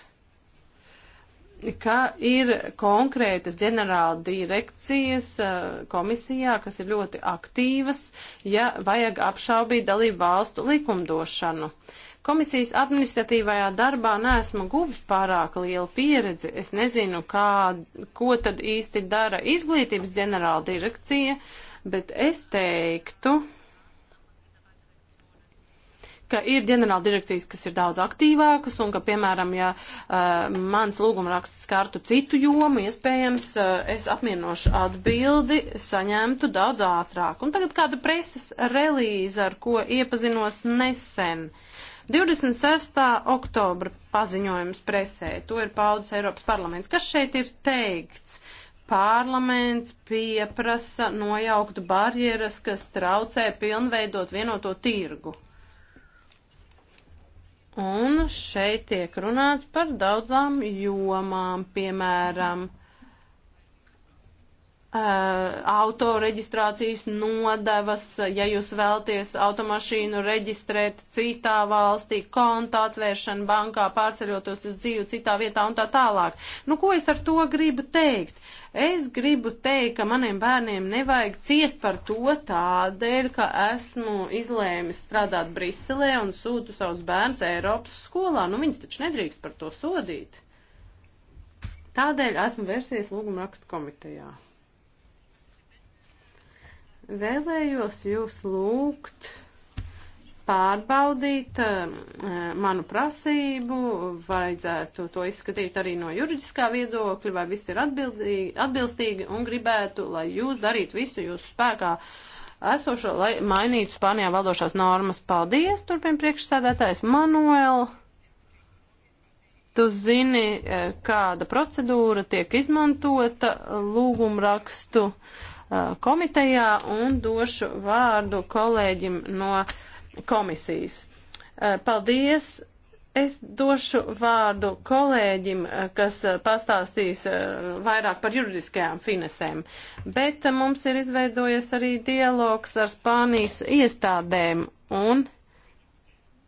Speaker 3: ka ir konkrētas ģenerāla direkcijas eh, komisijā, kas ir ļoti aktīvas, ja vajag apšaubīt dalību valstu likumdošanu. Komisijas administratīvajā darbā neesmu guvis pārāk lielu pieredzi. Es nezinu, kā, ko tad īsti dara izglītības ģenerāla direkcija, bet es teiktu, ka ir ģenerāla direkcijas, kas ir daudz aktīvākas un ka, piemēram, ja uh, mans lūgumraksts skartu citu jomu, iespējams, uh, es apmierinošu atbildi saņemtu daudz ātrāk. Un tagad kāda preses relīze, ar ko iepazinos nesen. 26. oktobra paziņojums presē, to ir paudzis Eiropas parlaments. Kas šeit ir teikts? Parlaments pieprasa nojaukt barjeras, kas traucē pilnveidot vienoto tirgu. Un šeit tiek runāts par daudzām jomām, piemēram, autoreģistrācijas nodevas, ja jūs vēlties automašīnu reģistrēt citā valstī, konta atvēršana bankā, pārceļoties uz dzīvi citā vietā un tā tālāk. Nu, ko es ar to gribu teikt? Es gribu teikt, ka maniem bērniem nevajag ciest par to tādēļ, ka esmu izlēmis strādāt Briselē un sūtu savus bērns Eiropas skolā. Nu, viņus taču nedrīkst par to sodīt. Tādēļ esmu vērsies lūguma rakstu komitejā. Vēlējos jūs lūgt pārbaudīt um, uh, manu prasību, vajadzētu to izskatīt arī no juridiskā viedokļa, vai viss ir atbilstīgi un gribētu, lai jūs darītu visu jūsu spēkā esošo, lai mainītu Spānijā valdošās normas. Paldies, turpin priekšsēdētājs Manuel. Tu zini, eh, kāda procedūra tiek izmantota lūgumrakstu eh, komitejā un došu vārdu kolēģim no komisijas. Eh, paldies! Es došu vārdu kolēģim, eh, kas eh, pastāstīs vairāk par juridiskajām finesēm, bet mums ir izveidojies arī dialogs ar Spānijas iestādēm un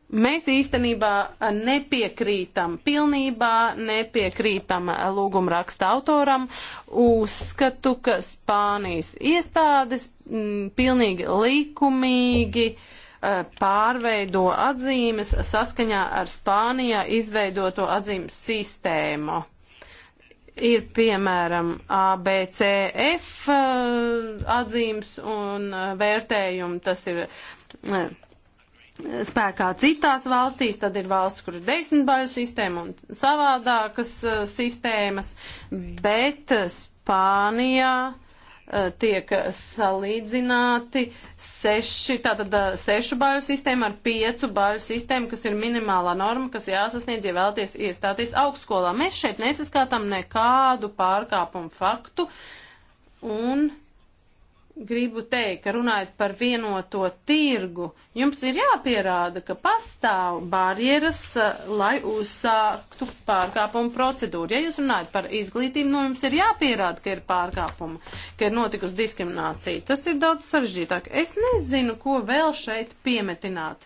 Speaker 3: Mēs īstenībā nepiekrītam, pilnībā nepiekrītam lūguma raksta autoram. Uzskatu, ka Spānijas iestādes m, mm, pilnīgi likumīgi uh, Eh, pārveido atzīmes saskaņā ar Spānijā izveidoto atzīmes sistēmu. Ir piemēram ABCF eh, atzīmes un eh, vērtējumi, tas ir spēkā citās valstīs, tad ir valsts, kur ir desmitbaļu sistēma un savādākas sistēmas, bet Spānijā uh, Eh, tiek salīdzināti seši, tātad eh, sešu bāļu sistēma ar piecu bāļu sistēmu, kas ir minimālā norma, kas jāsasniedz, ja vēlaties iestāties augstskolā. Mēs šeit nesaskatām nekādu pārkāpumu faktu un uh, gribu teikt, ka runājot par vienoto tirgu, jums ir jāpierāda, ka pastāv barjeras, lai uzsāktu pārkāpumu procedūru. Ja jūs runājat par izglītību, no nu, jums ir jāpierāda, ka ir pārkāpumi, ka ir notikusi diskriminācija. Tas ir daudz sarežģītāk. Es nezinu, ko vēl šeit piemetināt.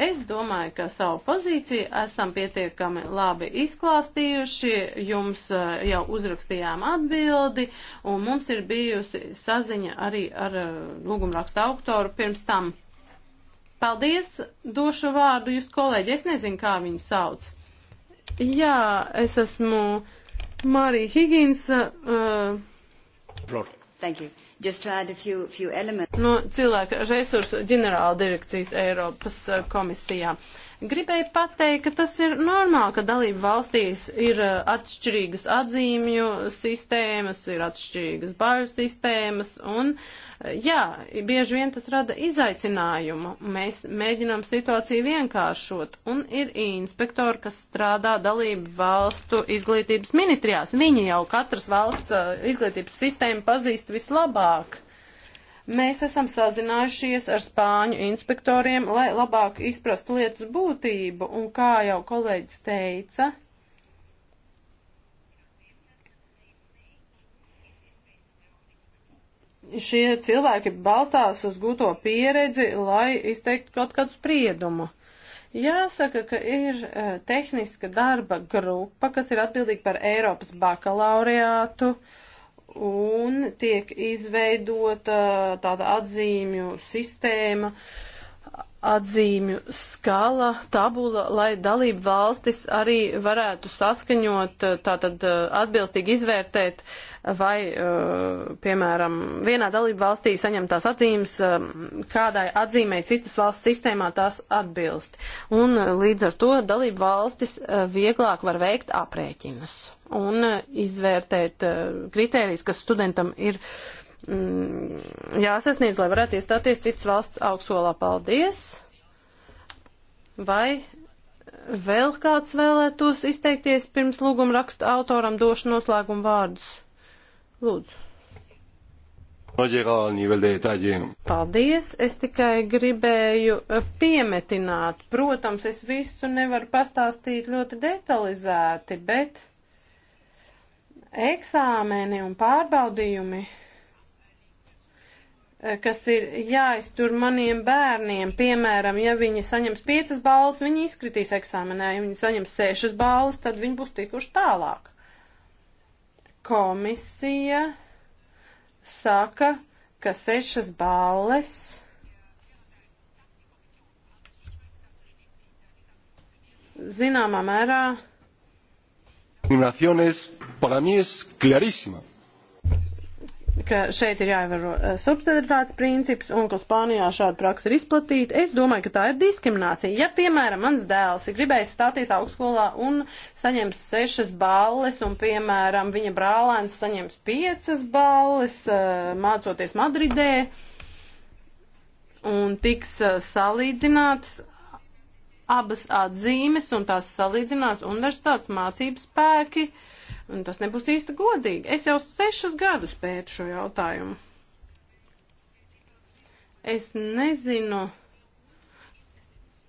Speaker 3: Es domāju, ka savu pozīciju esam pietiekami labi izklāstījuši, jums eh, jau uzrakstījām atbildi, un mums ir bijusi saziņa arī ar eh, lūgumrakstu autoru pirms tam. Paldies, došu vārdu jūs kolēģi, es nezinu, kā viņu sauc. Jā, es esmu Marija Higgins. Uh, Thank you. Just to add a few, few elements. No cilvēka resursu ģenerāla direkcijas Eiropas eh, komisijā. Gribēju pateikt, ka tas ir normāli, ka dalību valstīs ir eh, atšķirīgas atzīmju sistēmas, ir atšķirīgas baļu sistēmas, un uh, Jā, bieži vien tas rada izaicinājumu. Mēs mēģinām situāciju vienkāršot, un ir inspektori, kas strādā dalību valstu izglītības ministrijās. Viņi jau katras valsts izglītības sistēmu pazīst vislabāk. Mēs esam sazinājušies ar spāņu inspektoriem, lai labāk izprastu lietas būtību, un kā jau kolēģis teica, šie cilvēki balstās uz gūto pieredzi, lai izteiktu kaut kādu spriedumu. Jāsaka, ka ir e, tehniska darba grupa, kas ir atbildīga par Eiropas bakalauriātu un tiek izveidota e, tāda atzīmju sistēma, uh, atzīmju skala, tabula, lai dalību valstis arī varētu saskaņot, eh, tātad eh, atbilstīgi izvērtēt, vai, eh, piemēram, vienā dalību valstī saņemtās atzīmes, kādai atzīmei citas valsts sistēmā tās atbilst. Un līdz ar to dalību valstis vieglāk var veikt aprēķinus un izvērtēt kritērijas, kas studentam ir uh, Mm, jāsasniedz, lai varētu iestāties citas valsts augstsolā. Paldies! Vai vēl kāds vēlētos izteikties pirms lūguma raksta autoram došu noslēgumu vārdus? Lūdzu. Paldies, es tikai gribēju piemetināt. Protams, es visu nevaru pastāstīt ļoti detalizēti, bet eksāmeni un pārbaudījumi Eh, kas ir jāiztur maniem bērniem. Piemēram, ja viņi saņems piecas balvas, viņi izkritīs eksāmenē, ja viņi saņems sešas balvas, tad viņi būs tikuši tālāk. Komisija saka, ka sešas balles. Zināmā mērā. Para mí es clarísima ka šeit ir jāievēro eh, subsidiaritātes princips un ka Spānijā šāda praksa ir izplatīta. Es domāju, ka tā ir diskriminācija. Ja, piemēram, mans dēls ir gribējis stāties augstskolā un saņems sešas balles un, piemēram, viņa brālēns saņems piecas balles eh, mācoties Madridē un tiks eh, salīdzināts abas atzīmes un tās salīdzinās universitātes mācības spēki. Uh, Un tas nebūs īsti godīgi. Es jau sešus gadus pētu šo jautājumu. Es nezinu,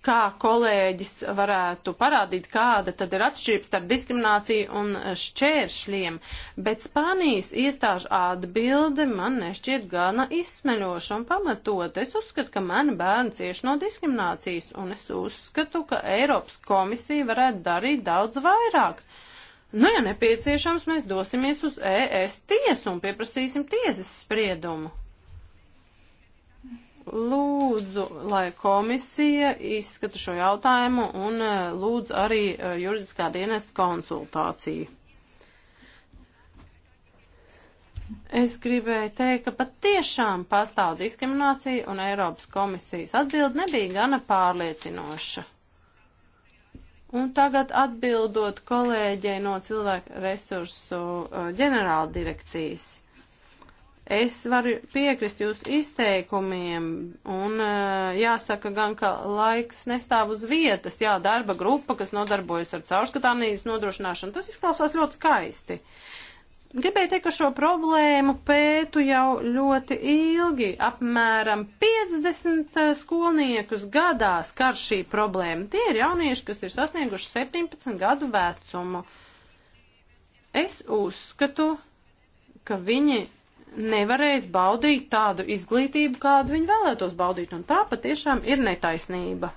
Speaker 3: kā kolēģis varētu parādīt, kāda tad ir atšķirība starp diskrimināciju un šķēršļiem, bet Spānijas iestāžu atbilde man nešķiet gana izsmeļoša un pamatot. Es uzskatu, ka mani bērni cieš no diskriminācijas, un es uzskatu, ka Eiropas komisija varētu darīt daudz vairāk. Uh, Nu, ja nepieciešams, mēs dosimies uz ES tiesu un pieprasīsim tiesas spriedumu. Lūdzu, lai komisija izskata šo jautājumu un e, lūdzu arī e, juridiskā dienesta konsultāciju. Es gribēju teikt, ka patiešām pastāv diskriminācija un Eiropas komisijas atbildi nebija gana pārliecinoša. Un tagad atbildot kolēģei no cilvēku resursu uh, ģenerāla direkcijas. Es varu piekrist jūsu izteikumiem un uh, jāsaka gan, ka laiks nestāv uz vietas. Jā, darba grupa, kas nodarbojas ar caurskatāmības nodrošināšanu, tas izklausās ļoti skaisti. Uh, Gribēju teikt, ka šo problēmu pētu jau ļoti ilgi, apmēram 50 eh, skolniekus gadā skar šī problēma. Tie ir jaunieši, kas ir sasnieguši 17 gadu vecumu. Es uzskatu, ka viņi nevarēs baudīt tādu izglītību, kādu viņi vēlētos baudīt, un tā patiešām ir netaisnība.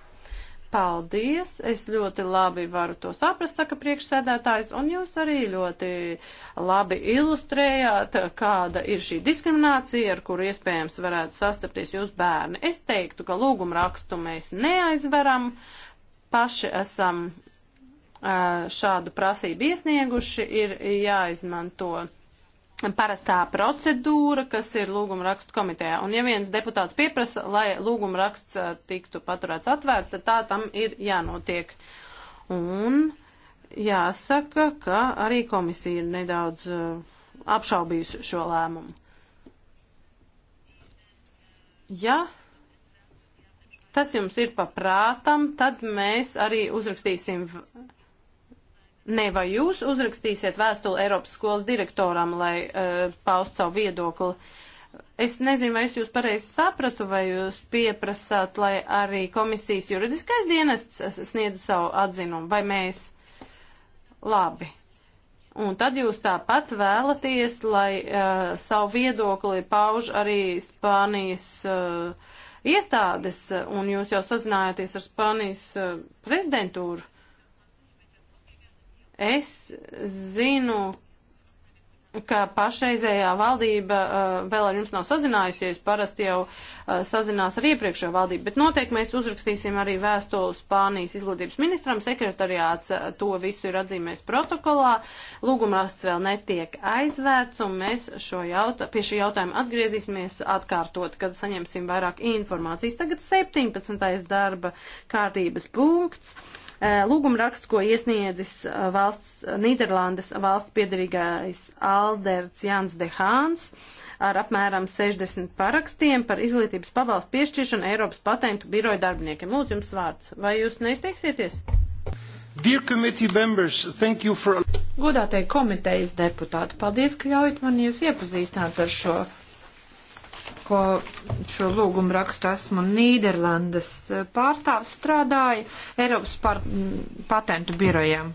Speaker 3: Paldies, es ļoti labi varu to saprast, saka priekšsēdētājs, un jūs arī ļoti labi ilustrējāt, kāda ir šī diskriminācija, ar kuru iespējams varētu sastapties jūs bērni. Es teiktu, ka lūgumu rakstu mēs neaizveram, paši esam šādu prasību iesnieguši, ir jāizmanto parastā procedūra, kas ir lūguma rakstu komitejā. Un ja viens deputāts pieprasa, lai lūguma raksts uh, tiktu paturēts atvērts, tad tā tam ir jānotiek. Un jāsaka, ka arī komisija ir nedaudz uh, apšaubījusi šo lēmumu. Ja tas jums ir paprātam, tad mēs arī uzrakstīsim Ne, vai jūs uzrakstīsiet vēstuli Eiropas skolas direktoram, lai uh, paust savu viedokli? Es nezinu, vai es jūs pareizi sapratu, vai jūs pieprasāt, lai arī komisijas juridiskais dienests sniedz savu atzinumu, vai mēs labi. Un tad jūs tāpat vēlaties, lai uh, savu viedokli pauž arī Spānijas uh, iestādes, un jūs jau sazinājāties ar Spānijas uh, prezidentūru. Es zinu, ka pašreizējā valdība uh, vēl ar jums nav sazinājusies, parasti jau uh, sazinās ar iepriekšējo valdību, bet noteikti mēs uzrakstīsim arī vēstuli Spānijas izglītības ministram, sekretariāts uh, to visu ir atzīmējis protokolā, lūgumrasts vēl netiek aizvērts, un mēs šo jautā, pie šī jautājuma atgriezīsimies atkārtot, kad saņemsim vairāk informācijas. Tagad 17. darba kārtības punkts uh, lūgumraksts, ko iesniedzis uh, valsts, Nīderlandes valsts piedarīgais Al Alderts Jans Dehāns ar apmēram 60 parakstiem par izglītības pabalstu piešķiršanu Eiropas patentu biroja darbiniekiem. Lūdzu, jums vārds. Vai jūs neizteiksieties?
Speaker 1: For... Godātie komitejas deputāti, paldies, ka ļaujat man jūs iepazīstināt ar šo, ko šo lūgumu rakstu esmu Nīderlandes eh, pārstāvs strādāju Eiropas par, patentu birojām.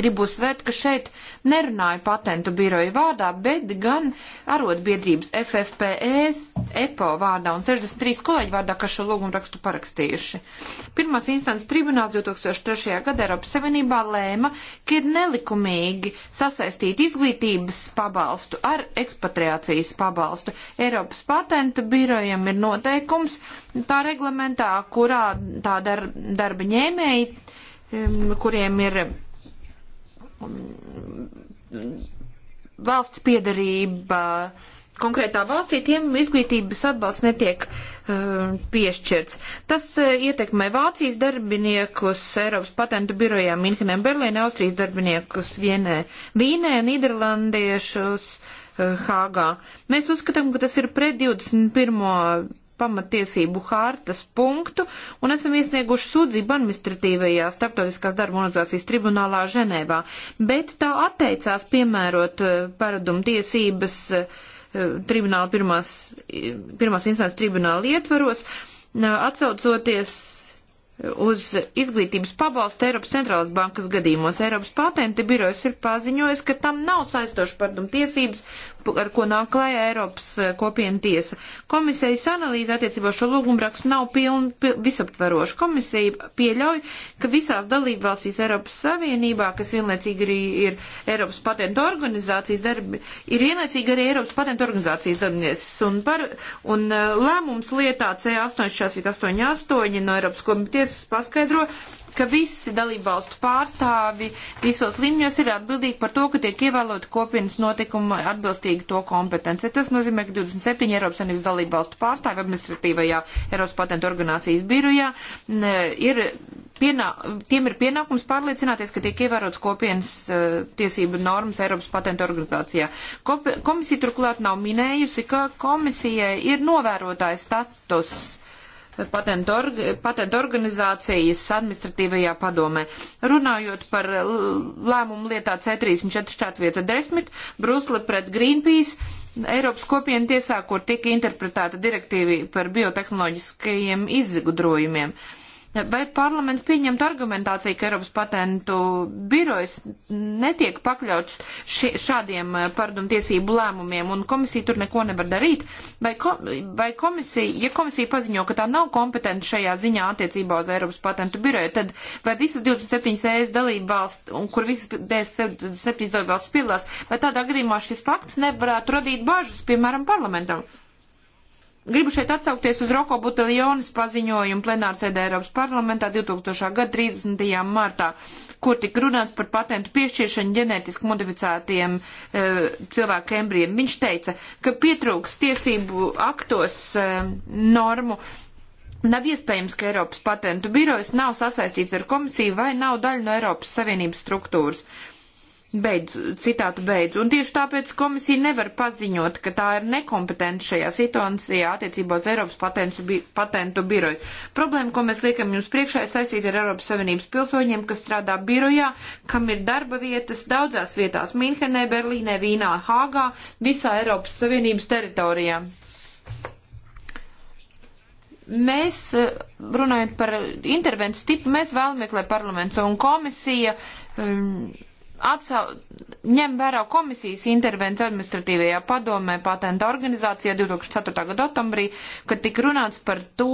Speaker 1: Gribu uzsvērt, ka šeit nerunāju patentu biroju vārdā, bet gan arotbiedrības FFPS, e EPO vārdā un 63 kolēģi vārdā, kas šo lūgumu rakstu parakstījuši. Pirmās instances tribunāls 2003. gada Eiropas Savienībā lēma, ka ir nelikumīgi sasaistīt izglītības pabalstu ar ekspatriācijas pabalstu. Eiropas patentu birojam ir noteikums tā reglamentā, kurā tā dar, darba ņēmēji, kuriem ir Um, valsts piedarība konkrētā valstī, tiem izglītības atbalsts netiek uh, piešķirts. Tas uh, ietekmē Vācijas darbiniekus, Eiropas patentu birojā Minhenē, Berlīnē, Austrijas darbiniekus vienē, Vīnē, Nīderlandiešus. Uh, Hāgā. Mēs uzskatām, ka tas ir pret 21 pamatiesību hārtas punktu un esam iesnieguši sūdzību administratīvajā starptautiskās darba organizācijas tribunālā Ženēvā, bet tā atteicās piemērot eh, paradumu tiesības eh, tribunāla pirmās, eh, pirmās instances tribunāla ietvaros, atsaucoties uz izglītības pabalstu Eiropas centrālās bankas gadījumos. Eiropas patenta birojas ir paziņojis, ka tam nav saistoši pārdomu tiesības, ar ko nāk klājā Eiropas eh, kopiena tiesa. Komisijas analīze attiecībā šo lūgumrakstu nav piln, piln, visaptveroša. Komisija pieļauj, ka visās dalībvalstīs Eiropas Savienībā, kas vienlaicīgi arī ir Eiropas patentu organizācijas darbi, ir vienlaicīgi arī Eiropas patentu organizācijas darbinieks. Un, par, un eh, lēmums lietā C868 no Eiropas komitejas tiesas paskaidro, ka visi dalībvalstu pārstāvi visos līmeņos ir atbildīgi par to, ka tiek ievēloti kopienas notikumi atbilstīgi to kompetenci. Tas nozīmē, ka 27 Eiropas Savienības dalībvalstu pārstāvi administratīvajā Eiropas patentu organizācijas birojā ir. Pienā, tiem ir pienākums pārliecināties, ka tiek ievērots kopienas uh, tiesību normas Eiropas patentu organizācijā. Kopi, komisija turklāt nav minējusi, ka komisijai ir novērotāja status patentu, orga, patentu organizācijas administratīvajā padomē. Runājot par lēmumu lietā C34410, Brusle pret Greenpeace, Eiropas kopiena tiesā, kur tika interpretēta direktīva par biotehnoloģiskajiem izgudrojumiem. Uh, Vai parlaments pieņemtu argumentāciju, ka Eiropas patentu birojas netiek pakļauts šie, šādiem eh, pārdomtiesību lēmumiem un komisija tur neko nevar darīt? Vai, ko, vai komisija, ja komisija paziņo, ka tā nav kompetenta šajā ziņā attiecībā uz Eiropas patentu biroju, tad vai visas 27 ES dalība valsts, un kur visas 27 dalība valsts piedalās, vai tādā gadījumā šis fakts nevarētu radīt bažas, piemēram, parlamentam? Gribu šeit atsaukties uz Roko Buteljonas paziņojumu plenārsēdē Eiropas parlamentā 2000. gada 30. martā, kur tika runāts par patentu piešķiršanu ģenētiski modificētiem e, cilvēku embrijiem. Viņš teica, ka pietrūks tiesību aktos e, normu. Nav iespējams, ka Eiropas patentu birojas nav sasaistīts ar komisiju vai nav daļa no Eiropas Savienības struktūras. Beidz, citātu beidz. Un tieši tāpēc komisija nevar paziņot, ka tā ir nekompetenta šajā situācijā attiecībā uz Eiropas patentu, bi patentu biroju. Problēma, ko mēs liekam jums priekšā, ir saistīta ar Eiropas Savienības pilsoņiem, kas strādā birojā, kam ir darba vietas daudzās vietās - Minhenē, Berlīnē, Vīnā, Hāgā, visā Eiropas Savienības teritorijā mēs, eh, runājot par intervences tipu, mēs vēlamies, lai parlaments un komisija um, atsau, ņem vērā komisijas intervences administratīvajā padomē patenta organizācijā 2004. gada oktobrī, kad tika runāts par to,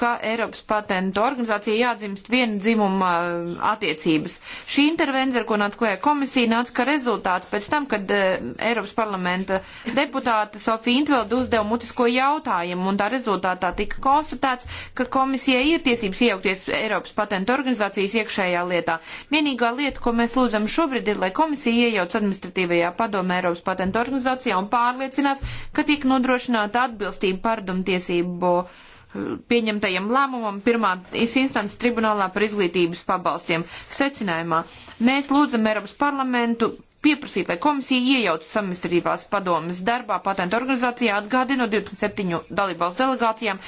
Speaker 1: ka Eiropas patenta organizācija jādzimst viena dzimuma eh, attiecības. Šī intervence, ar ko nāca klajā komisija, nāca kā rezultāts pēc tam, kad eh, Eiropas parlamenta deputāte Sofija Intvelda uzdeva mutisko jautājumu, un tā rezultātā tika konstatēts, ka komisijai ir tiesības iejaukties Eiropas patenta organizācijas iekšējā lietā. Vienīgā lieta, ko mēs lūdzam šobrīd, šobrīd ir, lai komisija iejauc administratīvajā padomē Eiropas patentu organizācijā un pārliecinās, ka tiek nodrošināta atbilstība pārdomtiesību eh, pieņemtajam lēmumam pirmā instances tribunālā par izglītības pabalstiem. Secinājumā mēs lūdzam Eiropas parlamentu pieprasīt, lai komisija iejaucas samistrīvās padomas darbā patentu organizācijā atgādino 27 dalībvalstu delegācijām,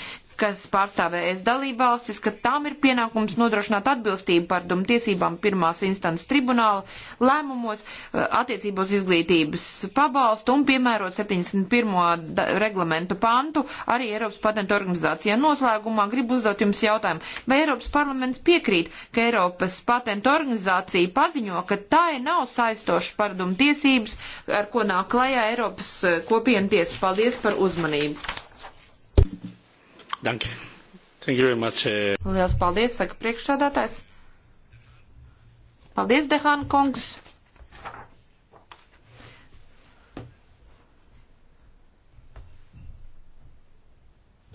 Speaker 1: kas pārstāvē es dalībvalstis, ka tām ir pienākums nodrošināt atbilstību pārdomu tiesībām pirmās instances tribunāla lēmumos eh, attiecībos izglītības pabalstu un piemērot 71. reglamentu pantu arī Eiropas patentu organizācijā. Noslēgumā gribu uzdot jums jautājumu, vai Eiropas parlaments piekrīt, ka Eiropas patentu organizācija paziņo, ka tā ir nav saistošas pārdomu tiesības, ar ko nāk klajā Eiropas eh, kopienu tiesa. Paldies par uzmanību!
Speaker 3: Danke. Thank you very much. Eh.
Speaker 1: Lielas paldies, saka priekšsādātājs. Paldies, Dehāna kungs.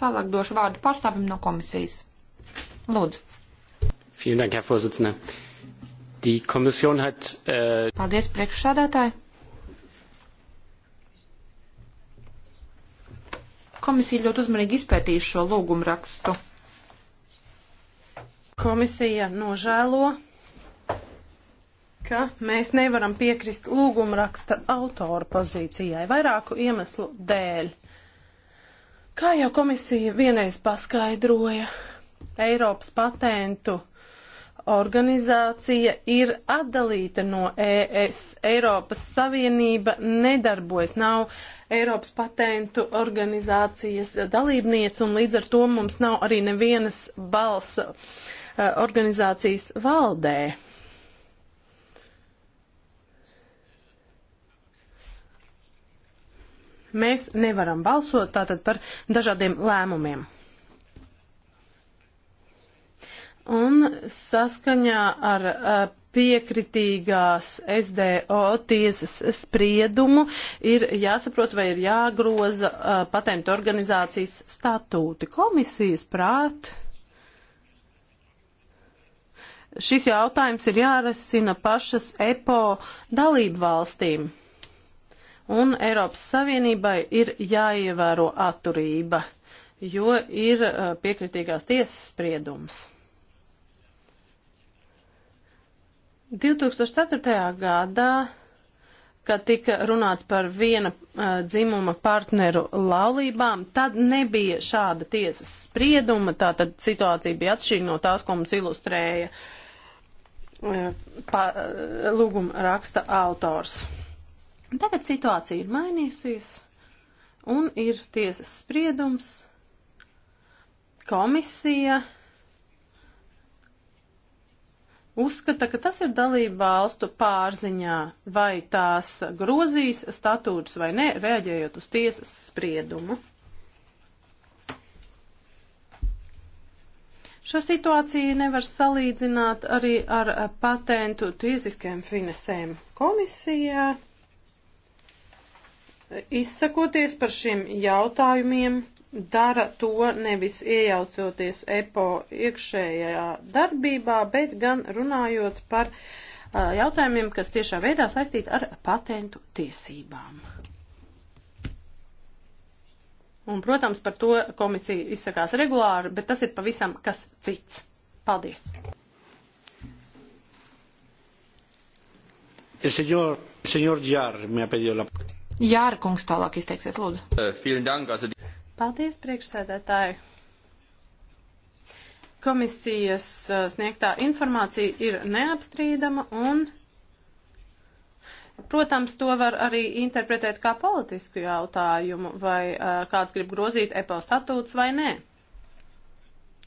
Speaker 1: Tālāk došu vārdu pārstāvim no komisijas. Lūdzu.
Speaker 3: Vielen Dank, Herr Vorsitzender.
Speaker 1: Die Kommission hat. Äh... Paldies, priekšsādātāji. Komisija ļoti uzmanīgi izpētīs šo lūgumu rakstu.
Speaker 3: Komisija nožēlo, ka mēs nevaram piekrist lūgumu raksta autora pozīcijai vairāku iemeslu dēļ. Kā jau komisija vienreiz paskaidroja, Eiropas patentu organizācija ir atdalīta no ES. Eiropas Savienība nedarbojas, nav Eiropas patentu organizācijas dalībniece, un līdz ar to mums nav arī nevienas balsa uh, organizācijas valdē. Mēs nevaram balsot tātad par dažādiem lēmumiem. Un saskaņā ar uh, piekritīgās SDO tiesas spriedumu ir jāsaprot, vai ir jāgroza uh, patentu organizācijas statūti. Komisijas prāt. Šis jautājums ir jārisina pašas EPO dalību valstīm, un Eiropas Savienībai ir jāievēro atturība, jo ir uh, piekritīgās tiesas spriedums. 2004. gadā, kad tika runāts par viena dzimuma partneru laulībām, tad nebija šāda tiesas sprieduma, tā tad situācija bija atšķirīga no tās, ko mums ilustrēja pa, lūguma raksta autors. Tagad situācija ir mainījusies un ir tiesas spriedums. Komisija uzskata, ka tas ir dalību valstu pārziņā, vai tās grozīs statūtus vai nē, reaģējot uz tiesas spriedumu. Šo situāciju nevar salīdzināt arī ar patentu tiesiskajām finansēm komisijā. Izsakoties par šiem jautājumiem, dara to nevis iejaucoties EPO iekšējā darbībā, bet gan runājot par uh, jautājumiem, kas tiešā veidā saistīti ar patentu tiesībām. Un, protams, par to komisija izsakās regulāri, bet tas ir pavisam kas cits. Paldies! El señor, el señor Jār, la... Jāra kungs tālāk izteiksies, lūdzu. Uh, Paldies, priekšsēdētāji! Komisijas sniegtā informācija ir neapstrīdama un, protams, to var arī interpretēt kā politisku jautājumu, vai kāds grib grozīt EPO statūtus vai nē.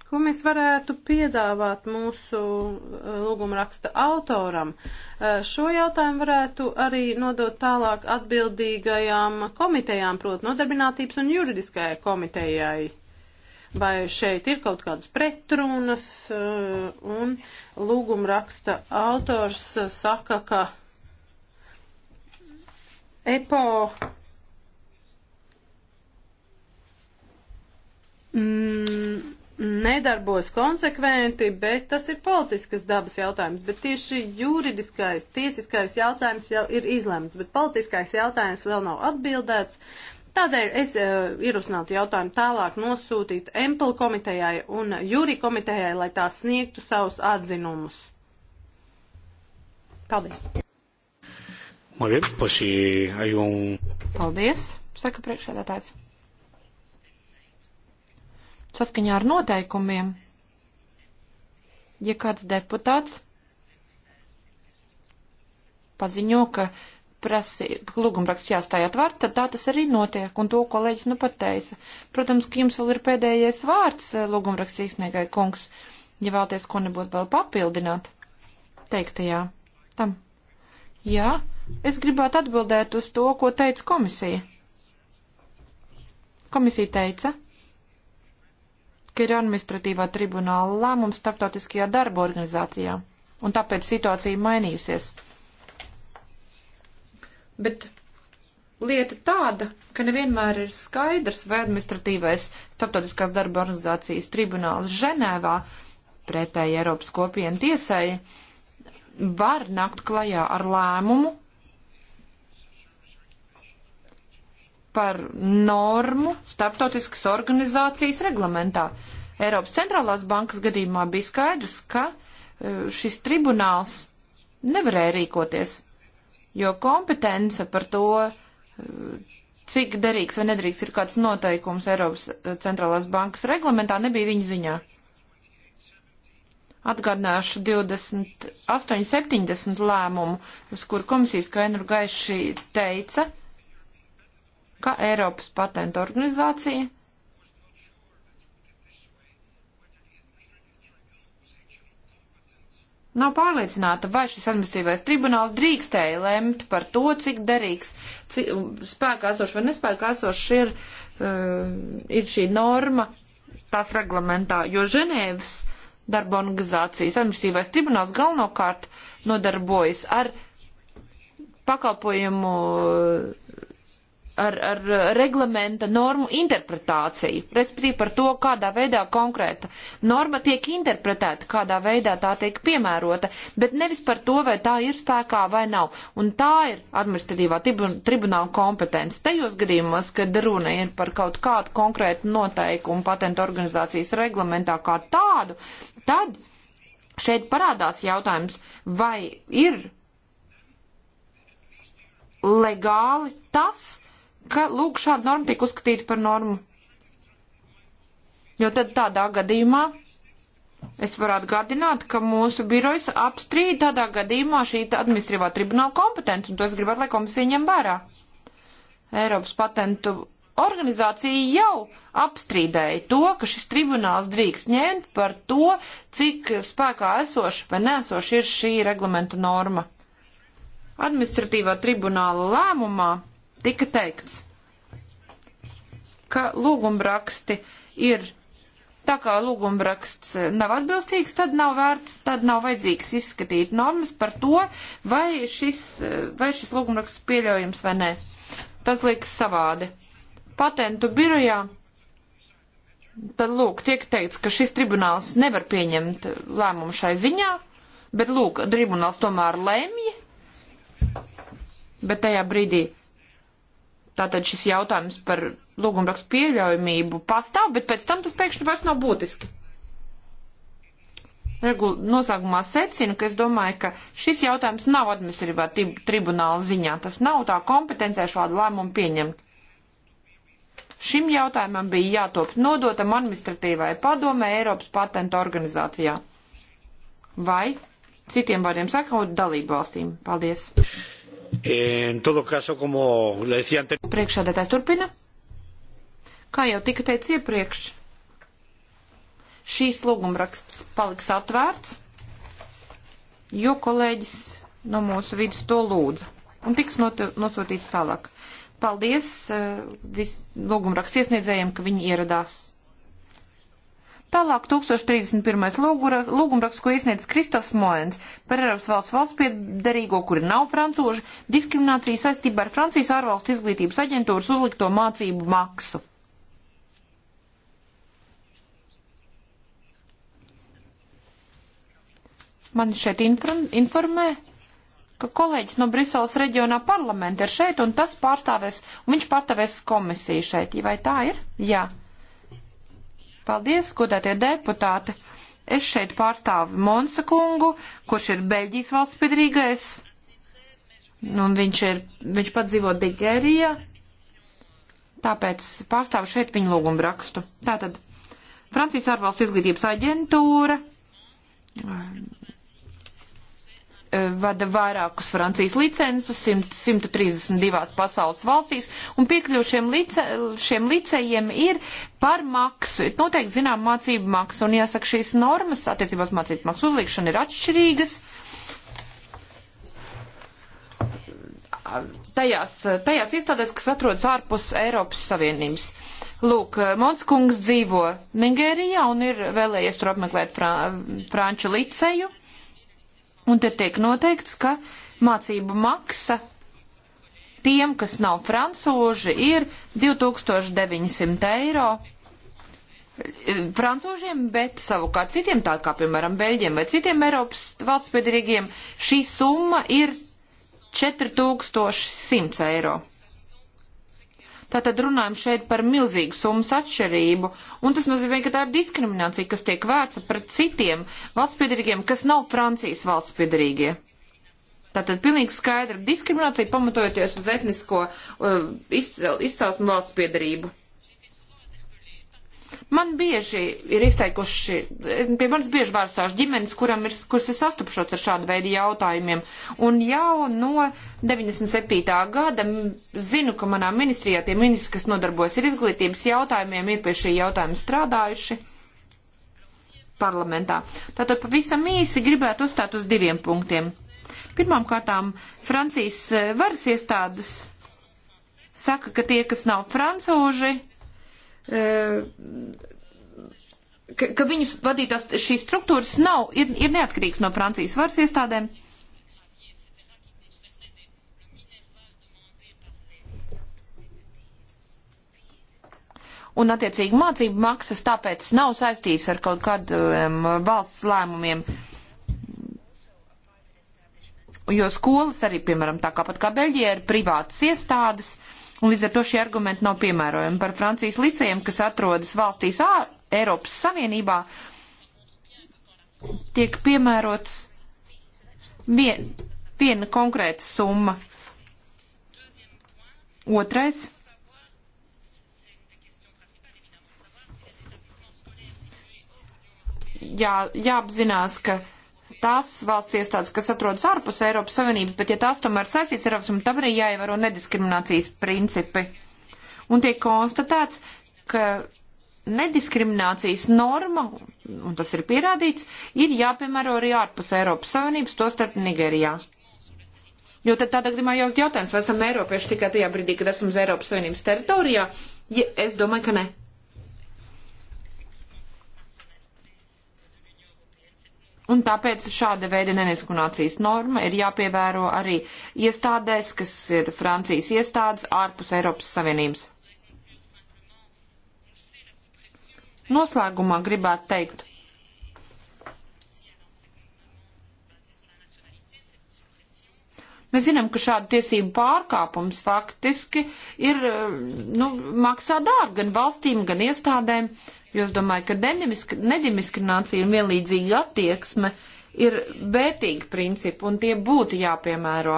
Speaker 3: Ko mēs varētu piedāvāt mūsu uh, lūgumraksta autoram? Uh, šo jautājumu varētu arī nodot tālāk atbildīgajām komitejām, proti nodarbinātības un juridiskajai komitejai. Vai šeit ir kaut kādas pretrunas uh, un lūgumraksta autors saka, ka EPO
Speaker 1: mm,
Speaker 3: nedarbojas konsekventi, bet tas ir politiskas dabas jautājums. Bet tieši juridiskais, tiesiskais jautājums jau ir izlemts, bet politiskais jautājums vēl nav atbildēts. Tādēļ es uh, ierosinātu jautājumu tālāk nosūtīt Empel komitejai un jūri komitejai, lai tās sniegtu savus atzinumus.
Speaker 1: Paldies. Paldies, saka priekšsēdētājs. Saskaņā ar noteikumiem, ja kāds deputāts paziņo, ka lūgumraksts jāstāj atvērts, tad tā tas arī notiek, un to kolēģis nu pateica. Protams, ka jums vēl ir pēdējais vārds eh, lūgumraksts īsniegai kungs, ja vēlties ko nebūtu vēl papildināt teiktajā. Tam. Jā, es gribētu atbildēt uz to, ko teica komisija. Komisija teica, ka ir administratīvā tribunāla lēmums starptautiskajā darba organizācijā, un tāpēc situācija mainījusies. Bet lieta tāda, ka nevienmēr ir skaidrs, vai administratīvais starptautiskās darba organizācijas tribunāls Ženēvā pretēji Eiropas kopienu tiesai var nākt klajā ar lēmumu, par normu starptautiskas organizācijas reglamentā. Eiropas centrālās bankas gadījumā bija skaidrs, ka e, šis tribunāls nevarēja rīkoties, jo kompetence par to, e, cik derīgs vai nedrīkst ir kāds noteikums Eiropas e, centrālās bankas reglamentā, nebija viņa ziņā. Atgādināšu 2870 lēmumu, uz kuru komisijas kainur gaiši teica, ka Eiropas patenta organizācija Nav pārliecināta, vai šis administratīvais tribunāls drīkstēja lemt par to, cik derīgs, cik spēkā esošs vai nespēkā esošs ir, uh, ir šī norma tās reglamentā, jo Ženēvas darba organizācijas administratīvais tribunāls galvenokārt nodarbojas ar pakalpojumu ar, ar reglamenta normu interpretāciju, respektīvi par to, kādā veidā konkrēta norma tiek interpretēta, kādā veidā tā tiek piemērota, bet nevis par to, vai tā ir spēkā vai nav. Un tā ir administratīvā tribunāla kompetence. Tejos gadījumos, kad runa ir par kaut kādu konkrētu noteikumu patentu organizācijas reglamentā kā tādu, tad šeit parādās jautājums, vai ir legāli tas, ka, lūk, šāda norma tiek uzskatīta par normu. Jo tad tādā gadījumā es varu atgādināt, ka mūsu birojas apstrīd tādā gadījumā šī administrīvā tribunāla kompetence, un to es gribētu, lai komisija ņem vērā. Eiropas patentu organizācija jau apstrīdēja to, ka šis tribunāls drīkst ņemt par to, cik spēkā esoša vai nesoša ir šī reglamenta norma. Administratīvā tribunāla lēmumā tika teikts, ka lūgumraksti ir tā kā lūgumraksts nav atbilstīgs, tad nav vērts, tad nav vajadzīgs izskatīt normas par to, vai šis, vai šis lūgumraksts pieļaujams vai nē. Tas liekas savādi. Patentu birojā. Tad, lūk, tiek teikts, ka šis tribunāls nevar pieņemt lēmumu šai ziņā, bet, lūk, tribunāls tomēr lēmja, bet tajā brīdī Tātad šis jautājums par lūgumrakstu pieļaujamību pastāv, bet pēc tam tas pēkšņi vairs nav būtiski. Regula noslēgumā secinu, ka es domāju, ka šis jautājums nav administratīvā tribunāla ziņā. Tas nav tā kompetencija šādu lēmumu pieņemt. Šim jautājumam bija jātop nodotam administratīvai padomē Eiropas patenta organizācijā. Vai, citiem vārdiem sakot, dalību valstīm. Paldies! En todo caso, como le decía antes. Priekšādētājs turpina. Kā jau tika teicis iepriekš, šīs lūgumraksts paliks atvērts, jo kolēģis no mūsu vidus to lūdza un tiks nosūtīts tālāk. Paldies uh, lūgumraksts iesniedzējiem, ka viņi ieradās Tālāk 1031. lūgumraksts, ko iesniedz Kristofs Moens par Eiropas valsts valsts piedarīgo, kuri nav francūži, diskriminācija saistībā ar Francijas ārvalstu izglītības aģentūras uzlikto mācību maksu. Man šeit informē, ka kolēģis no Briseles reģionā parlamenta ir šeit, un tas pārstāvēs, un viņš pārstāvēs komisiju šeit. Vai tā ir? Jā. Ja. Paldies, godātie deputāti! Es šeit pārstāvu Monsa kungu, kurš ir Beļģijas valsts piedrīgais. Nu, viņš, ir, viņš pat dzīvo Digērijā, tāpēc pārstāvu šeit viņa lūgumu rakstu. Tātad Francijas ārvalsts izglītības aģentūra vada vairākus Francijas licences 132 pasaules valstīs, un piekļuvušiem lice, šiem licējiem ir par maksu, ir noteikti zinām mācību maksa, un jāsaka, šīs normas attiecībās mācību maksu uzliekšana ir atšķirīgas. Tajās, tajās iestādēs, kas atrodas ārpus Eiropas Savienības. Lūk, Monskungs dzīvo Nigērijā un ir vēlējies tur apmeklēt frā, franču liceju. Un tur tiek noteikts, ka mācību maksa tiem, kas nav francūži, ir 2900 eiro francūžiem, bet savukārt citiem, tā kā piemēram Beļģiem vai citiem Eiropas valsts piedarīgiem, šī summa ir 4100 eiro. Tātad runājam šeit par milzīgu summas atšķirību, un tas nozīmē, ka tā ir diskriminācija, kas tiek vērsta pret citiem valsts piedarīgiem, kas nav Francijas valsts piedarīgie. Tātad pilnīgi skaidra diskriminācija pamatojoties uz etnisko uh, izcelsmu valsts piedarību. Man bieži ir izteikuši, pie manis bieži vērsās ģimenes, kuram ir, kuras ir sastapušot ar šādu veidu jautājumiem. Un jau no 97. gada zinu, ka manā ministrijā tie ministri, kas nodarbojas ar izglītības jautājumiem, ir pie šī jautājuma strādājuši parlamentā. Tātad pavisam īsi gribētu uzstāt uz diviem punktiem. Pirmām kārtām Francijas eh, varas iestādes saka, ka tie, kas nav francūži, ka, ka viņu vadītās šīs struktūras nav, ir, ir neatkarīgs no Francijas varas iestādēm. Un, attiecīgi, mācību maksas tāpēc nav saistīts ar kaut kādiem um, valsts lēmumiem. Jo skolas arī, piemēram, tā kāpat kā Beļģija, ir privātas iestādes, uh, Un līdz ar to šie argumenti nav piemērojami par Francijas licējiem, kas atrodas valstīs ār, Eiropas Savienībā, tiek piemērots vien, viena konkrēta summa. Otrais. Jā, jāapzinās, ka tās valsts iestādes, kas atrodas ārpus Eiropas Savienības, bet ja tās tomēr saistīts ar Eiropas Savienību, tad arī jāievēro nediskriminācijas principi. Un tiek konstatēts, ka nediskriminācijas norma, un tas ir pierādīts, ir jāpiemēro arī ārpus Eiropas Savienības, to starp Nigerijā. Jo tad tādā gadījumā jau ir jautājums, vai esam Eiropieši tikai tajā brīdī, kad esam uz Eiropas Savienības teritorijā? Ja, es domāju, ka ne. Un tāpēc šāda veida nediskriminācijas norma ir jāpievēro arī iestādēs, kas ir Francijas iestādes ārpus Eiropas Savienības. Noslēgumā gribētu teikt. Mēs zinām, ka šādu tiesību pārkāpums faktiski ir, nu, maksā dārgi gan valstīm, gan iestādēm. Uh, jo es domāju, ka nediskriminācija un vienlīdzīga attieksme ir vērtīgi principi, un tie būtu jāpiemēro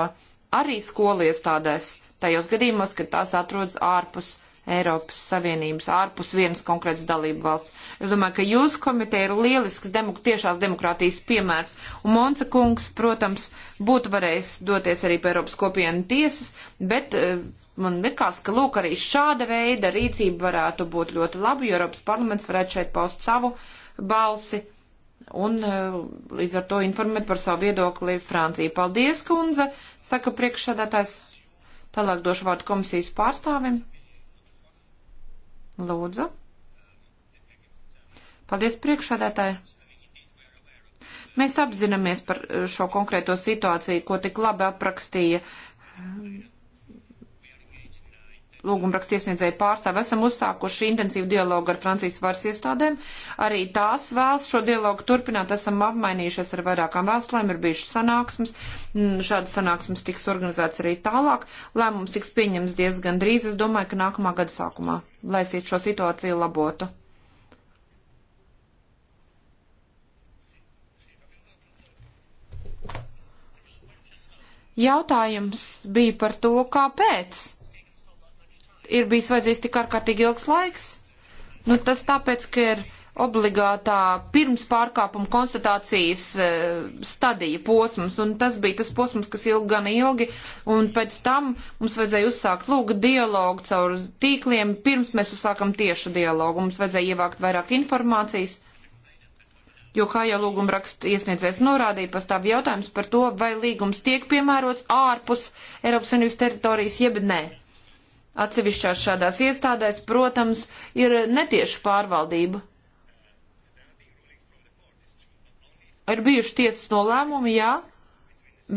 Speaker 1: arī skoliestādēs, tajos gadījumos, kad tās atrodas ārpus Eiropas Savienības, ārpus vienas konkrētas dalību valsts. Es domāju, ka jūsu komiteja ir lielisks demok tiešās demokrātijas piemērs, un Monsa kungs, protams, būtu varējis doties arī pie Eiropas kopienu tiesas, bet uh, Man likās, ka lūk, arī šāda veida rīcība varētu būt ļoti laba, jo Eiropas parlaments varētu šeit paust savu balsi un e, līdz ar to informēt par savu viedokli Franciju. Paldies, kundze, saka priekšsādātājs. Tālāk došu vārdu komisijas pārstāvim. Lūdzu. Paldies, priekšsādātāji. Mēs apzināmies par e, šo konkrēto situāciju, ko tik labi aprakstīja lūgumrakstu iesniedzēju pārstāvi, esam uzsākuši intensīvu dialogu ar Francijas varas iestādēm. Arī tās vēlas šo dialogu turpināt, esam apmainījušies ar vairākām vēstulēm, ir bijušas sanāksmes, mm, šādas sanāksmes tiks organizētas arī tālāk, lēmums tiks pieņems diezgan drīz, es domāju, ka nākamā gada sākumā, lai šo situāciju labotu. Jautājums bija par to, kāpēc ir bijis vajadzīgs tik ārkārtīgi ilgs laiks? Nu, tas tāpēc, ka ir obligātā pirms pārkāpuma konstatācijas e, stadija posms, un tas bija tas posms, kas ilga gan ilgi, un pēc tam mums vajadzēja uzsākt lūg dialogu caur tīkliem, pirms mēs uzsākam tiešu dialogu, mums vajadzēja ievākt vairāk informācijas, jo, kā jau lūguma raksta iesniedzējs norādīja, pastāv jautājums par to, vai līgums tiek piemērots ārpus Eiropas Savienības teritorijas, jeb nē. Ne Atsevišķās šādās iestādēs, protams, ir netieša pārvaldība. Ir bijuši tiesas nolēmumi, jā,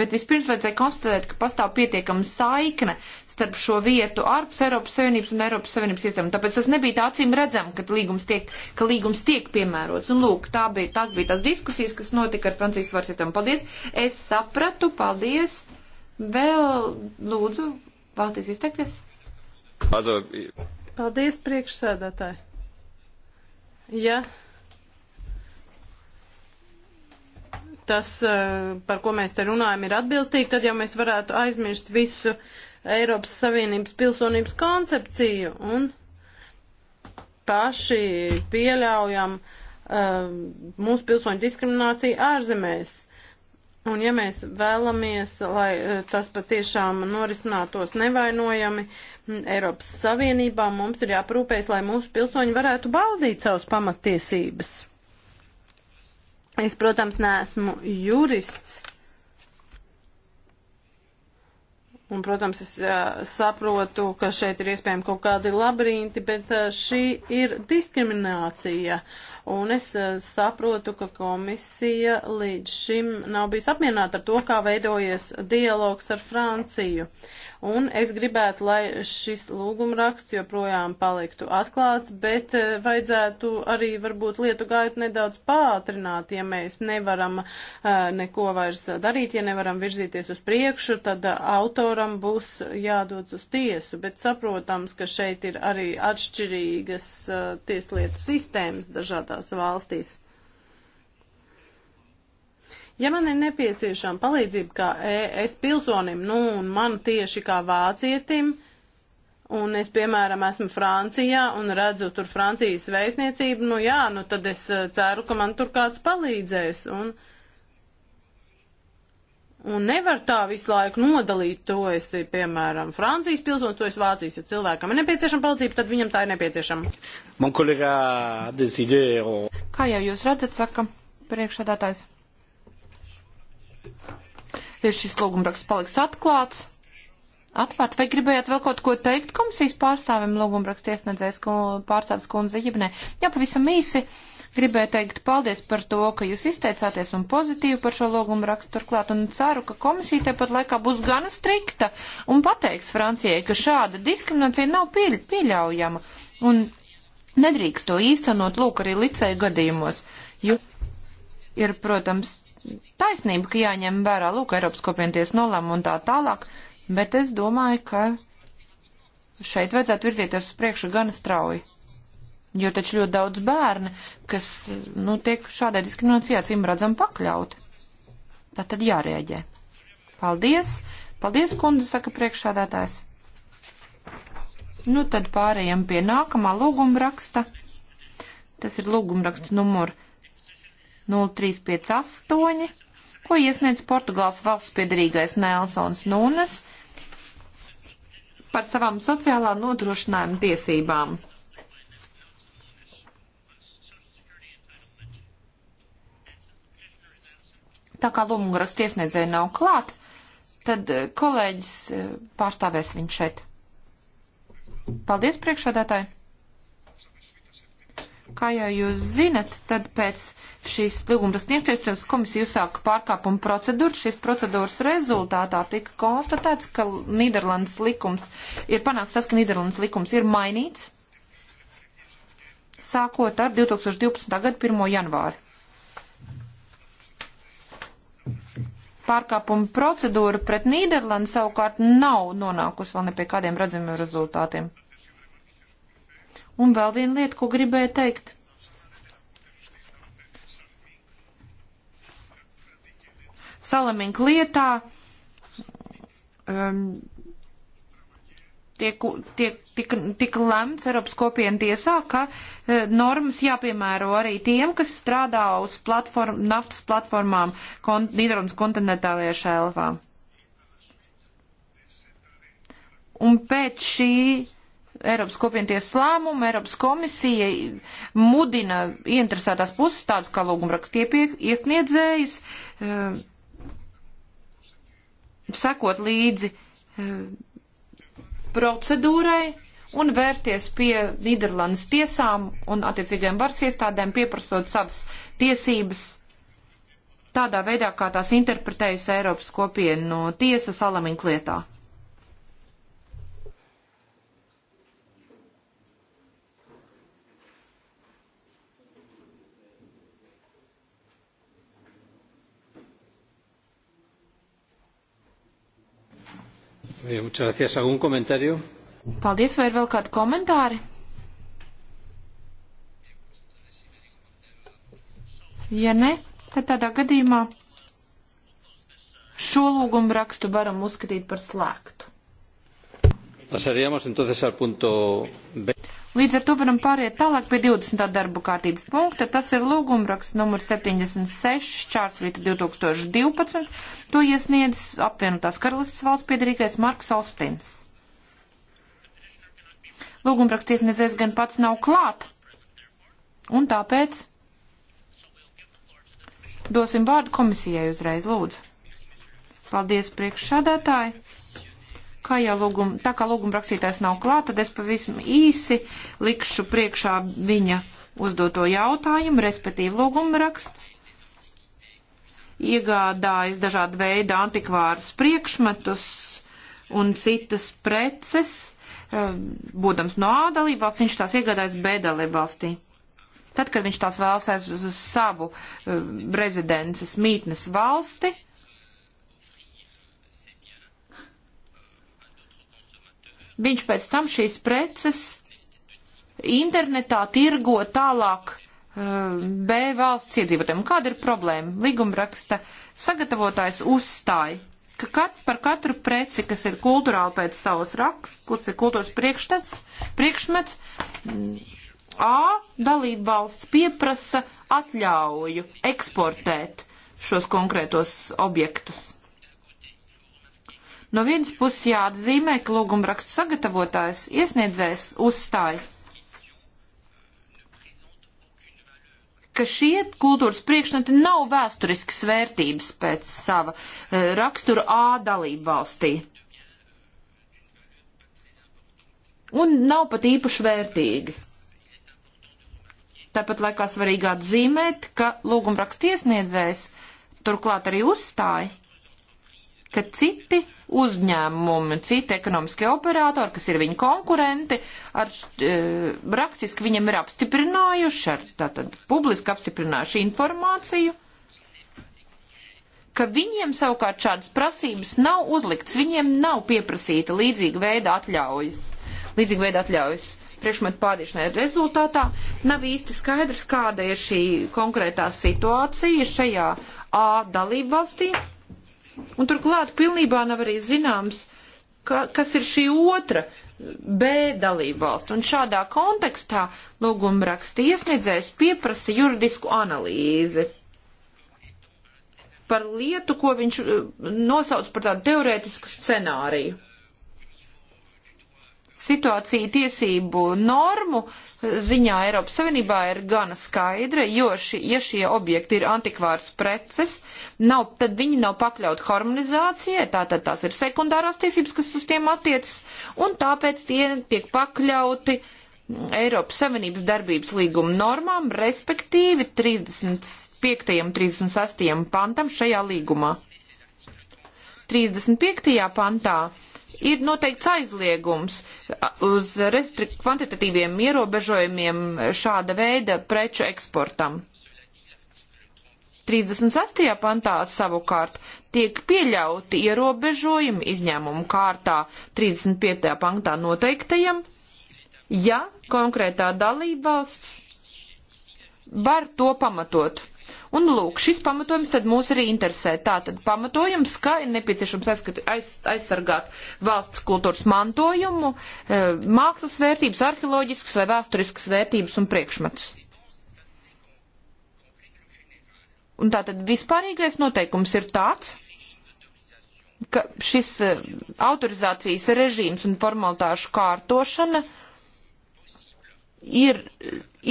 Speaker 1: bet vispirms vajadzēja konstatēt, ka pastāv pietiekama saikne starp šo vietu ārpus Eiropas Savienības un Eiropas Savienības iestādēm. Tāpēc tas nebija tā acīm redzam, ka līgums tiek, ka līgums tiek piemērots. Un lūk, tā bija, tās bija tās diskusijas, kas notika ar Francijas varas iestādēm. Paldies! Es sapratu, paldies! Vēl lūdzu, vēlties izteikties?
Speaker 3: Paldies, priekšsēdētāji. Ja tas, eh, par ko mēs te runājam, ir atbilstīgi, tad jau mēs varētu aizmirst visu Eiropas Savienības pilsonības koncepciju un paši pieļaujam uh, mūsu pilsoņu diskrimināciju ārzemēs. Un ja mēs vēlamies, lai e, tas patiešām norisinātos nevainojami Eiropas Savienībā, mums ir jāprūpēs, lai mūsu pilsoņi varētu baudīt savus pamattiesības. Es, protams, neesmu jurists. Un, protams, es jā, e, saprotu, ka šeit ir iespējami kaut kādi labirinti, bet e, šī ir diskriminācija. Uh, Un es eh, saprotu, ka komisija līdz šim nav bijusi apmierināta ar to, kā veidojies dialogs ar Franciju. Un es gribētu, lai šis lūgumraksts joprojām paliktu atklāts, bet eh, vajadzētu arī varbūt lietu gaitu nedaudz pātrināt, ja mēs nevaram eh, neko vairs darīt, ja nevaram virzīties uz priekšu, tad autoram būs jādodas uz tiesu. Bet saprotams, ka šeit ir arī atšķirīgas tieslietu sistēmas dažādās citās valstīs. Ja man ir nepieciešama palīdzība kā e, es pilsonim, nu, un man tieši kā vācietim, un es, piemēram, esmu Francijā un redzu tur Francijas vēstniecību, nu jā, nu tad es eh, ceru, ka man tur kāds palīdzēs. Un, uh, Un nevar tā visu laiku nodalīt, to esi, piemēram, Francijas pilsonis, to esi Vācijas, ja cilvēkam ir nepieciešama
Speaker 1: palīdzība, tad viņam tā ir nepieciešama. Man kolēģā desidēro. Oh. Kā jau jūs redzat, saka priekšādātājs. Ir šis lūgumraksts paliks atklāts. Atvērts, vai gribējāt vēl kaut ko teikt komisijas pārstāvim lūgumraksts iesniedzējs pārstāvis kundze, jeb nē? Jā, pavisam īsi. Uh, Gribēju teikt paldies par to, ka jūs izteicāties un pozitīvi par šo logumu rakstu turklāt un ceru, ka komisija tepat laikā būs gana strikta un pateiks Francijai, ka šāda diskriminācija nav pieļ pieļaujama un nedrīkst to īstenot lūk arī licēju gadījumos, jo ir, protams, taisnība, ka jāņem vērā lūk Eiropas kopienties nolēma un tā tālāk, bet es domāju, ka šeit vajadzētu virzīties uz priekšu gana strauji. Jo taču ļoti daudz bērni, kas, nu, tiek šādai diskriminācijā cīm redzam pakļauti. Tā tad jārēģē. Paldies! Paldies, kundze, saka priekšsādātājs. Nu, tad pārējiem pie nākamā lūguma raksta. Tas ir lūguma raksta numur 0358, ko iesniedz Portugāls valsts piedarīgais Nelsons Nūnes par savām sociālā nodrošinājuma tiesībām. Tā kā Lumgras tiesnedzēja nav klāt, tad eh, kolēģis eh, pārstāvēs viņu šeit. Paldies priekšādātāji! Kā jau jūs zinat, tad pēc šīs līgumas sniegšanas komisija uzsāka pārkāpumu procedūru. Šīs procedūras rezultātā tika konstatēts, ka Nīderlandes likums ir panāks tas, ka Nīderlandes likums ir mainīts sākot ar 2012. gada 1. janvāri pārkāpuma procedūra pret Nīderlandu savukārt nav nonākusi vēl ne pie kādiem redzamiem rezultātiem. Un vēl viena lieta, ko gribēju teikt. Salamink lietā um, tiek, tiek tika, tika lemts Eiropas kopienu tiesā, ka e, normas jāpiemēro arī tiem, kas strādā uz platform, naftas platformām kont, Nīderlandes kontinentālajā šelfā. Un pēc šī Eiropas kopienties lēmumu Eiropas komisija mudina ieinteresētās puses, tādas kā lūgumrakstu iesniedzējus, e, sekot līdzi e, procedūrai un vērties pie Nīderlandes tiesām un attiecīgajām varas iestādēm, pieprasot savas tiesības tādā veidā, kā tās interpretējas Eiropas kopienu no tiesas alamiņu lietā.
Speaker 3: Paldies,
Speaker 1: vai ir vēl kādi komentāri? Ja ne, tad tādā gadījumā šo lūgumu rakstu varam uzskatīt par slēgtu.
Speaker 2: Pasaríamos entonces al punto
Speaker 1: B. Līdz ar to varam pāriet tālāk pie 20. darbu kārtības punkta. Tas ir lūgumraksts numur 76, šķārsvīta 2012. To iesniedz apvienotās karalistas valsts piedarīgais Marks Austins. Lūgumraksts iesniedzējs gan pats nav klāt. Un tāpēc dosim vārdu komisijai uzreiz, lūdzu. Paldies priekšsādātāji. Kā jau lūgum, tā kā lūguma rakstītājs nav klāt, tad es pavisam īsi likšu priekšā viņa uzdoto jautājumu, respektīvi lūguma raksts. Iegādājas dažāda veida antikvārus priekšmetus un citas preces, eh, būdams no A dalībvalsts, viņš tās iegādājas B dalībvalstī. Tad, kad viņš tās vēlas aiz uz savu eh, rezidences mītnes valsti, viņš pēc tam šīs preces internetā tirgo tālāk uh, B valsts iedzīvotājiem. Kāda ir problēma? Līgumraksta sagatavotājs uzstāja, ka kat, par katru preci, kas ir kultūrāli pēc savas raksts, kas ir kultūras priekšmets, priekšmets A dalība valsts pieprasa atļauju eksportēt šos konkrētos objektus. No vienas puses jāatzīmē, ka lūgumraksts sagatavotājs iesniedzējs uzstāja, ka šie kultūras priekšnati nav vēsturiskas vērtības pēc sava eh, rakstura A dalību valstī. Un nav pat īpaši vērtīgi. Tāpat laikā svarīgi atzīmēt, ka lūgumraksts iesniedzējs turklāt arī uzstāja, ka citi uzņēmumi, citi ekonomiskie operatori, kas ir viņa konkurenti, ar, e, rakstiski viņam ir apstiprinājuši, ar, tātad publiski apstiprinājuši informāciju, ka viņiem savukārt šādas prasības nav uzlikts, viņiem nav pieprasīta līdzīga veida atļaujas, līdzīga veida atļaujas priekšmetu pārdiešanai rezultātā. Nav īsti skaidrs, kāda ir šī konkrētā situācija šajā A dalību valstī Un turklāt pilnībā nav arī zināms, ka, kas ir šī otra B dalība valsts. Un šādā kontekstā lūguma raksta iesniedzējs pieprasa juridisku analīzi par lietu, ko viņš eh, nosauc par tādu teorētisku scenāriju situācija tiesību normu ziņā Eiropas Savienībā ir gana skaidra, jo ši, ja šie objekti ir antikvārs preces, nav, tad viņi nav pakļaut harmonizācijai, tātad tās ir sekundārās tiesības, kas uz tiem attiecas, un tāpēc tie tiek pakļauti Eiropas Savienības darbības līguma normām, respektīvi 35. un 36. pantam šajā līgumā. 35. pantā ir noteikts aizliegums uz kvantitatīviem ierobežojumiem šāda veida preču eksportam. 36. pantā savukārt tiek pieļauti ierobežojumi izņēmumu kārtā 35. pantā noteiktajam, ja konkrētā dalībvalsts var to pamatot. Un lūk, šis pamatojums tad mūs arī interesē. Tātad pamatojums, ka ir nepieciešams aizskat, aiz, aizsargāt valsts kultūras mantojumu, e, mākslas vērtības, arheoloģiskas vai vēsturiskas vērtības un priekšmetus. Un tātad vispārīgais noteikums ir tāds, ka šis e, autorizācijas režīms un formalitāšu kārtošana uh, ir,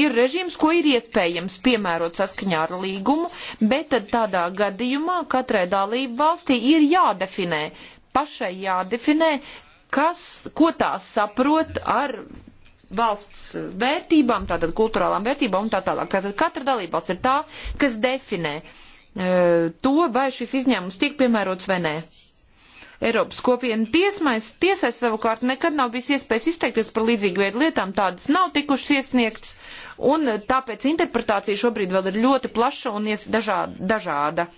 Speaker 1: ir režīms, ko ir iespējams piemērot saskaņā ar līgumu, bet tad tādā gadījumā katrai dalību valstī ir jādefinē, pašai jādefinē, kas, ko tā saprot ar valsts vērtībām, tātad kulturālām vērtībām un tā tālāk. Tātad katra dalībvalsts ir tā, kas definē e, to, vai šis izņēmums tiek piemērots vai nē. Eiropas kopiena tiesmais, tiesai savukārt nekad nav bijis iespējas izteikties par līdzīgu veidu lietām, tādas nav tikušas iesniegtas, un tāpēc interpretācija šobrīd vēl ir ļoti plaša un dažāda. dažāda.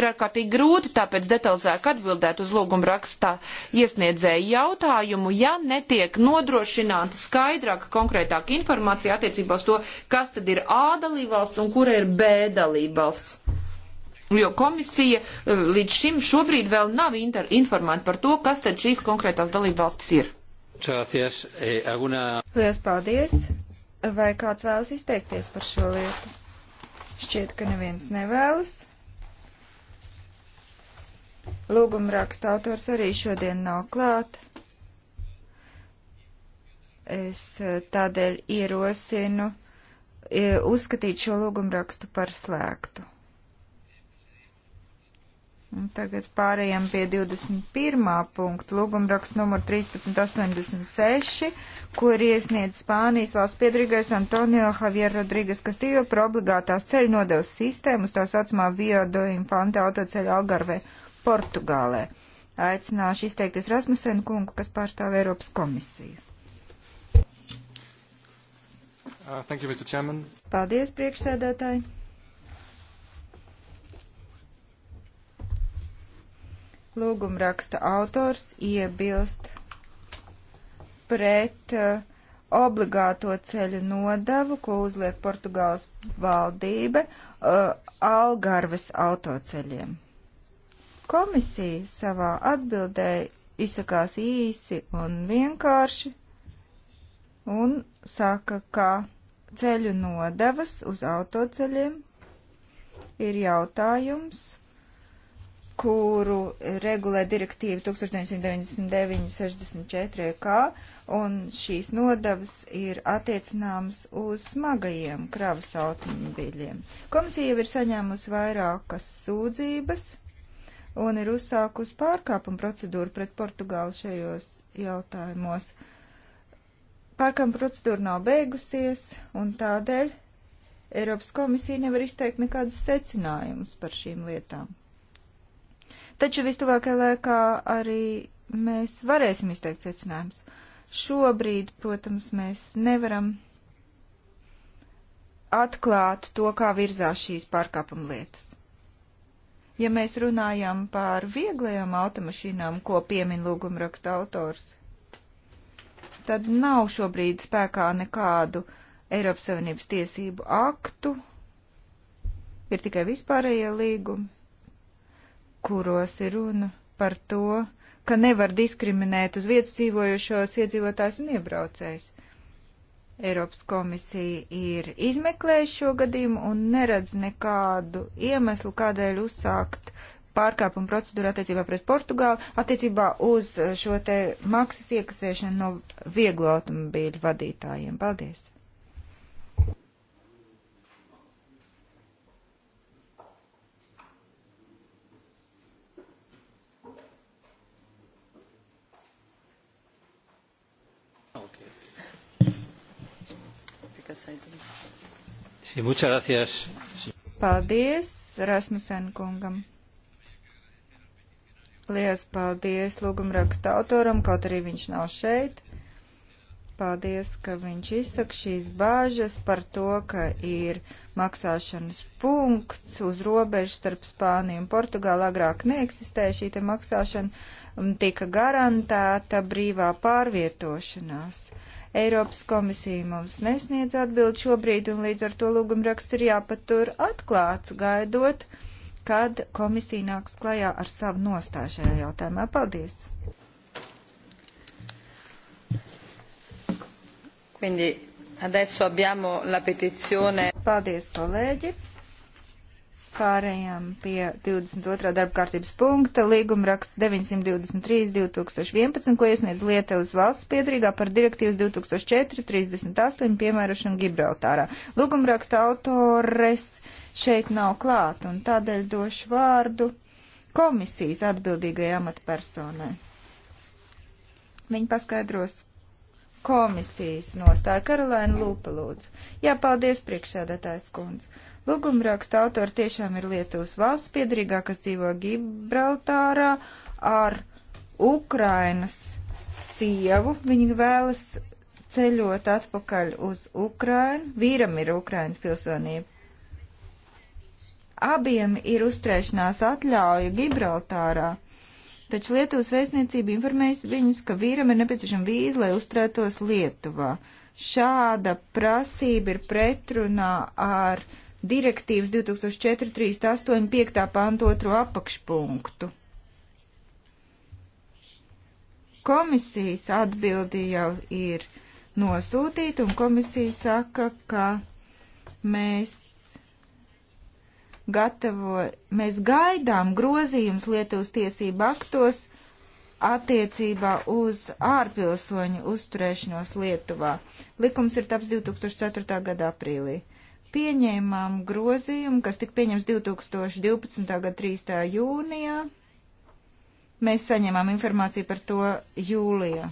Speaker 1: Ir ārkārtīgi grūti tāpēc detalizēti atbildēt uz lūgumu rakstā iesniedzēju jautājumu, ja netiek nodrošināta skaidrāka, konkrētāka informācija attiecībā uz to, kas tad ir A dalībvalsts un kura ir B dalībvalsts. Jo komisija eh, līdz šim šobrīd vēl nav inter, informēta par to, kas tad šīs konkrētās dalībvalstis ir.
Speaker 2: Čāties, e, eh, aguna... Lielas paldies! Vai kāds vēlas izteikties par šo lietu? Šķiet, ka neviens nevēlas. Lūguma raksta autors arī šodien nav klāt. Es eh, tādēļ ierosinu uzskatīt šo lūgumrakstu par slēgtu. Tagad pārējām pie 21. punktu. Lūgumraksts numur 1386, ko ir iesniedz Spānijas valsts piedrīgais Antonio Javier Rodrīgas Kastījo par obligātās ceļu nodevas sistēmu uz tā saucamā Viodo Infante autoceļa Algarve Portugālē. Aicināšu izteikties Rasmusenu kungu, kas pārstāv Eiropas komisiju. Uh, you, Paldies, priekšsēdētāji! Lūguma raksta autors iebilst pret uh, obligāto ceļu nodevu, ko uzliek Portugāles valdība uh, Algarves autoceļiem. Komisija savā atbildē izsakās īsi un vienkārši un saka, ka ceļu nodevas uz autoceļiem ir jautājums, kuru regulē direktīva 1999-64K, e un šīs nodavas ir attiecināmas uz smagajiem kravas automobiļiem. Komisija jau ir saņēmusi vairākas sūdzības un ir uzsākusi pārkāpuma procedūru pret Portugālu šajos jautājumos. Pārkāpuma procedūra nav beigusies, un tādēļ Eiropas komisija nevar izteikt nekādas secinājumus par šīm lietām. Taču vistuvākajā laikā arī mēs varēsim izteikt secinājumus. Šobrīd, protams, mēs nevaram atklāt to, kā virzās šīs pārkāpuma lietas. Ja mēs runājam par vieglajām automašīnām, ko piemin lūguma raksta autors, tad nav šobrīd spēkā nekādu Eiropas Savienības tiesību aktu, ir tikai vispārējie līgumi kuros ir runa par to, ka nevar diskriminēt uz vietas dzīvojušos iedzīvotājs un iebraucējs. Eiropas komisija ir izmeklējusi šo gadījumu un neredz nekādu iemeslu, kādēļ uzsākt pārkāpumu procedūru attiecībā pret Portugālu, attiecībā uz šo te maksas iekasēšanu no vieglo automobīļu vadītājiem. Paldies! Sí, muchas gracias. Paldies Rasmusen kungam. Lielas paldies lūgumraksta autoram, kaut arī viņš nav šeit paldies, ka viņš izsaka šīs bāžas par to, ka ir maksāšanas punkts uz robežas starp Spāniju un Portugālu. Agrāk neeksistēja šī te maksāšana, tika garantēta brīvā pārvietošanās. Uh, Eiropas komisija mums nesniedz atbild šobrīd, un līdz ar to lūgumraksts ir jāpatur atklāts, gaidot, kad komisija nāks klajā ar savu nostāju šajā jautājumā. Paldies! Quindi adesso abbiamo la petizione. Paldies, kolēģi! Pārējām pie 22. darba kārtības punkta līguma raksts 923.2011, ko iesniedz Lietuvas valsts piedrīgā par direktīvas 2004.38 piemērošanu Gibraltārā. Līguma raksta autores šeit nav klāt, un tādēļ došu vārdu komisijas atbildīgajai amatpersonai. Viņi paskaidros komisijas nostāja Karolēna Lūpa lūdzu. Jā, paldies priekšsēdētājs kundze. Lūgumraksta autori tiešām ir Lietuvas valsts piedrīgā, kas dzīvo Gibraltārā ar Ukrainas sievu. Viņi vēlas ceļot atpakaļ uz Ukrainu. Vīram ir Ukrainas pilsonība. Abiem ir uzturēšanās atļauja Gibraltārā, taču Lietuvas vēstniecība informējusi viņus, ka vīram ir nepieciešama vīza, lai uzturētos Lietuvā. Šāda prasība ir pretrunā ar direktīvas 2004.38.5. pantu otro apakšpunktu. Komisijas atbildi jau ir nosūtīta, un komisija saka, ka mēs gatavo, mēs gaidām grozījums Lietuvas tiesību aktos attiecībā uz ārpilsoņu uzturēšanos Lietuvā. Likums ir taps 2004. gada aprīlī pieņēmām grozījumu, kas tika pieņems 2012. gada 3. jūnijā. Mēs saņēmām informāciju par to jūlijā.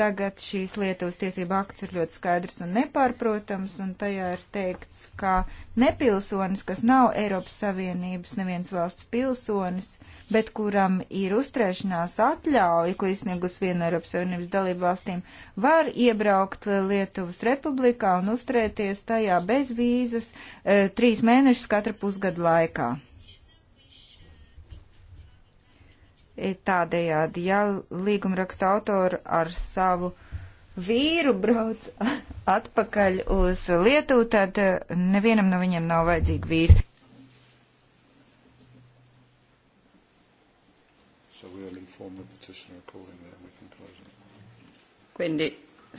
Speaker 2: Tagad šīs Lietuvas tiesība akts ir ļoti skaidrs un nepārprotams, un tajā ir teikts, ka nepilsonis, kas nav Eiropas Savienības neviens valsts pilsonis, bet kuram ir uzturēšanās atļauja, ko izsniegus viena Eiropas Savienības dalību valstīm, var iebraukt Lietuvas republikā un uzturēties tajā bez vīzas e, trīs mēnešus katra pusgada laikā. Tādējādi, ja līguma raksta autori ar savu vīru brauc [LAUGHS] atpakaļ uz Lietuvu, tad eh, nevienam no viņiem nav vajadzīga vīza.
Speaker 3: So we'll inform the petitioner accordingly and we can close it.
Speaker 2: Quindi,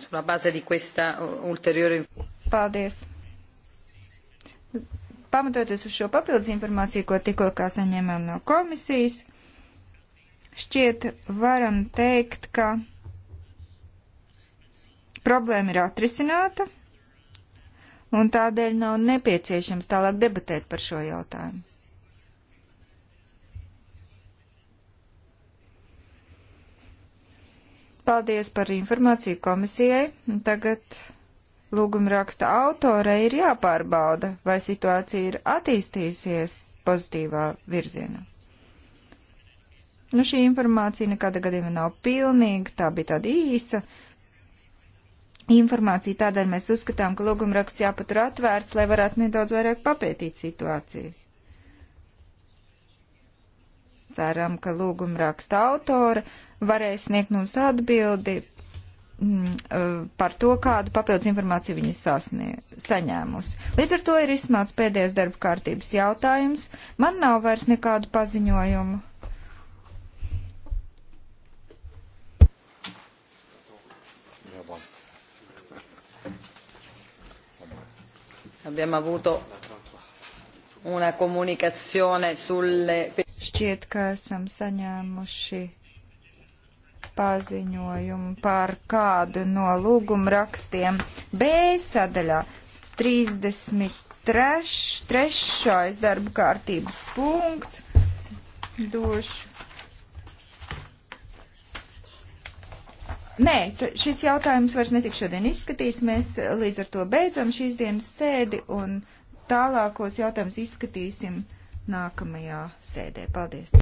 Speaker 2: sulla base di questa ulteriore Paldies. Pamatoties uz šo papildus informāciju, ko tikko saņēmām no komisijas. Šķiet, varam teikt, ka problēma ir atrisināta, un tādēļ nav nepieciešams tālāk debatēt par šo jautājumu. Paldies par informāciju komisijai. Tagad lūguma raksta autorei ir jāpārbauda, vai situācija ir attīstījusies pozitīvā virzienā. Nu, šī informācija nekāda gadījumā nav pilnīga, tā bija tāda īsa informācija, tādēļ mēs uzskatām, ka lūgumraksts jāpatur atvērts, lai varētu nedaudz vairāk papētīt situāciju. Ceram, ka lūgumraksta autora varēs sniegt mums atbildi mm, eh, par to, kādu papildus informāciju viņi sasnie, saņēmusi. Līdz ar to ir izsmāts pēdējais darba kārtības jautājums. Man nav vairs nekādu paziņojumu. Abbiamo avuto una comunicazione sulle. Šķiet, ka esam saņēmuši paziņojumu par kādu no lūguma rakstiem B sadaļā 33. Treš, darba kārtības punkts. Došu Nē, šis jautājums vairs netiks šodien izskatīts. Mēs līdz ar to beidzam šīs dienas sēdi un tālākos jautājumus izskatīsim nākamajā sēdē. Paldies!